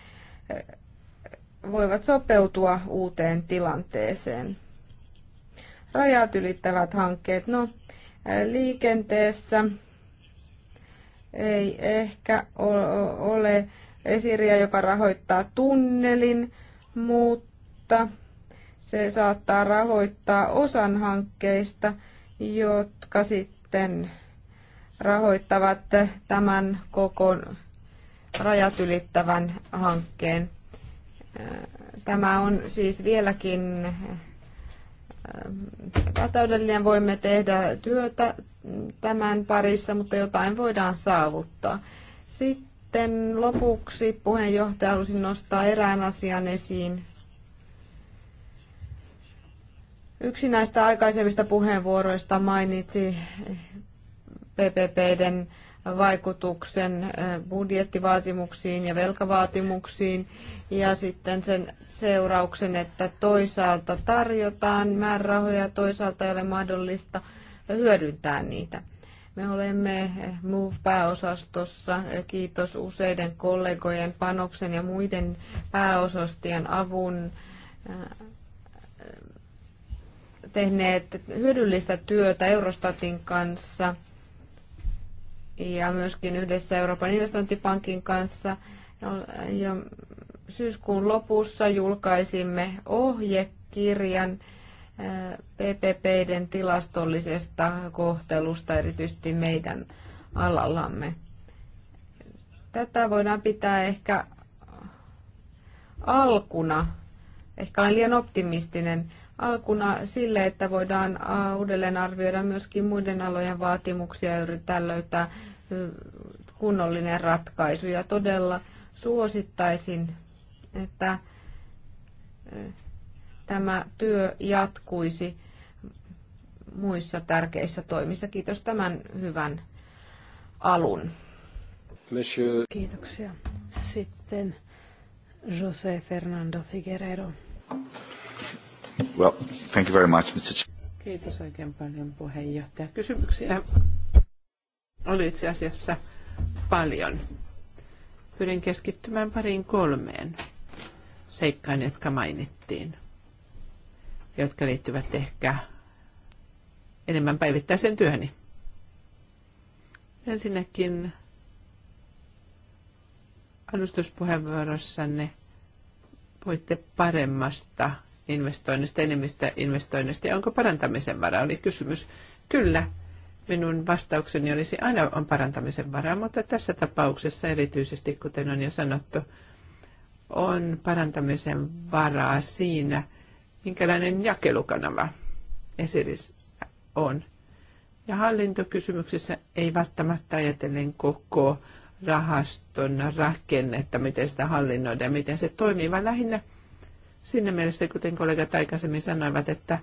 voivat sopeutua uuteen tilanteeseen. Rajat ylittävät hankkeet. No, liikenteessä ei ehkä ole esiriä, joka rahoittaa tunnelin, mutta se saattaa rahoittaa osan hankkeista, jotka sitten rahoittavat tämän koko rajat ylittävän hankkeen. Tämä on siis vieläkin äh, epätäydellinen. Voimme tehdä työtä tämän parissa, mutta jotain voidaan saavuttaa. Sitten lopuksi puheenjohtaja halusin nostaa erään asian esiin, Yksi näistä aikaisemmista puheenvuoroista mainitsi PPPden vaikutuksen eh, budjettivaatimuksiin ja velkavaatimuksiin ja sitten sen seurauksen, että toisaalta tarjotaan määrärahoja, toisaalta ei ole mahdollista hyödyntää niitä. Me olemme eh, MOVE-pääosastossa, kiitos useiden kollegojen panoksen ja muiden pääosastien avun eh, tehneet hyödyllistä työtä Eurostatin kanssa ja myöskin yhdessä Euroopan investointipankin kanssa. Ja syyskuun lopussa julkaisimme ohjekirjan eh, PPPiden tilastollisesta kohtelusta, erityisesti meidän alallamme. Tätä voidaan pitää ehkä alkuna. Ehkä olen liian optimistinen alkuna sille, että voidaan uudelleen arvioida myöskin muiden alojen vaatimuksia ja yrittää löytää kunnollinen ratkaisu. Ja todella suosittaisin, että tämä työ jatkuisi muissa tärkeissä toimissa. Kiitos tämän hyvän alun. Monsieur. Kiitoksia. Sitten José Fernando Figueredo. Well, thank you very much, Mr. Kiitos oikein paljon puheenjohtaja. Kysymyksiä oli itse asiassa paljon. Pyrin keskittymään pariin kolmeen seikkaan, jotka mainittiin, jotka liittyvät ehkä enemmän päivittäiseen työhöni. Ensinnäkin alustuspuheenvuorossanne puhuitte paremmasta investoinnista, enemmistä investoinnista ja onko parantamisen varaa, oli kysymys. Kyllä, minun vastaukseni olisi aina on parantamisen varaa, mutta tässä tapauksessa erityisesti, kuten on jo sanottu, on parantamisen varaa siinä, minkälainen jakelukanava esirissä on. Ja hallintokysymyksissä ei välttämättä ajatellen koko rahaston rakennetta, miten sitä hallinnoidaan ja miten se toimii, vaan lähinnä Sinne mielessä, kuten kollegat aikaisemmin sanoivat, että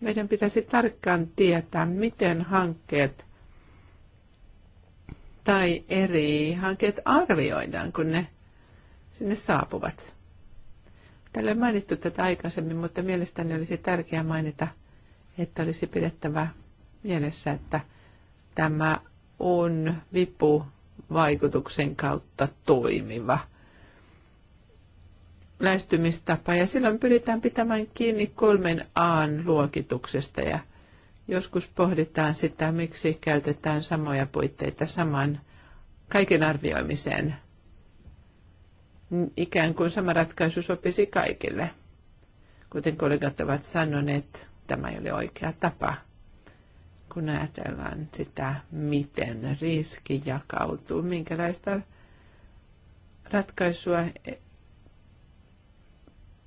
meidän pitäisi tarkkaan tietää, miten hankkeet tai eri hankkeet arvioidaan, kun ne sinne saapuvat. Täällä on mainittu tätä aikaisemmin, mutta mielestäni olisi tärkeää mainita, että olisi pidettävä mielessä, että tämä on vipuvaikutuksen kautta toimiva – lähestymistapa ja silloin pyritään pitämään kiinni kolmen aan luokituksesta ja joskus pohditaan sitä, miksi käytetään samoja puitteita saman kaiken arvioimiseen. Ikään kuin sama ratkaisu sopisi kaikille. Kuten kollegat ovat sanoneet, tämä ei ole oikea tapa, kun ajatellaan sitä, miten riski jakautuu, minkälaista ratkaisua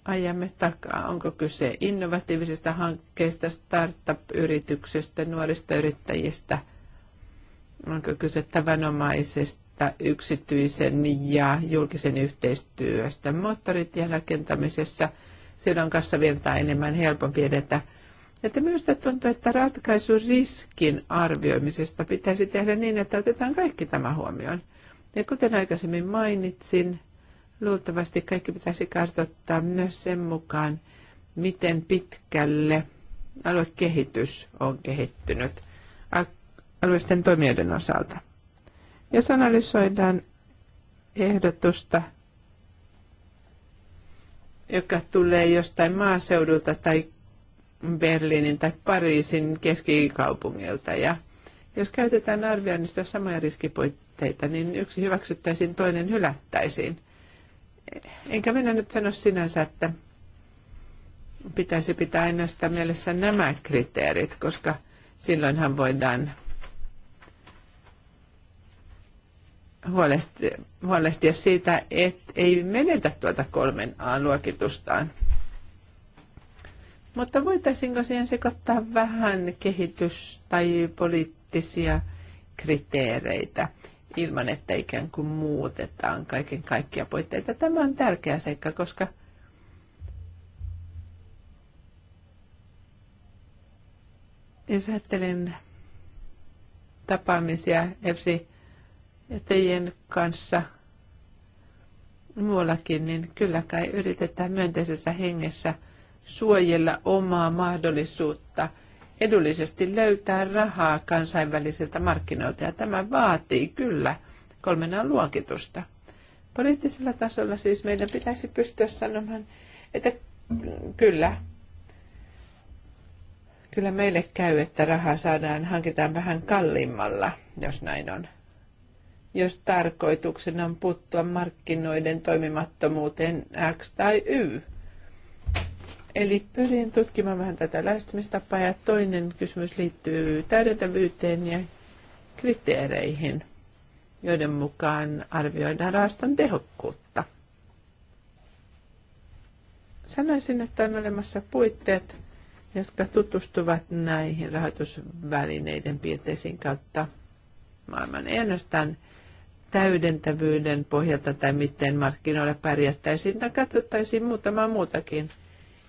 ajamme takaa? Onko kyse innovatiivisista hankkeista, startup-yrityksestä, nuorista yrittäjistä? Onko kyse tavanomaisesta yksityisen ja julkisen yhteistyöstä moottoritien rakentamisessa? Silloin virtaa enemmän helpompi edetä. Että minusta tuntuu, että ratkaisu riskin arvioimisesta pitäisi tehdä niin, että otetaan kaikki tämä huomioon. Ja kuten aikaisemmin mainitsin, Luultavasti kaikki pitäisi kartoittaa myös sen mukaan, miten pitkälle aluekehitys on kehittynyt alueisten toimijoiden osalta. Jos analysoidaan ehdotusta, joka tulee jostain maaseudulta tai Berliinin tai Pariisin keskikaupungilta. Ja jos käytetään arvioinnista samoja riskipuitteita, niin yksi hyväksyttäisiin, toinen hylättäisiin enkä minä nyt sano sinänsä, että pitäisi pitää sitä mielessä nämä kriteerit, koska silloinhan voidaan huolehtia, huolehtia siitä, että ei menetä tuota kolmen A-luokitustaan. Mutta voitaisiinko siihen sekoittaa vähän kehitys- tai poliittisia kriteereitä ilman, että ikään kuin muutetaan kaiken kaikkia poitteita. Tämä on tärkeä seikka, koska jos ajattelen tapaamisia EFSI teidän kanssa muuallakin, niin kyllä kai yritetään myönteisessä hengessä suojella omaa mahdollisuutta – edullisesti löytää rahaa kansainvälisiltä markkinoilta ja tämä vaatii kyllä kolmenaan luokitusta. Poliittisella tasolla siis meidän pitäisi pystyä sanomaan, että kyllä, kyllä meille käy, että rahaa saadaan, hankitaan vähän kalliimmalla, jos näin on. Jos tarkoituksena on puuttua markkinoiden toimimattomuuteen X tai Y, Eli pyrin tutkimaan vähän tätä lähestymistapaa ja toinen kysymys liittyy täydentävyyteen ja kriteereihin, joiden mukaan arvioidaan rahaston tehokkuutta. Sanoisin, että on olemassa puitteet, jotka tutustuvat näihin rahoitusvälineiden piirteisiin kautta maailman. Ei täydentävyyden pohjalta tai miten markkinoilla pärjättäisiin, tai katsottaisiin muutamaa muutakin –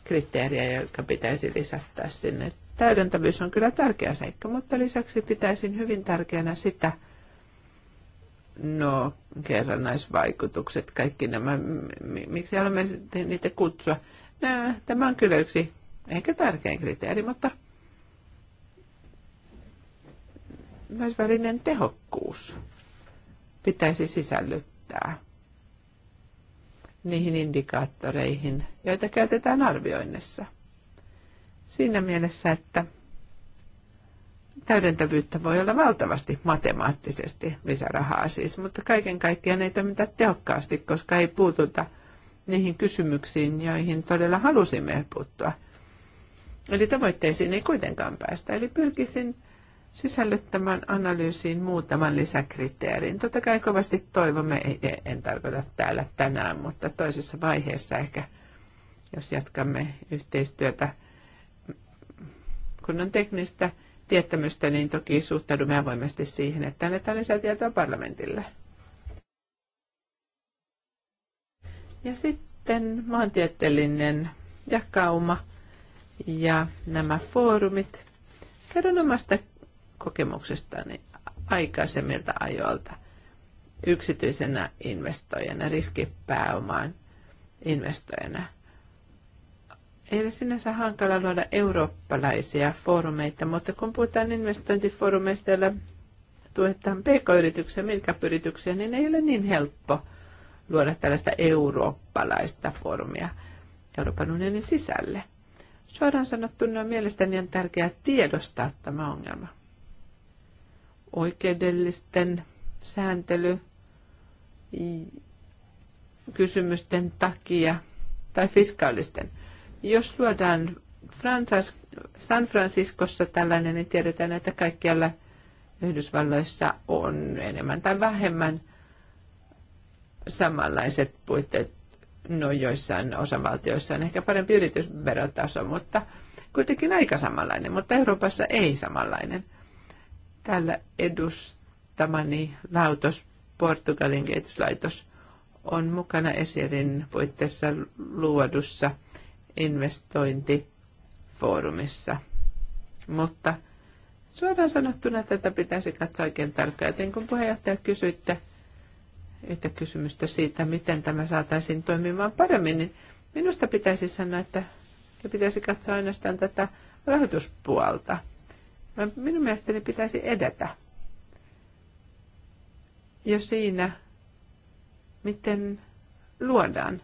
kriteeriä, jotka pitäisi lisättää sinne. Täydentävyys on kyllä tärkeä seikka, mutta lisäksi pitäisin hyvin tärkeänä sitä, no kerrannaisvaikutukset, kaikki nämä, miksi haluamme niitä kutsua. No, tämä on kyllä yksi, ehkä tärkein kriteeri, mutta myös välinen tehokkuus pitäisi sisällyttää niihin indikaattoreihin, joita käytetään arvioinnissa. Siinä mielessä, että täydentävyyttä voi olla valtavasti matemaattisesti lisärahaa siis, mutta kaiken kaikkiaan ei toimita tehokkaasti, koska ei puututa niihin kysymyksiin, joihin todella halusimme puuttua. Eli tavoitteisiin ei kuitenkaan päästä. Eli pyrkisin sisällyttämään analyysiin muutaman lisäkriteerin. Totta kai kovasti toivomme, en tarkoita täällä tänään, mutta toisessa vaiheessa ehkä, jos jatkamme yhteistyötä, kun on teknistä tietämystä, niin toki suhtaudumme avoimesti siihen, että annetaan lisätietoa parlamentille. Ja sitten maantieteellinen jakauma ja nämä foorumit. Kerron omasta kokemuksestani aikaisemmilta ajoilta yksityisenä investoijana, riskipääomaan investoijana. Ei ole sinänsä hankala luoda eurooppalaisia foorumeita, mutta kun puhutaan investointifoorumeista, joilla tuetaan pk-yrityksiä, milkäpyrityksiä, niin ei ole niin helppo luoda tällaista eurooppalaista foorumia Euroopan unionin sisälle. Suoraan sanottuna mielestäni on tärkeää tiedostaa tämä ongelma oikeudellisten sääntely kysymysten takia tai fiskaalisten. Jos luodaan Fransas, San Franciscossa tällainen, niin tiedetään, että kaikkialla Yhdysvalloissa on enemmän tai vähemmän samanlaiset puitteet. No joissain osavaltioissa on ehkä parempi yritysverotaso, mutta kuitenkin aika samanlainen, mutta Euroopassa ei samanlainen – Täällä edustamani lautos, Portugalin kehityslaitos, on mukana Esirin puitteissa luodussa investointifoorumissa. Mutta suoraan sanottuna tätä pitäisi katsoa oikein tarkkaan. Joten kun puheenjohtaja kysyitte yhtä kysymystä siitä, miten tämä saataisiin toimimaan paremmin, niin minusta pitäisi sanoa, että pitäisi katsoa ainoastaan tätä rahoituspuolta – Minun mielestäni pitäisi edetä jo siinä, miten luodaan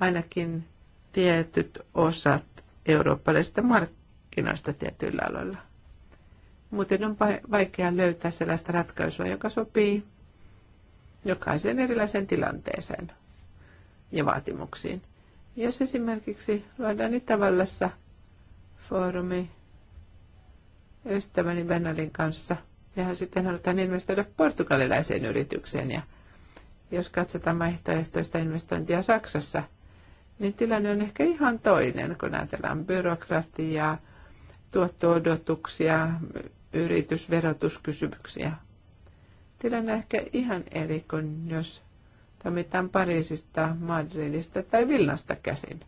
ainakin tietyt osat eurooppalaisista markkinoista tietyillä aloilla. Muuten on vaikea löytää sellaista ratkaisua, joka sopii jokaisen erilaisen tilanteeseen ja vaatimuksiin. Jos esimerkiksi luodaan Itävallassa foorumi ystäväni Benalin kanssa. Ja hän sitten halutaan investoida portugalilaiseen yritykseen. Ja jos katsotaan vaihtoehtoista investointia Saksassa, niin tilanne on ehkä ihan toinen, kun ajatellaan byrokratiaa, tuotto-odotuksia, yritysverotuskysymyksiä. Tilanne on ehkä ihan eri kuin jos toimitaan Pariisista, Madridista tai Vilnasta käsin.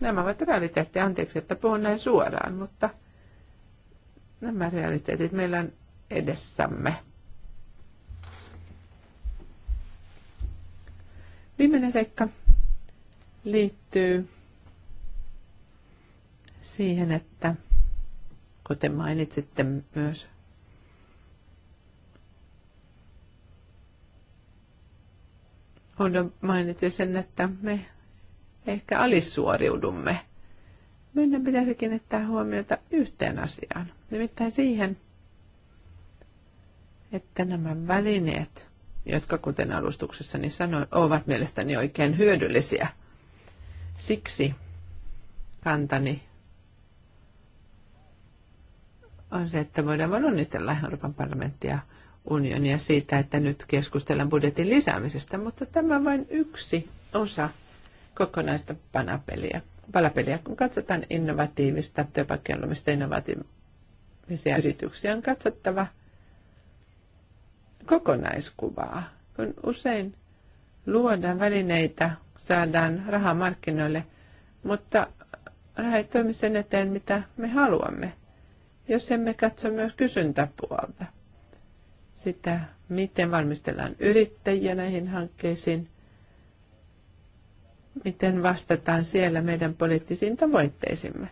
Nämä ovat realiteetti. Anteeksi, että puhun näin suoraan, mutta – Nämä realiteetit meillä on edessämme. Viimeinen seikka liittyy siihen, että kuten mainitsitte myös Hondo mainitsi sen, että me ehkä alisuoriudumme meidän pitäisi kiinnittää huomiota yhteen asiaan, nimittäin siihen, että nämä välineet, jotka kuten alustuksessani sanoin, ovat mielestäni oikein hyödyllisiä. Siksi kantani on se, että voidaan vain onnitella Euroopan parlamenttia unionia siitä, että nyt keskustellaan budjetin lisäämisestä, mutta tämä on vain yksi osa kokonaista panapeliä palapeliä. Kun katsotaan innovatiivista työpaikkojen luomista, innovatiivisia yrityksiä, on katsottava kokonaiskuvaa. Kun usein luodaan välineitä, saadaan rahaa markkinoille, mutta raha ei toimi sen eteen, mitä me haluamme, jos emme katso myös kysyntäpuolta. Sitä, miten valmistellaan yrittäjiä näihin hankkeisiin – miten vastataan siellä meidän poliittisiin tavoitteisimme.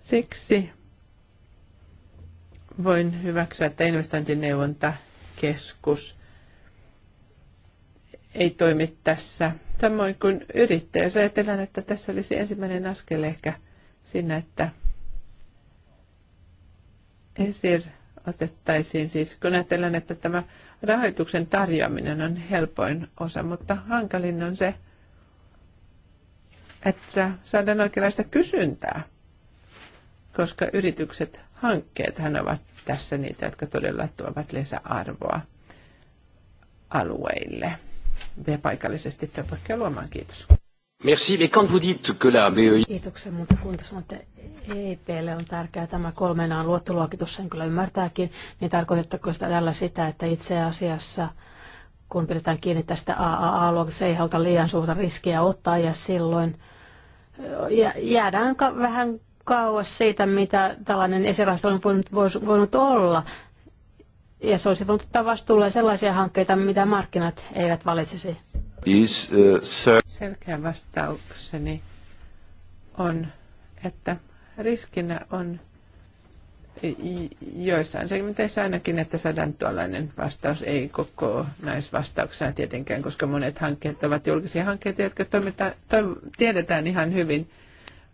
Siksi voin hyväksyä, että investointineuvontakeskus ei toimi tässä. Samoin kuin yrittäjä, jos ajatellaan, että tässä olisi ensimmäinen askel ehkä siinä, että esir otettaisiin siis, kun ajatellaan, että tämä Rahoituksen tarjoaminen on helpoin osa, mutta hankalin on se, että saadaan oikeanlaista kysyntää, koska yritykset, hankkeethan ovat tässä niitä, jotka todella tuovat lisäarvoa alueille ja paikallisesti työpaikkoja luomaan. Kiitos. Merci, mais quand vous dites que la BEI... Kiitoksia, mutta kun te EIPlle e on tärkeää tämä A:n luottoluokitus, sen kyllä ymmärtääkin, niin tarkoitatteko sitä tällä sitä, että itse asiassa kun pidetään kiinni tästä AAA-luokista, ei haluta liian suurta riskiä ottaa ja silloin jäädään ka- vähän kauas siitä, mitä tällainen esirahasto on voinut, voinut olla. Ja se olisi voinut ottaa vastuulle sellaisia hankkeita, mitä markkinat eivät valitsisi. Is, uh, Selkeä vastaukseni on, että riskinä on joissain segmenteissä ainakin, että saadaan tuollainen vastaus, ei koko naisvastauksena tietenkään, koska monet hankkeet ovat julkisia hankkeita, jotka toimita, to, tiedetään ihan hyvin,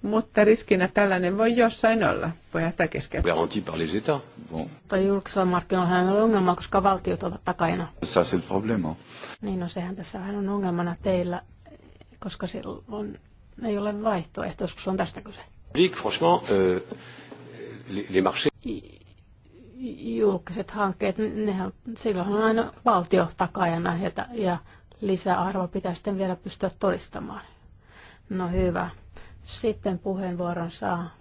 mutta riskinä tällainen voi jossain olla. jättää kesken. Garanti par les états. Bon. Tai julkisella markkinoilla ei ole koska valtiot ovat takajana. Ça c'est le problème. Niin no sehän tässä on ongelmana teillä, koska silloin ei ole vaihtoehto, se on tästä kyse. Franchement, euh, les, les marchés... Julkiset hankkeet, nehän, silloin on aina valtio takajana ja, ja lisäarvo pitää sitten vielä pystyä todistamaan. No hyvä. Sitten puheenvuoron saa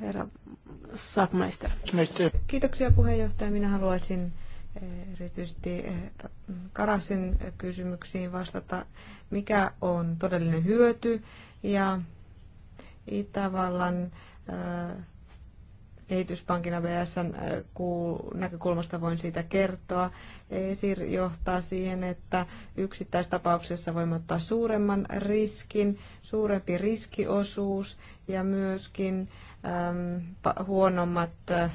herra Sackmeister. Kiitoksia puheenjohtaja. Minä haluaisin eh, erityisesti eh, Karasin kysymyksiin vastata, mikä on todellinen hyöty ja Itävallan eh, kehityspankina vsn äh, näkökulmasta voin siitä kertoa. ESIR johtaa siihen, että yksittäistapauksessa voimme ottaa suuremman riskin, suurempi riskiosuus ja myöskin äm, huonommat äm,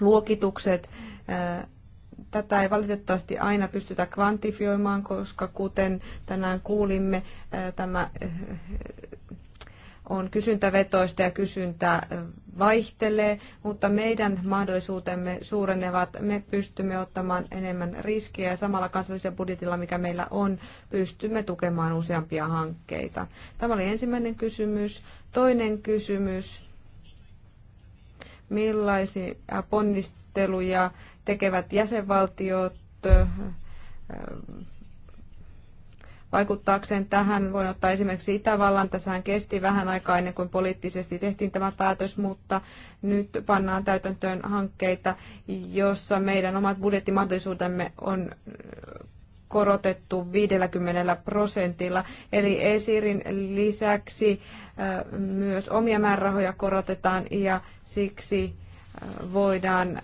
luokitukset. Äh, tätä ei valitettavasti aina pystytä kvantifioimaan, koska kuten tänään kuulimme, äh, tämä on kysyntävetoista ja kysyntä vaihtelee, mutta meidän mahdollisuutemme suurenevat. Me pystymme ottamaan enemmän riskejä ja samalla kansallisella budjetilla, mikä meillä on, pystymme tukemaan useampia hankkeita. Tämä oli ensimmäinen kysymys. Toinen kysymys, millaisia ponnisteluja tekevät jäsenvaltiot vaikuttaakseen tähän. Voin ottaa esimerkiksi Itävallan. Tässähän kesti vähän aikaa ennen kuin poliittisesti tehtiin tämä päätös, mutta nyt pannaan täytäntöön hankkeita, jossa meidän omat budjettimahdollisuutemme on korotettu 50 prosentilla. Eli esirin lisäksi äh, myös omia määrärahoja korotetaan ja siksi äh, voidaan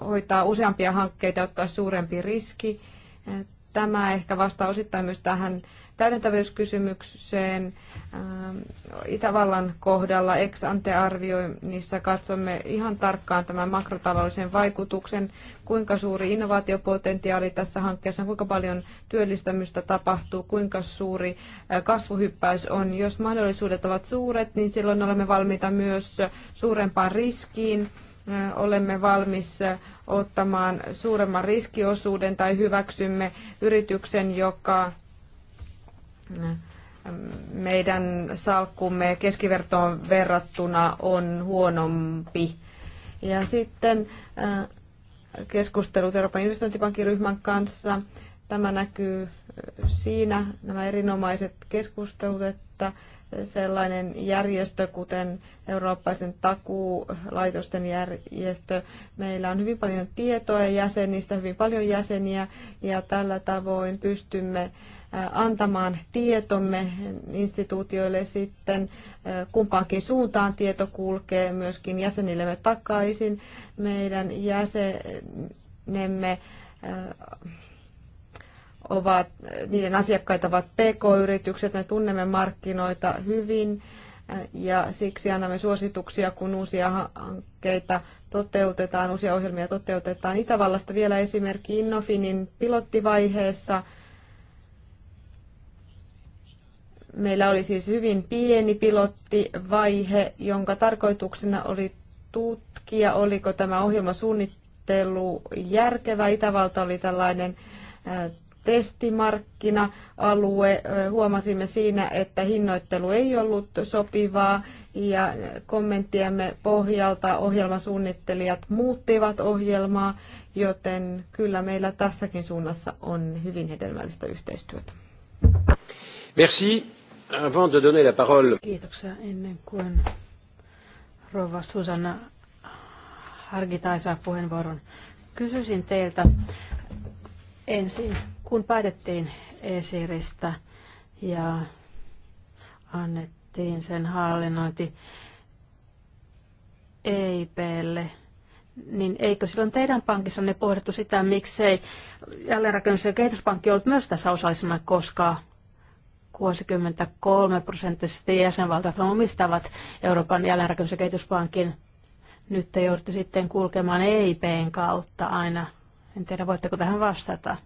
hoitaa useampia hankkeita, ottaa suurempi riski. Äh, Tämä ehkä vastaa osittain myös tähän täydentävyyskysymykseen. Ähm, Itävallan kohdalla ex ante arvioinnissa katsomme ihan tarkkaan tämän makrotaloudellisen vaikutuksen, kuinka suuri innovaatiopotentiaali tässä hankkeessa on, kuinka paljon työllistämistä tapahtuu, kuinka suuri äh, kasvuhyppäys on. Jos mahdollisuudet ovat suuret, niin silloin olemme valmiita myös suurempaan riskiin olemme valmis ottamaan suuremman riskiosuuden tai hyväksymme yrityksen, joka meidän salkkumme keskivertoon verrattuna on huonompi. Ja sitten keskustelut Euroopan investointipankkiryhmän kanssa. Tämä näkyy siinä, nämä erinomaiset keskustelut, että sellainen järjestö, kuten Eurooppaisen takuulaitosten järjestö. Meillä on hyvin paljon tietoa jäsenistä, hyvin paljon jäseniä, ja tällä tavoin pystymme antamaan tietomme instituutioille sitten kumpaankin suuntaan tieto kulkee myöskin jäsenillemme takaisin. Meidän jäsenemme ovat, niiden asiakkaita ovat PK-yritykset, me tunnemme markkinoita hyvin äh, ja siksi annamme suosituksia, kun uusia hankkeita toteutetaan, uusia ohjelmia toteutetaan. Itävallasta vielä esimerkki Innofinin pilottivaiheessa. Meillä oli siis hyvin pieni pilottivaihe, jonka tarkoituksena oli tutkia, oliko tämä ohjelmasuunnittelu järkevä. Itävalta oli tällainen äh, testimarkkina-alue. Huomasimme siinä, että hinnoittelu ei ollut sopivaa ja kommenttiemme pohjalta ohjelmasuunnittelijat muuttivat ohjelmaa, joten kyllä meillä tässäkin suunnassa on hyvin hedelmällistä yhteistyötä. Merci. Avant de donner la parole. Kiitoksia ennen kuin rouva Susanna Harkitai saa puheenvuoron. Kysyisin teiltä ensin kun päätettiin esiristä ja annettiin sen hallinnointi EIPlle, niin eikö silloin teidän ne pohdittu sitä, miksei jälleenrakennus- ja kehityspankki ollut myös tässä osallisena, koska 63 prosenttisesti jäsenvaltiot omistavat Euroopan jälleenrakennus- ja kehityspankin. Nyt te joudutte sitten kulkemaan EIPn kautta aina. En tiedä, voitteko tähän vastata.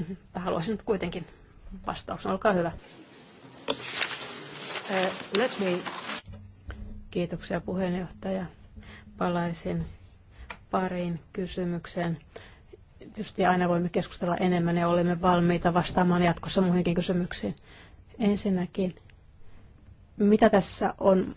Mm-hmm. haluaisin nyt kuitenkin vastauksen. Olkaa hyvä. Uh, let me... Kiitoksia puheenjohtaja. Palaisin pariin kysymykseen. Tietysti aina voimme keskustella enemmän ja olemme valmiita vastaamaan jatkossa muihinkin kysymyksiin. Ensinnäkin, mitä tässä on,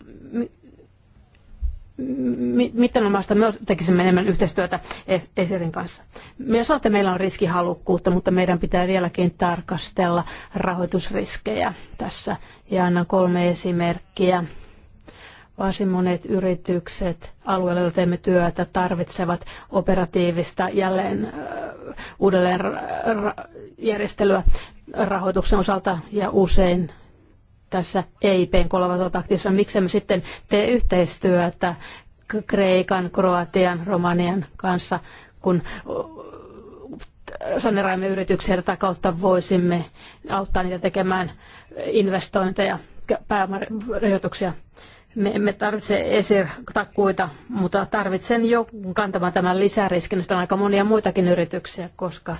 miten omasta me tekisimme enemmän yhteistyötä e-, Eserin kanssa. Me että meillä on riskihalukkuutta, mutta meidän pitää vieläkin tarkastella rahoitusriskejä tässä. Ja annan kolme esimerkkiä. Varsin monet yritykset alueella, joilla teemme työtä, tarvitsevat operatiivista jälleen uudelleen järjestelyä rahoituksen osalta ja usein tässä EIPn kollaboraatiotaktissa, miksemme sitten tee yhteistyötä Kreikan, Kroatian, Romanian kanssa, kun saneeraamme yrityksiä tätä kautta voisimme auttaa niitä tekemään investointeja, pääomarajoituksia. Me emme tarvitse esirtakkuita, mutta tarvitsen jonkun kantamaan tämän lisäriskin. Sitä on aika monia muitakin yrityksiä, koska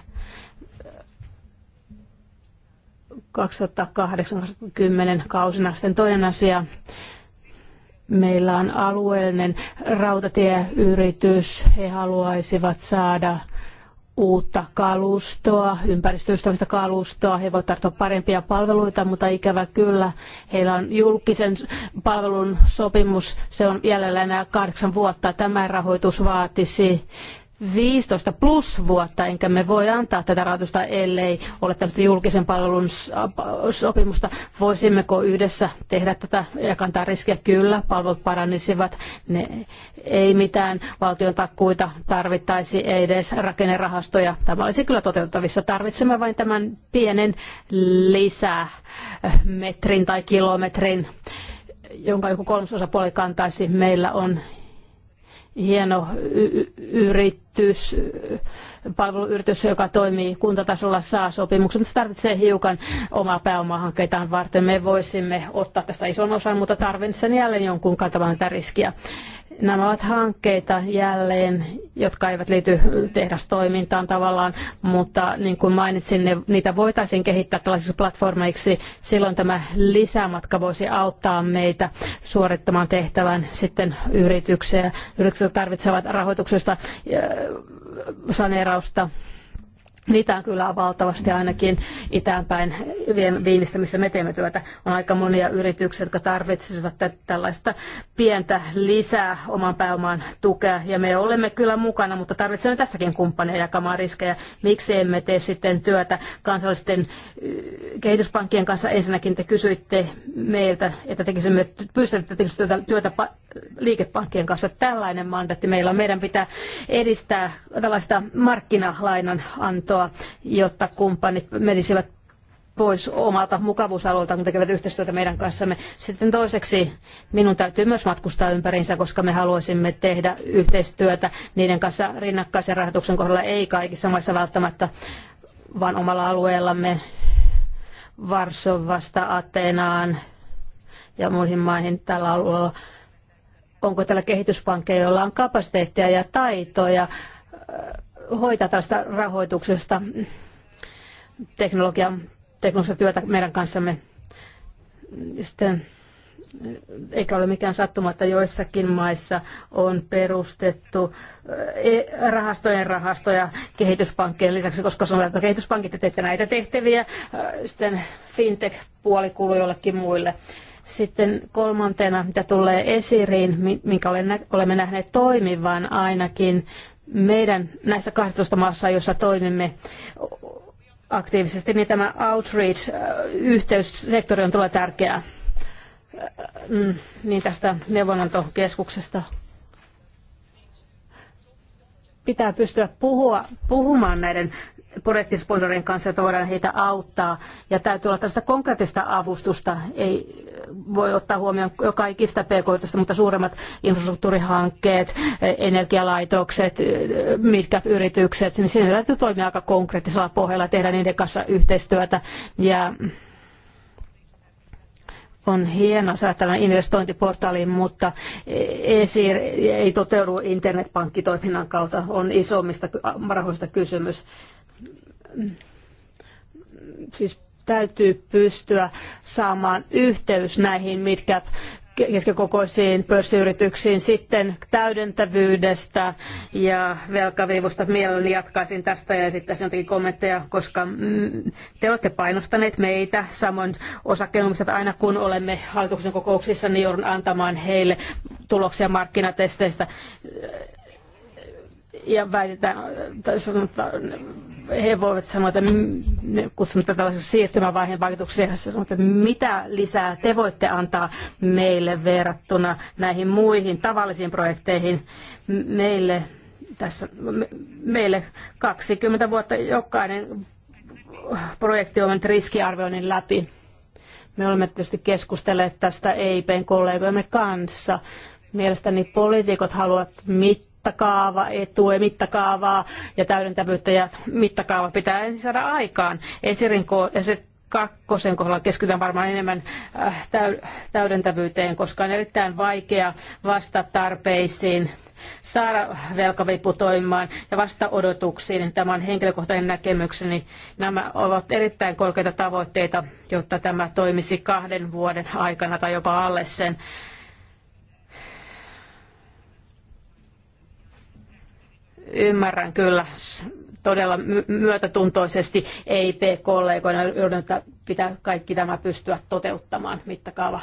2080 kausina. Sitten toinen asia, meillä on alueellinen rautatieyritys. He haluaisivat saada uutta kalustoa, ympäristöystävällistä kalustoa. He voivat tarttua parempia palveluita, mutta ikävä kyllä heillä on julkisen palvelun sopimus. Se on jäljellä enää kahdeksan vuotta. Tämä rahoitus vaatisi 15 plus vuotta, enkä me voi antaa tätä rahoitusta, ellei ole tämmöistä julkisen palvelun sopimusta. Voisimmeko yhdessä tehdä tätä ja kantaa riskiä? Kyllä, palvelut paranisivat. Ne ei mitään valtion takkuita tarvittaisi, ei edes rakennerahastoja. Tämä olisi kyllä toteutettavissa. Tarvitsemme vain tämän pienen lisämetrin tai kilometrin jonka joku kolmasosapuoli kantaisi. Meillä on hieno yritys, palveluyritys, joka toimii kuntatasolla, saa sopimuksen. Se tarvitsee hiukan omaa pääomahankkeitaan varten. Me voisimme ottaa tästä ison osan, mutta tarvitsen jälleen jonkun kantamaan tätä riskiä. Nämä ovat hankkeita jälleen, jotka eivät liity tehdastoimintaan tavallaan, mutta niin kuin mainitsin, ne, niitä voitaisiin kehittää tällaisiksi platformeiksi. Silloin tämä lisämatka voisi auttaa meitä suorittamaan tehtävän sitten yrityksiä. Yritykset tarvitsevat rahoituksesta saneerausta Niitä on kyllä valtavasti ainakin itään päin Viinistä, missä me teemme työtä. On aika monia yrityksiä, jotka tarvitsisivat tällaista pientä lisää oman pääoman tukea. Ja me olemme kyllä mukana, mutta tarvitsemme tässäkin kumppania jakamaan riskejä. Miksi emme tee sitten työtä kansallisten kehityspankkien kanssa? Ensinnäkin te kysyitte meiltä, että tekisimme pystytte työtä, työtä liikepankkien kanssa. Tällainen mandaatti meillä on. Meidän pitää edistää tällaista markkinalainan antoa tahtoa, jotta kumppanit menisivät pois omalta mukavuusalueelta, kun tekevät yhteistyötä meidän kanssamme. Sitten toiseksi minun täytyy myös matkustaa ympäriinsä, koska me haluaisimme tehdä yhteistyötä niiden kanssa rinnakkaisen rahoituksen kohdalla, ei kaikissa maissa välttämättä, vaan omalla alueellamme Varsovasta Ateenaan ja muihin maihin tällä alueella. Onko tällä kehityspankkeja, joilla on kapasiteettia ja taitoja hoitaa tästä rahoituksesta teknologian, teknologista työtä meidän kanssamme. Sitten, eh, eikä ole mikään sattuma, että joissakin maissa on perustettu eh, e, rahastojen rahastoja kehityspankkien lisäksi, koska sanotaan, että kehityspankit te teette näitä tehtäviä, eh, sitten fintech-puoli kuuluu jollekin muille. Sitten kolmantena, mitä tulee esiriin, minkä olemme nähneet toimivan ainakin meidän näissä 12 maassa, jossa toimimme aktiivisesti, niin tämä outreach-yhteyssektori on todella tärkeää mm, niin tästä neuvonantokeskuksesta. Pitää pystyä puhua, puhumaan näiden projektisponsorien kanssa, että voidaan heitä auttaa. Ja täytyy olla tästä konkreettista avustusta, ei voi ottaa huomioon kaikista pk mutta suuremmat infrastruktuurihankkeet, energialaitokset, mitkä yritykset, niin siinä täytyy toimia aika konkreettisella pohjalla, tehdä niiden kanssa yhteistyötä ja on hienoa saada tämän investointiportaalin, mutta ESIR ei toteudu internetpankkitoiminnan kautta. On isommista rahoista kysymys. Siis täytyy pystyä saamaan yhteys näihin mitkä keskikokoisiin pörssiyrityksiin sitten täydentävyydestä ja velkaviivusta. Mielelläni jatkaisin tästä ja esittäisin jotakin kommentteja, koska mm, te olette painostaneet meitä. Samoin osakkeenomiset aina kun olemme hallituksen kokouksissa, niin joudun antamaan heille tuloksia markkinatesteistä ja väitetään, tai sanotaan, he voivat sanoa, että kutsun tätä siirtymävaiheen vaikutuksia, että mitä lisää te voitte antaa meille verrattuna näihin muihin tavallisiin projekteihin. Meille, tässä, meille 20 vuotta jokainen projekti on mennyt riskiarvioinnin läpi. Me olemme tietysti keskustelleet tästä EIPn kollegojemme kanssa. Mielestäni poliitikot haluavat mittaa mittakaava, etue, mittakaavaa ja täydentävyyttä ja mittakaava pitää ensin saada aikaan. Esirin kakkosen kohdalla keskitytään varmaan enemmän äh, täydentävyyteen, koska on erittäin vaikea vastata tarpeisiin, saada velkavipu toimimaan ja vasta odotuksiin. Tämä on henkilökohtainen näkemykseni. Nämä ovat erittäin korkeita tavoitteita, jotta tämä toimisi kahden vuoden aikana tai jopa alle sen. ymmärrän kyllä todella myötätuntoisesti EIP-kollegoina, joiden pitää kaikki tämä pystyä toteuttamaan, mittakaava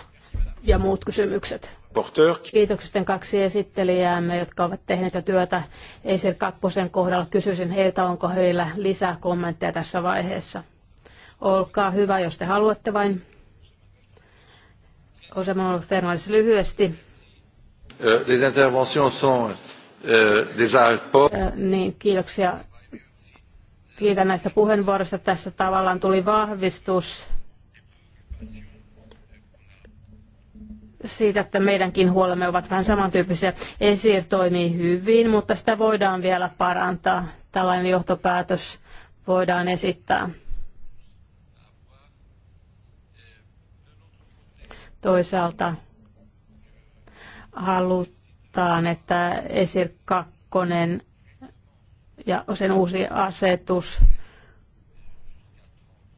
ja muut kysymykset. Kiitokset kaksi esittelijäämme, jotka ovat tehneet jo työtä ESIR 2 kohdalla. Kysyisin heiltä, onko heillä lisää kommentteja tässä vaiheessa. Olkaa hyvä, jos te haluatte vain. Osama Fernandes lyhyesti. Euh, les interventions sont Eh, eh, niin, kiitoksia. Kiitän näistä puheenvuoroista. Tässä tavallaan tuli vahvistus siitä, että meidänkin huolemme ovat vähän samantyyppisiä. Esir toimii hyvin, mutta sitä voidaan vielä parantaa. Tällainen johtopäätös voidaan esittää. Toisaalta halut ehdotetaan, että ESIR 2 ja sen uusi asetus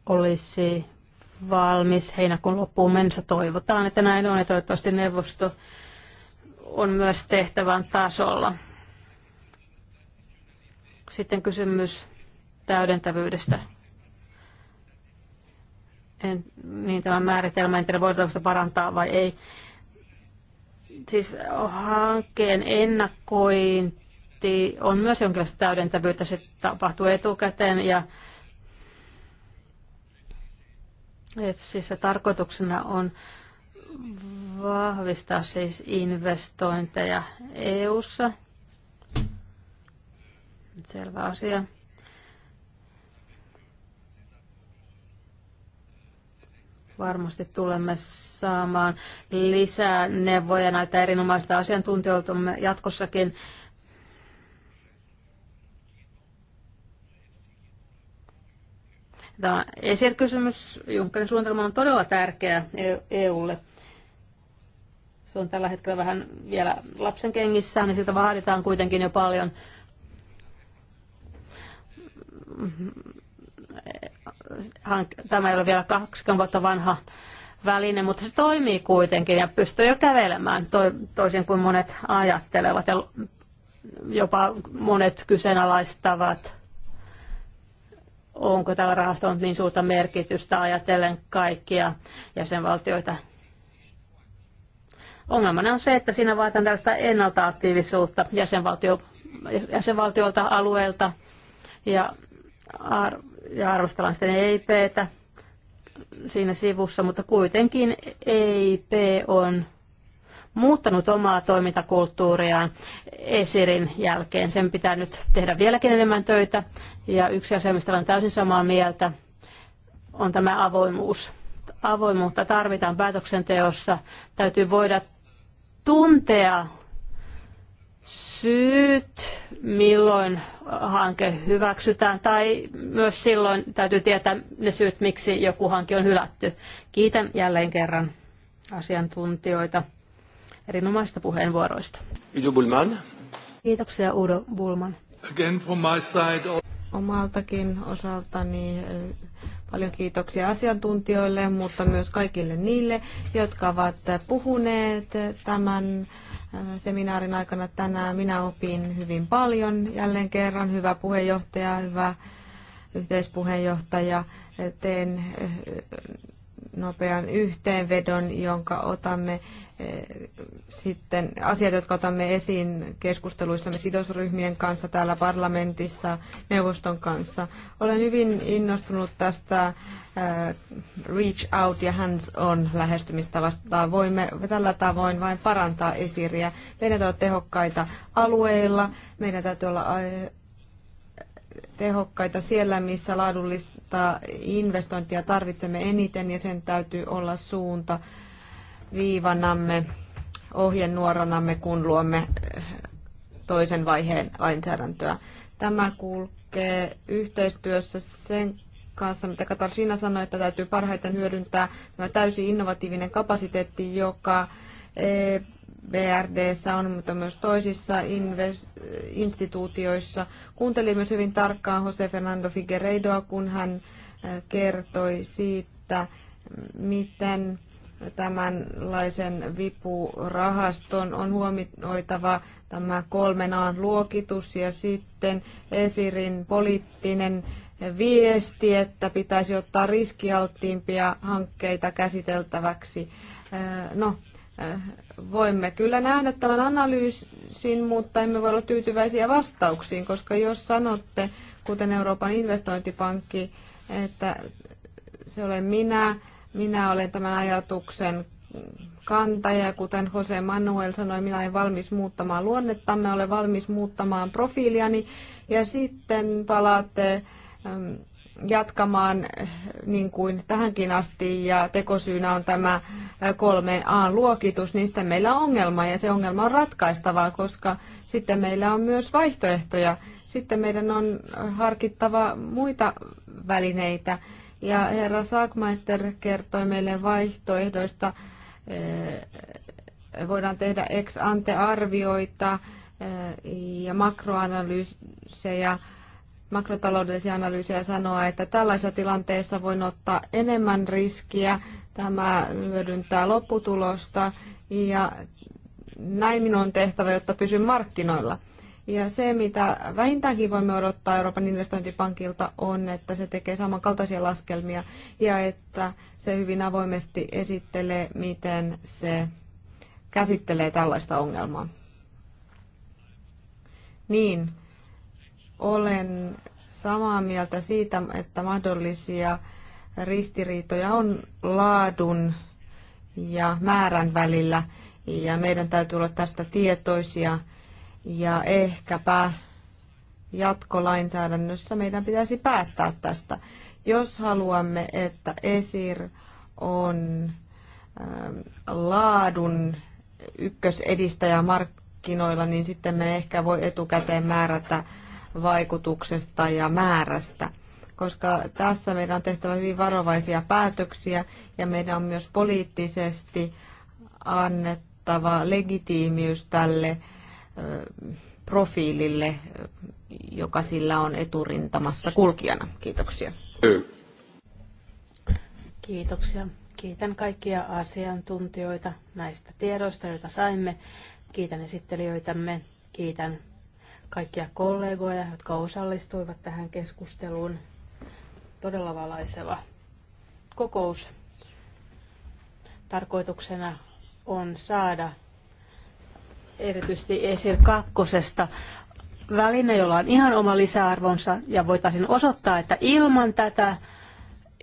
olisi valmis heinäkuun loppuun mennessä. Toivotaan, että näin on ja toivottavasti neuvosto on myös tehtävän tasolla. Sitten kysymys täydentävyydestä. En, niin tämä määritelmä, en tiedä voidaanko sitä parantaa vai ei. Siis hankkeen ennakointi on myös jonkinlaista täydentävyyttä, se tapahtuu etukäteen ja siis se tarkoituksena on vahvistaa siis investointeja EU-ssa. Selvä asia. Varmasti tulemme saamaan lisää neuvoja näitä erinomaista asiantuntijoilta jatkossakin. Tämä esirkysymys, Junckerin suunnitelma on todella tärkeä e- EUlle. Se on tällä hetkellä vähän vielä lapsen kengissä, niin siltä vaaditaan kuitenkin jo paljon tämä ei ole vielä 20 vuotta vanha väline, mutta se toimii kuitenkin ja pystyy jo kävelemään to, toisin kuin monet ajattelevat ja jopa monet kyseenalaistavat, onko tällä rahastolla niin suurta merkitystä ajatellen kaikkia jäsenvaltioita. Ongelmana on se, että siinä vaaditaan tällaista ennaltaaktiivisuutta jäsenvaltio, jäsenvaltiolta, alueelta ja ar- ja arvostellaan sitten EIPtä siinä sivussa, mutta kuitenkin EIP on muuttanut omaa toimintakulttuuriaan Esirin jälkeen. Sen pitää nyt tehdä vieläkin enemmän töitä. Ja yksi asia, mistä olen täysin samaa mieltä, on tämä avoimuus. Avoimuutta tarvitaan päätöksenteossa. Täytyy voida tuntea syyt, milloin hanke hyväksytään, tai myös silloin täytyy tietää ne syyt, miksi joku hanke on hylätty. Kiitän jälleen kerran asiantuntijoita erinomaista puheenvuoroista. Udo Bulman. Kiitoksia Udo Bulman. Again from my side. Omaltakin osaltani Paljon kiitoksia asiantuntijoille, mutta myös kaikille niille, jotka ovat puhuneet tämän äh, seminaarin aikana tänään. Minä opin hyvin paljon jälleen kerran. Hyvä puheenjohtaja, hyvä yhteispuheenjohtaja. Teen äh, nopean yhteenvedon, jonka otamme eh, sitten asiat, jotka otamme esiin keskusteluissamme sidosryhmien kanssa täällä parlamentissa, neuvoston kanssa. Olen hyvin innostunut tästä eh, reach out ja hands on lähestymistavasta. Voimme tällä tavoin vain parantaa esiriä. Meidän täytyy olla tehokkaita alueilla, meidän täytyy olla eh, tehokkaita siellä, missä laadullista investointia tarvitsemme eniten ja sen täytyy olla suunta viivanamme, ohjenuoranamme, kun luomme eh, toisen vaiheen lainsäädäntöä. Tämä kulkee yhteistyössä sen kanssa, mitä Katar Sina sanoi, että täytyy parhaiten hyödyntää tämä täysin innovatiivinen kapasiteetti, joka eh, BRD on, mutta myös toisissa instituutioissa. Kuuntelin myös hyvin tarkkaan Jose Fernando Figueiredoa, kun hän kertoi siitä, miten tämänlaisen vipurahaston on huomioitava tämä kolmen aan luokitus ja sitten Esirin poliittinen viesti, että pitäisi ottaa riskialttiimpia hankkeita käsiteltäväksi. No, Äh, voimme kyllä nähdä tämän analyysin, mutta emme voi olla tyytyväisiä vastauksiin, koska jos sanotte, kuten Euroopan investointipankki, että se olen minä, minä olen tämän ajatuksen kantaja, kuten Jose Manuel sanoi, minä olen valmis muuttamaan luonnettamme, olen valmis muuttamaan profiiliani, ja sitten palaatte ähm, jatkamaan eh, niin kuin tähänkin asti ja tekosyynä on tämä 3A-luokitus, eh, niin sitten meillä on ongelma ja se ongelma on ratkaistavaa, koska sitten meillä on myös vaihtoehtoja. Sitten meidän on eh, harkittava muita välineitä ja herra Sagmeister kertoi meille vaihtoehdoista. Voidaan tehdä ex-ante-arvioita ja makroanalyysejä makrotaloudellisia analyysejä sanoa, että tällaisessa tilanteessa voin ottaa enemmän riskiä, tämä hyödyntää lopputulosta ja näin minun on tehtävä, jotta pysyn markkinoilla. Ja se, mitä vähintäänkin voimme odottaa Euroopan investointipankilta, on, että se tekee samankaltaisia laskelmia ja että se hyvin avoimesti esittelee, miten se käsittelee tällaista ongelmaa. Niin, olen samaa mieltä siitä, että mahdollisia ristiriitoja on laadun ja määrän välillä ja meidän täytyy olla tästä tietoisia ja ehkäpä jatkolainsäädännössä meidän pitäisi päättää tästä. Jos haluamme, että ESIR on ähm, laadun ykkösedistäjä markkinoilla, niin sitten me ehkä voi etukäteen määrätä vaikutuksesta ja määrästä, koska tässä meidän on tehtävä hyvin varovaisia päätöksiä ja meidän on myös poliittisesti annettava legitiimiys tälle profiilille, joka sillä on eturintamassa kulkijana. Kiitoksia. Kiitoksia. Kiitän kaikkia asiantuntijoita näistä tiedoista, joita saimme. Kiitän esittelijöitämme. Kiitän kaikkia kollegoja, jotka osallistuivat tähän keskusteluun. Todella valaiseva kokous. Tarkoituksena on saada erityisesti ESIR kakkosesta väline, jolla on ihan oma lisäarvonsa ja voitaisiin osoittaa, että ilman tätä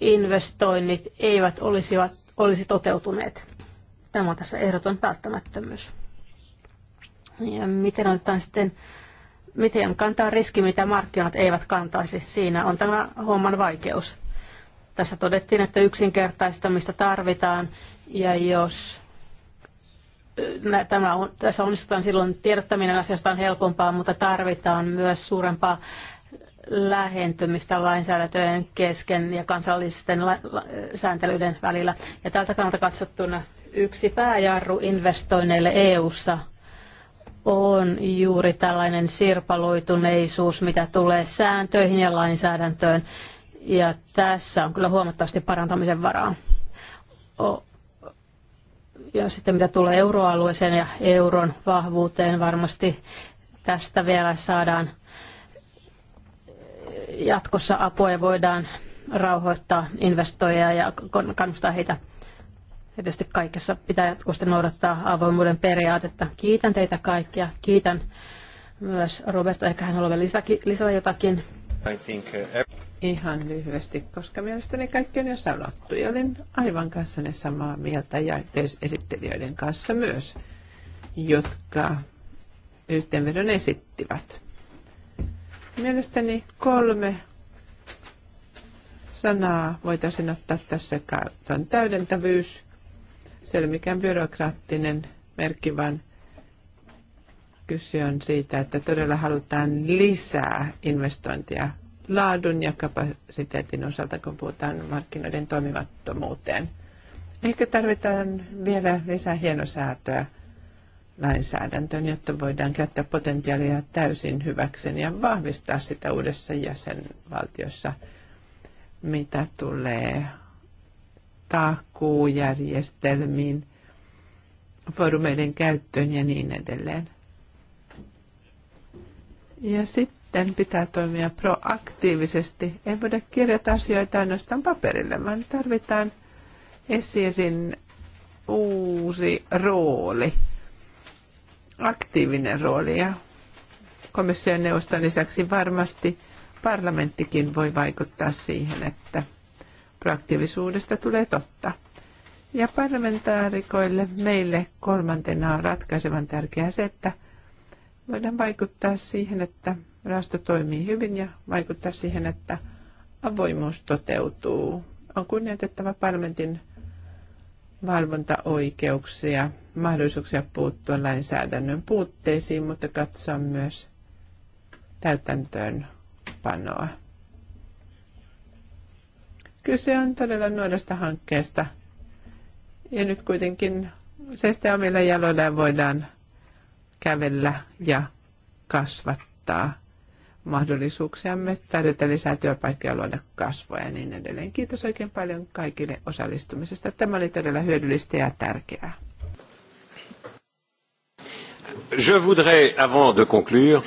investoinnit eivät olisi, olisi toteutuneet. Tämä on tässä ehdoton välttämättömyys. Ja miten otetaan sitten miten kantaa riski, mitä markkinat eivät kantaisi. Siinä on tämä homman vaikeus. Tässä todettiin, että yksinkertaistamista tarvitaan ja jos tämä on, tässä onnistutaan silloin tiedottaminen asiasta on helpompaa, mutta tarvitaan myös suurempaa lähentymistä lainsäädäntöjen kesken ja kansallisten la- la- sääntelyiden välillä. Ja tältä kannalta katsottuna yksi pääjarru investoinneille EU:ssa ssa on juuri tällainen sirpaloituneisuus, mitä tulee sääntöihin ja lainsäädäntöön. Ja tässä on kyllä huomattavasti parantamisen varaa. Ja sitten mitä tulee euroalueeseen ja euron vahvuuteen, varmasti tästä vielä saadaan jatkossa apua ja voidaan rauhoittaa investoijia ja kannustaa heitä tietysti kaikessa pitää jatkuvasti noudattaa avoimuuden periaatetta. Kiitän teitä kaikkia. Kiitän myös Roberto. Ehkä hän haluaa lisätä jotakin. I think, uh, Ihan lyhyesti, koska mielestäni kaikki on jo sanottu. Ja olen aivan kanssanne samaa mieltä ja esittelijöiden kanssa myös, jotka yhteenvedon esittivät. Mielestäni kolme sanaa voitaisiin ottaa tässä käyttöön. Täydentävyys, se ei ole mikään byrokraattinen merkki, vaan kyse on siitä, että todella halutaan lisää investointia laadun ja kapasiteetin osalta, kun puhutaan markkinoiden toimimattomuuteen. Ehkä tarvitaan vielä lisää hienosäätöä lainsäädäntöön, jotta voidaan käyttää potentiaalia täysin hyväksen ja vahvistaa sitä uudessa jäsenvaltiossa, mitä tulee takuujärjestelmiin, foorumeiden käyttöön ja niin edelleen. Ja sitten pitää toimia proaktiivisesti. Ei voida kirjata asioita ainoastaan paperille, vaan tarvitaan esirin uusi rooli, aktiivinen rooli. Ja komission neuvoston lisäksi varmasti parlamenttikin voi vaikuttaa siihen, että – proaktiivisuudesta tulee totta. Ja parlamentaarikoille meille kolmantena on ratkaisevan tärkeää se, että voidaan vaikuttaa siihen, että rahasto toimii hyvin ja vaikuttaa siihen, että avoimuus toteutuu. On kunnioitettava parlamentin valvontaoikeuksia, mahdollisuuksia puuttua lainsäädännön puutteisiin, mutta katsoa myös täytäntöönpanoa. Kyse on todella nuoresta hankkeesta. Ja nyt kuitenkin seistä omilla jaloillaan voidaan kävellä ja kasvattaa mahdollisuuksiamme tarjota lisää työpaikkoja, luoda kasvoja ja niin edelleen. Kiitos oikein paljon kaikille osallistumisesta. Tämä oli todella hyödyllistä ja tärkeää. Je voudrais, avant de conclure,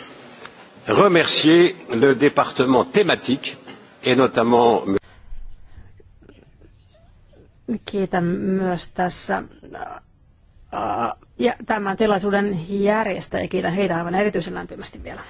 remercier le département thématique et notamment Kiitän myös tässä ja tämän tilaisuuden järjestäjä. Kiitän heitä aivan erityisen lämpimästi vielä.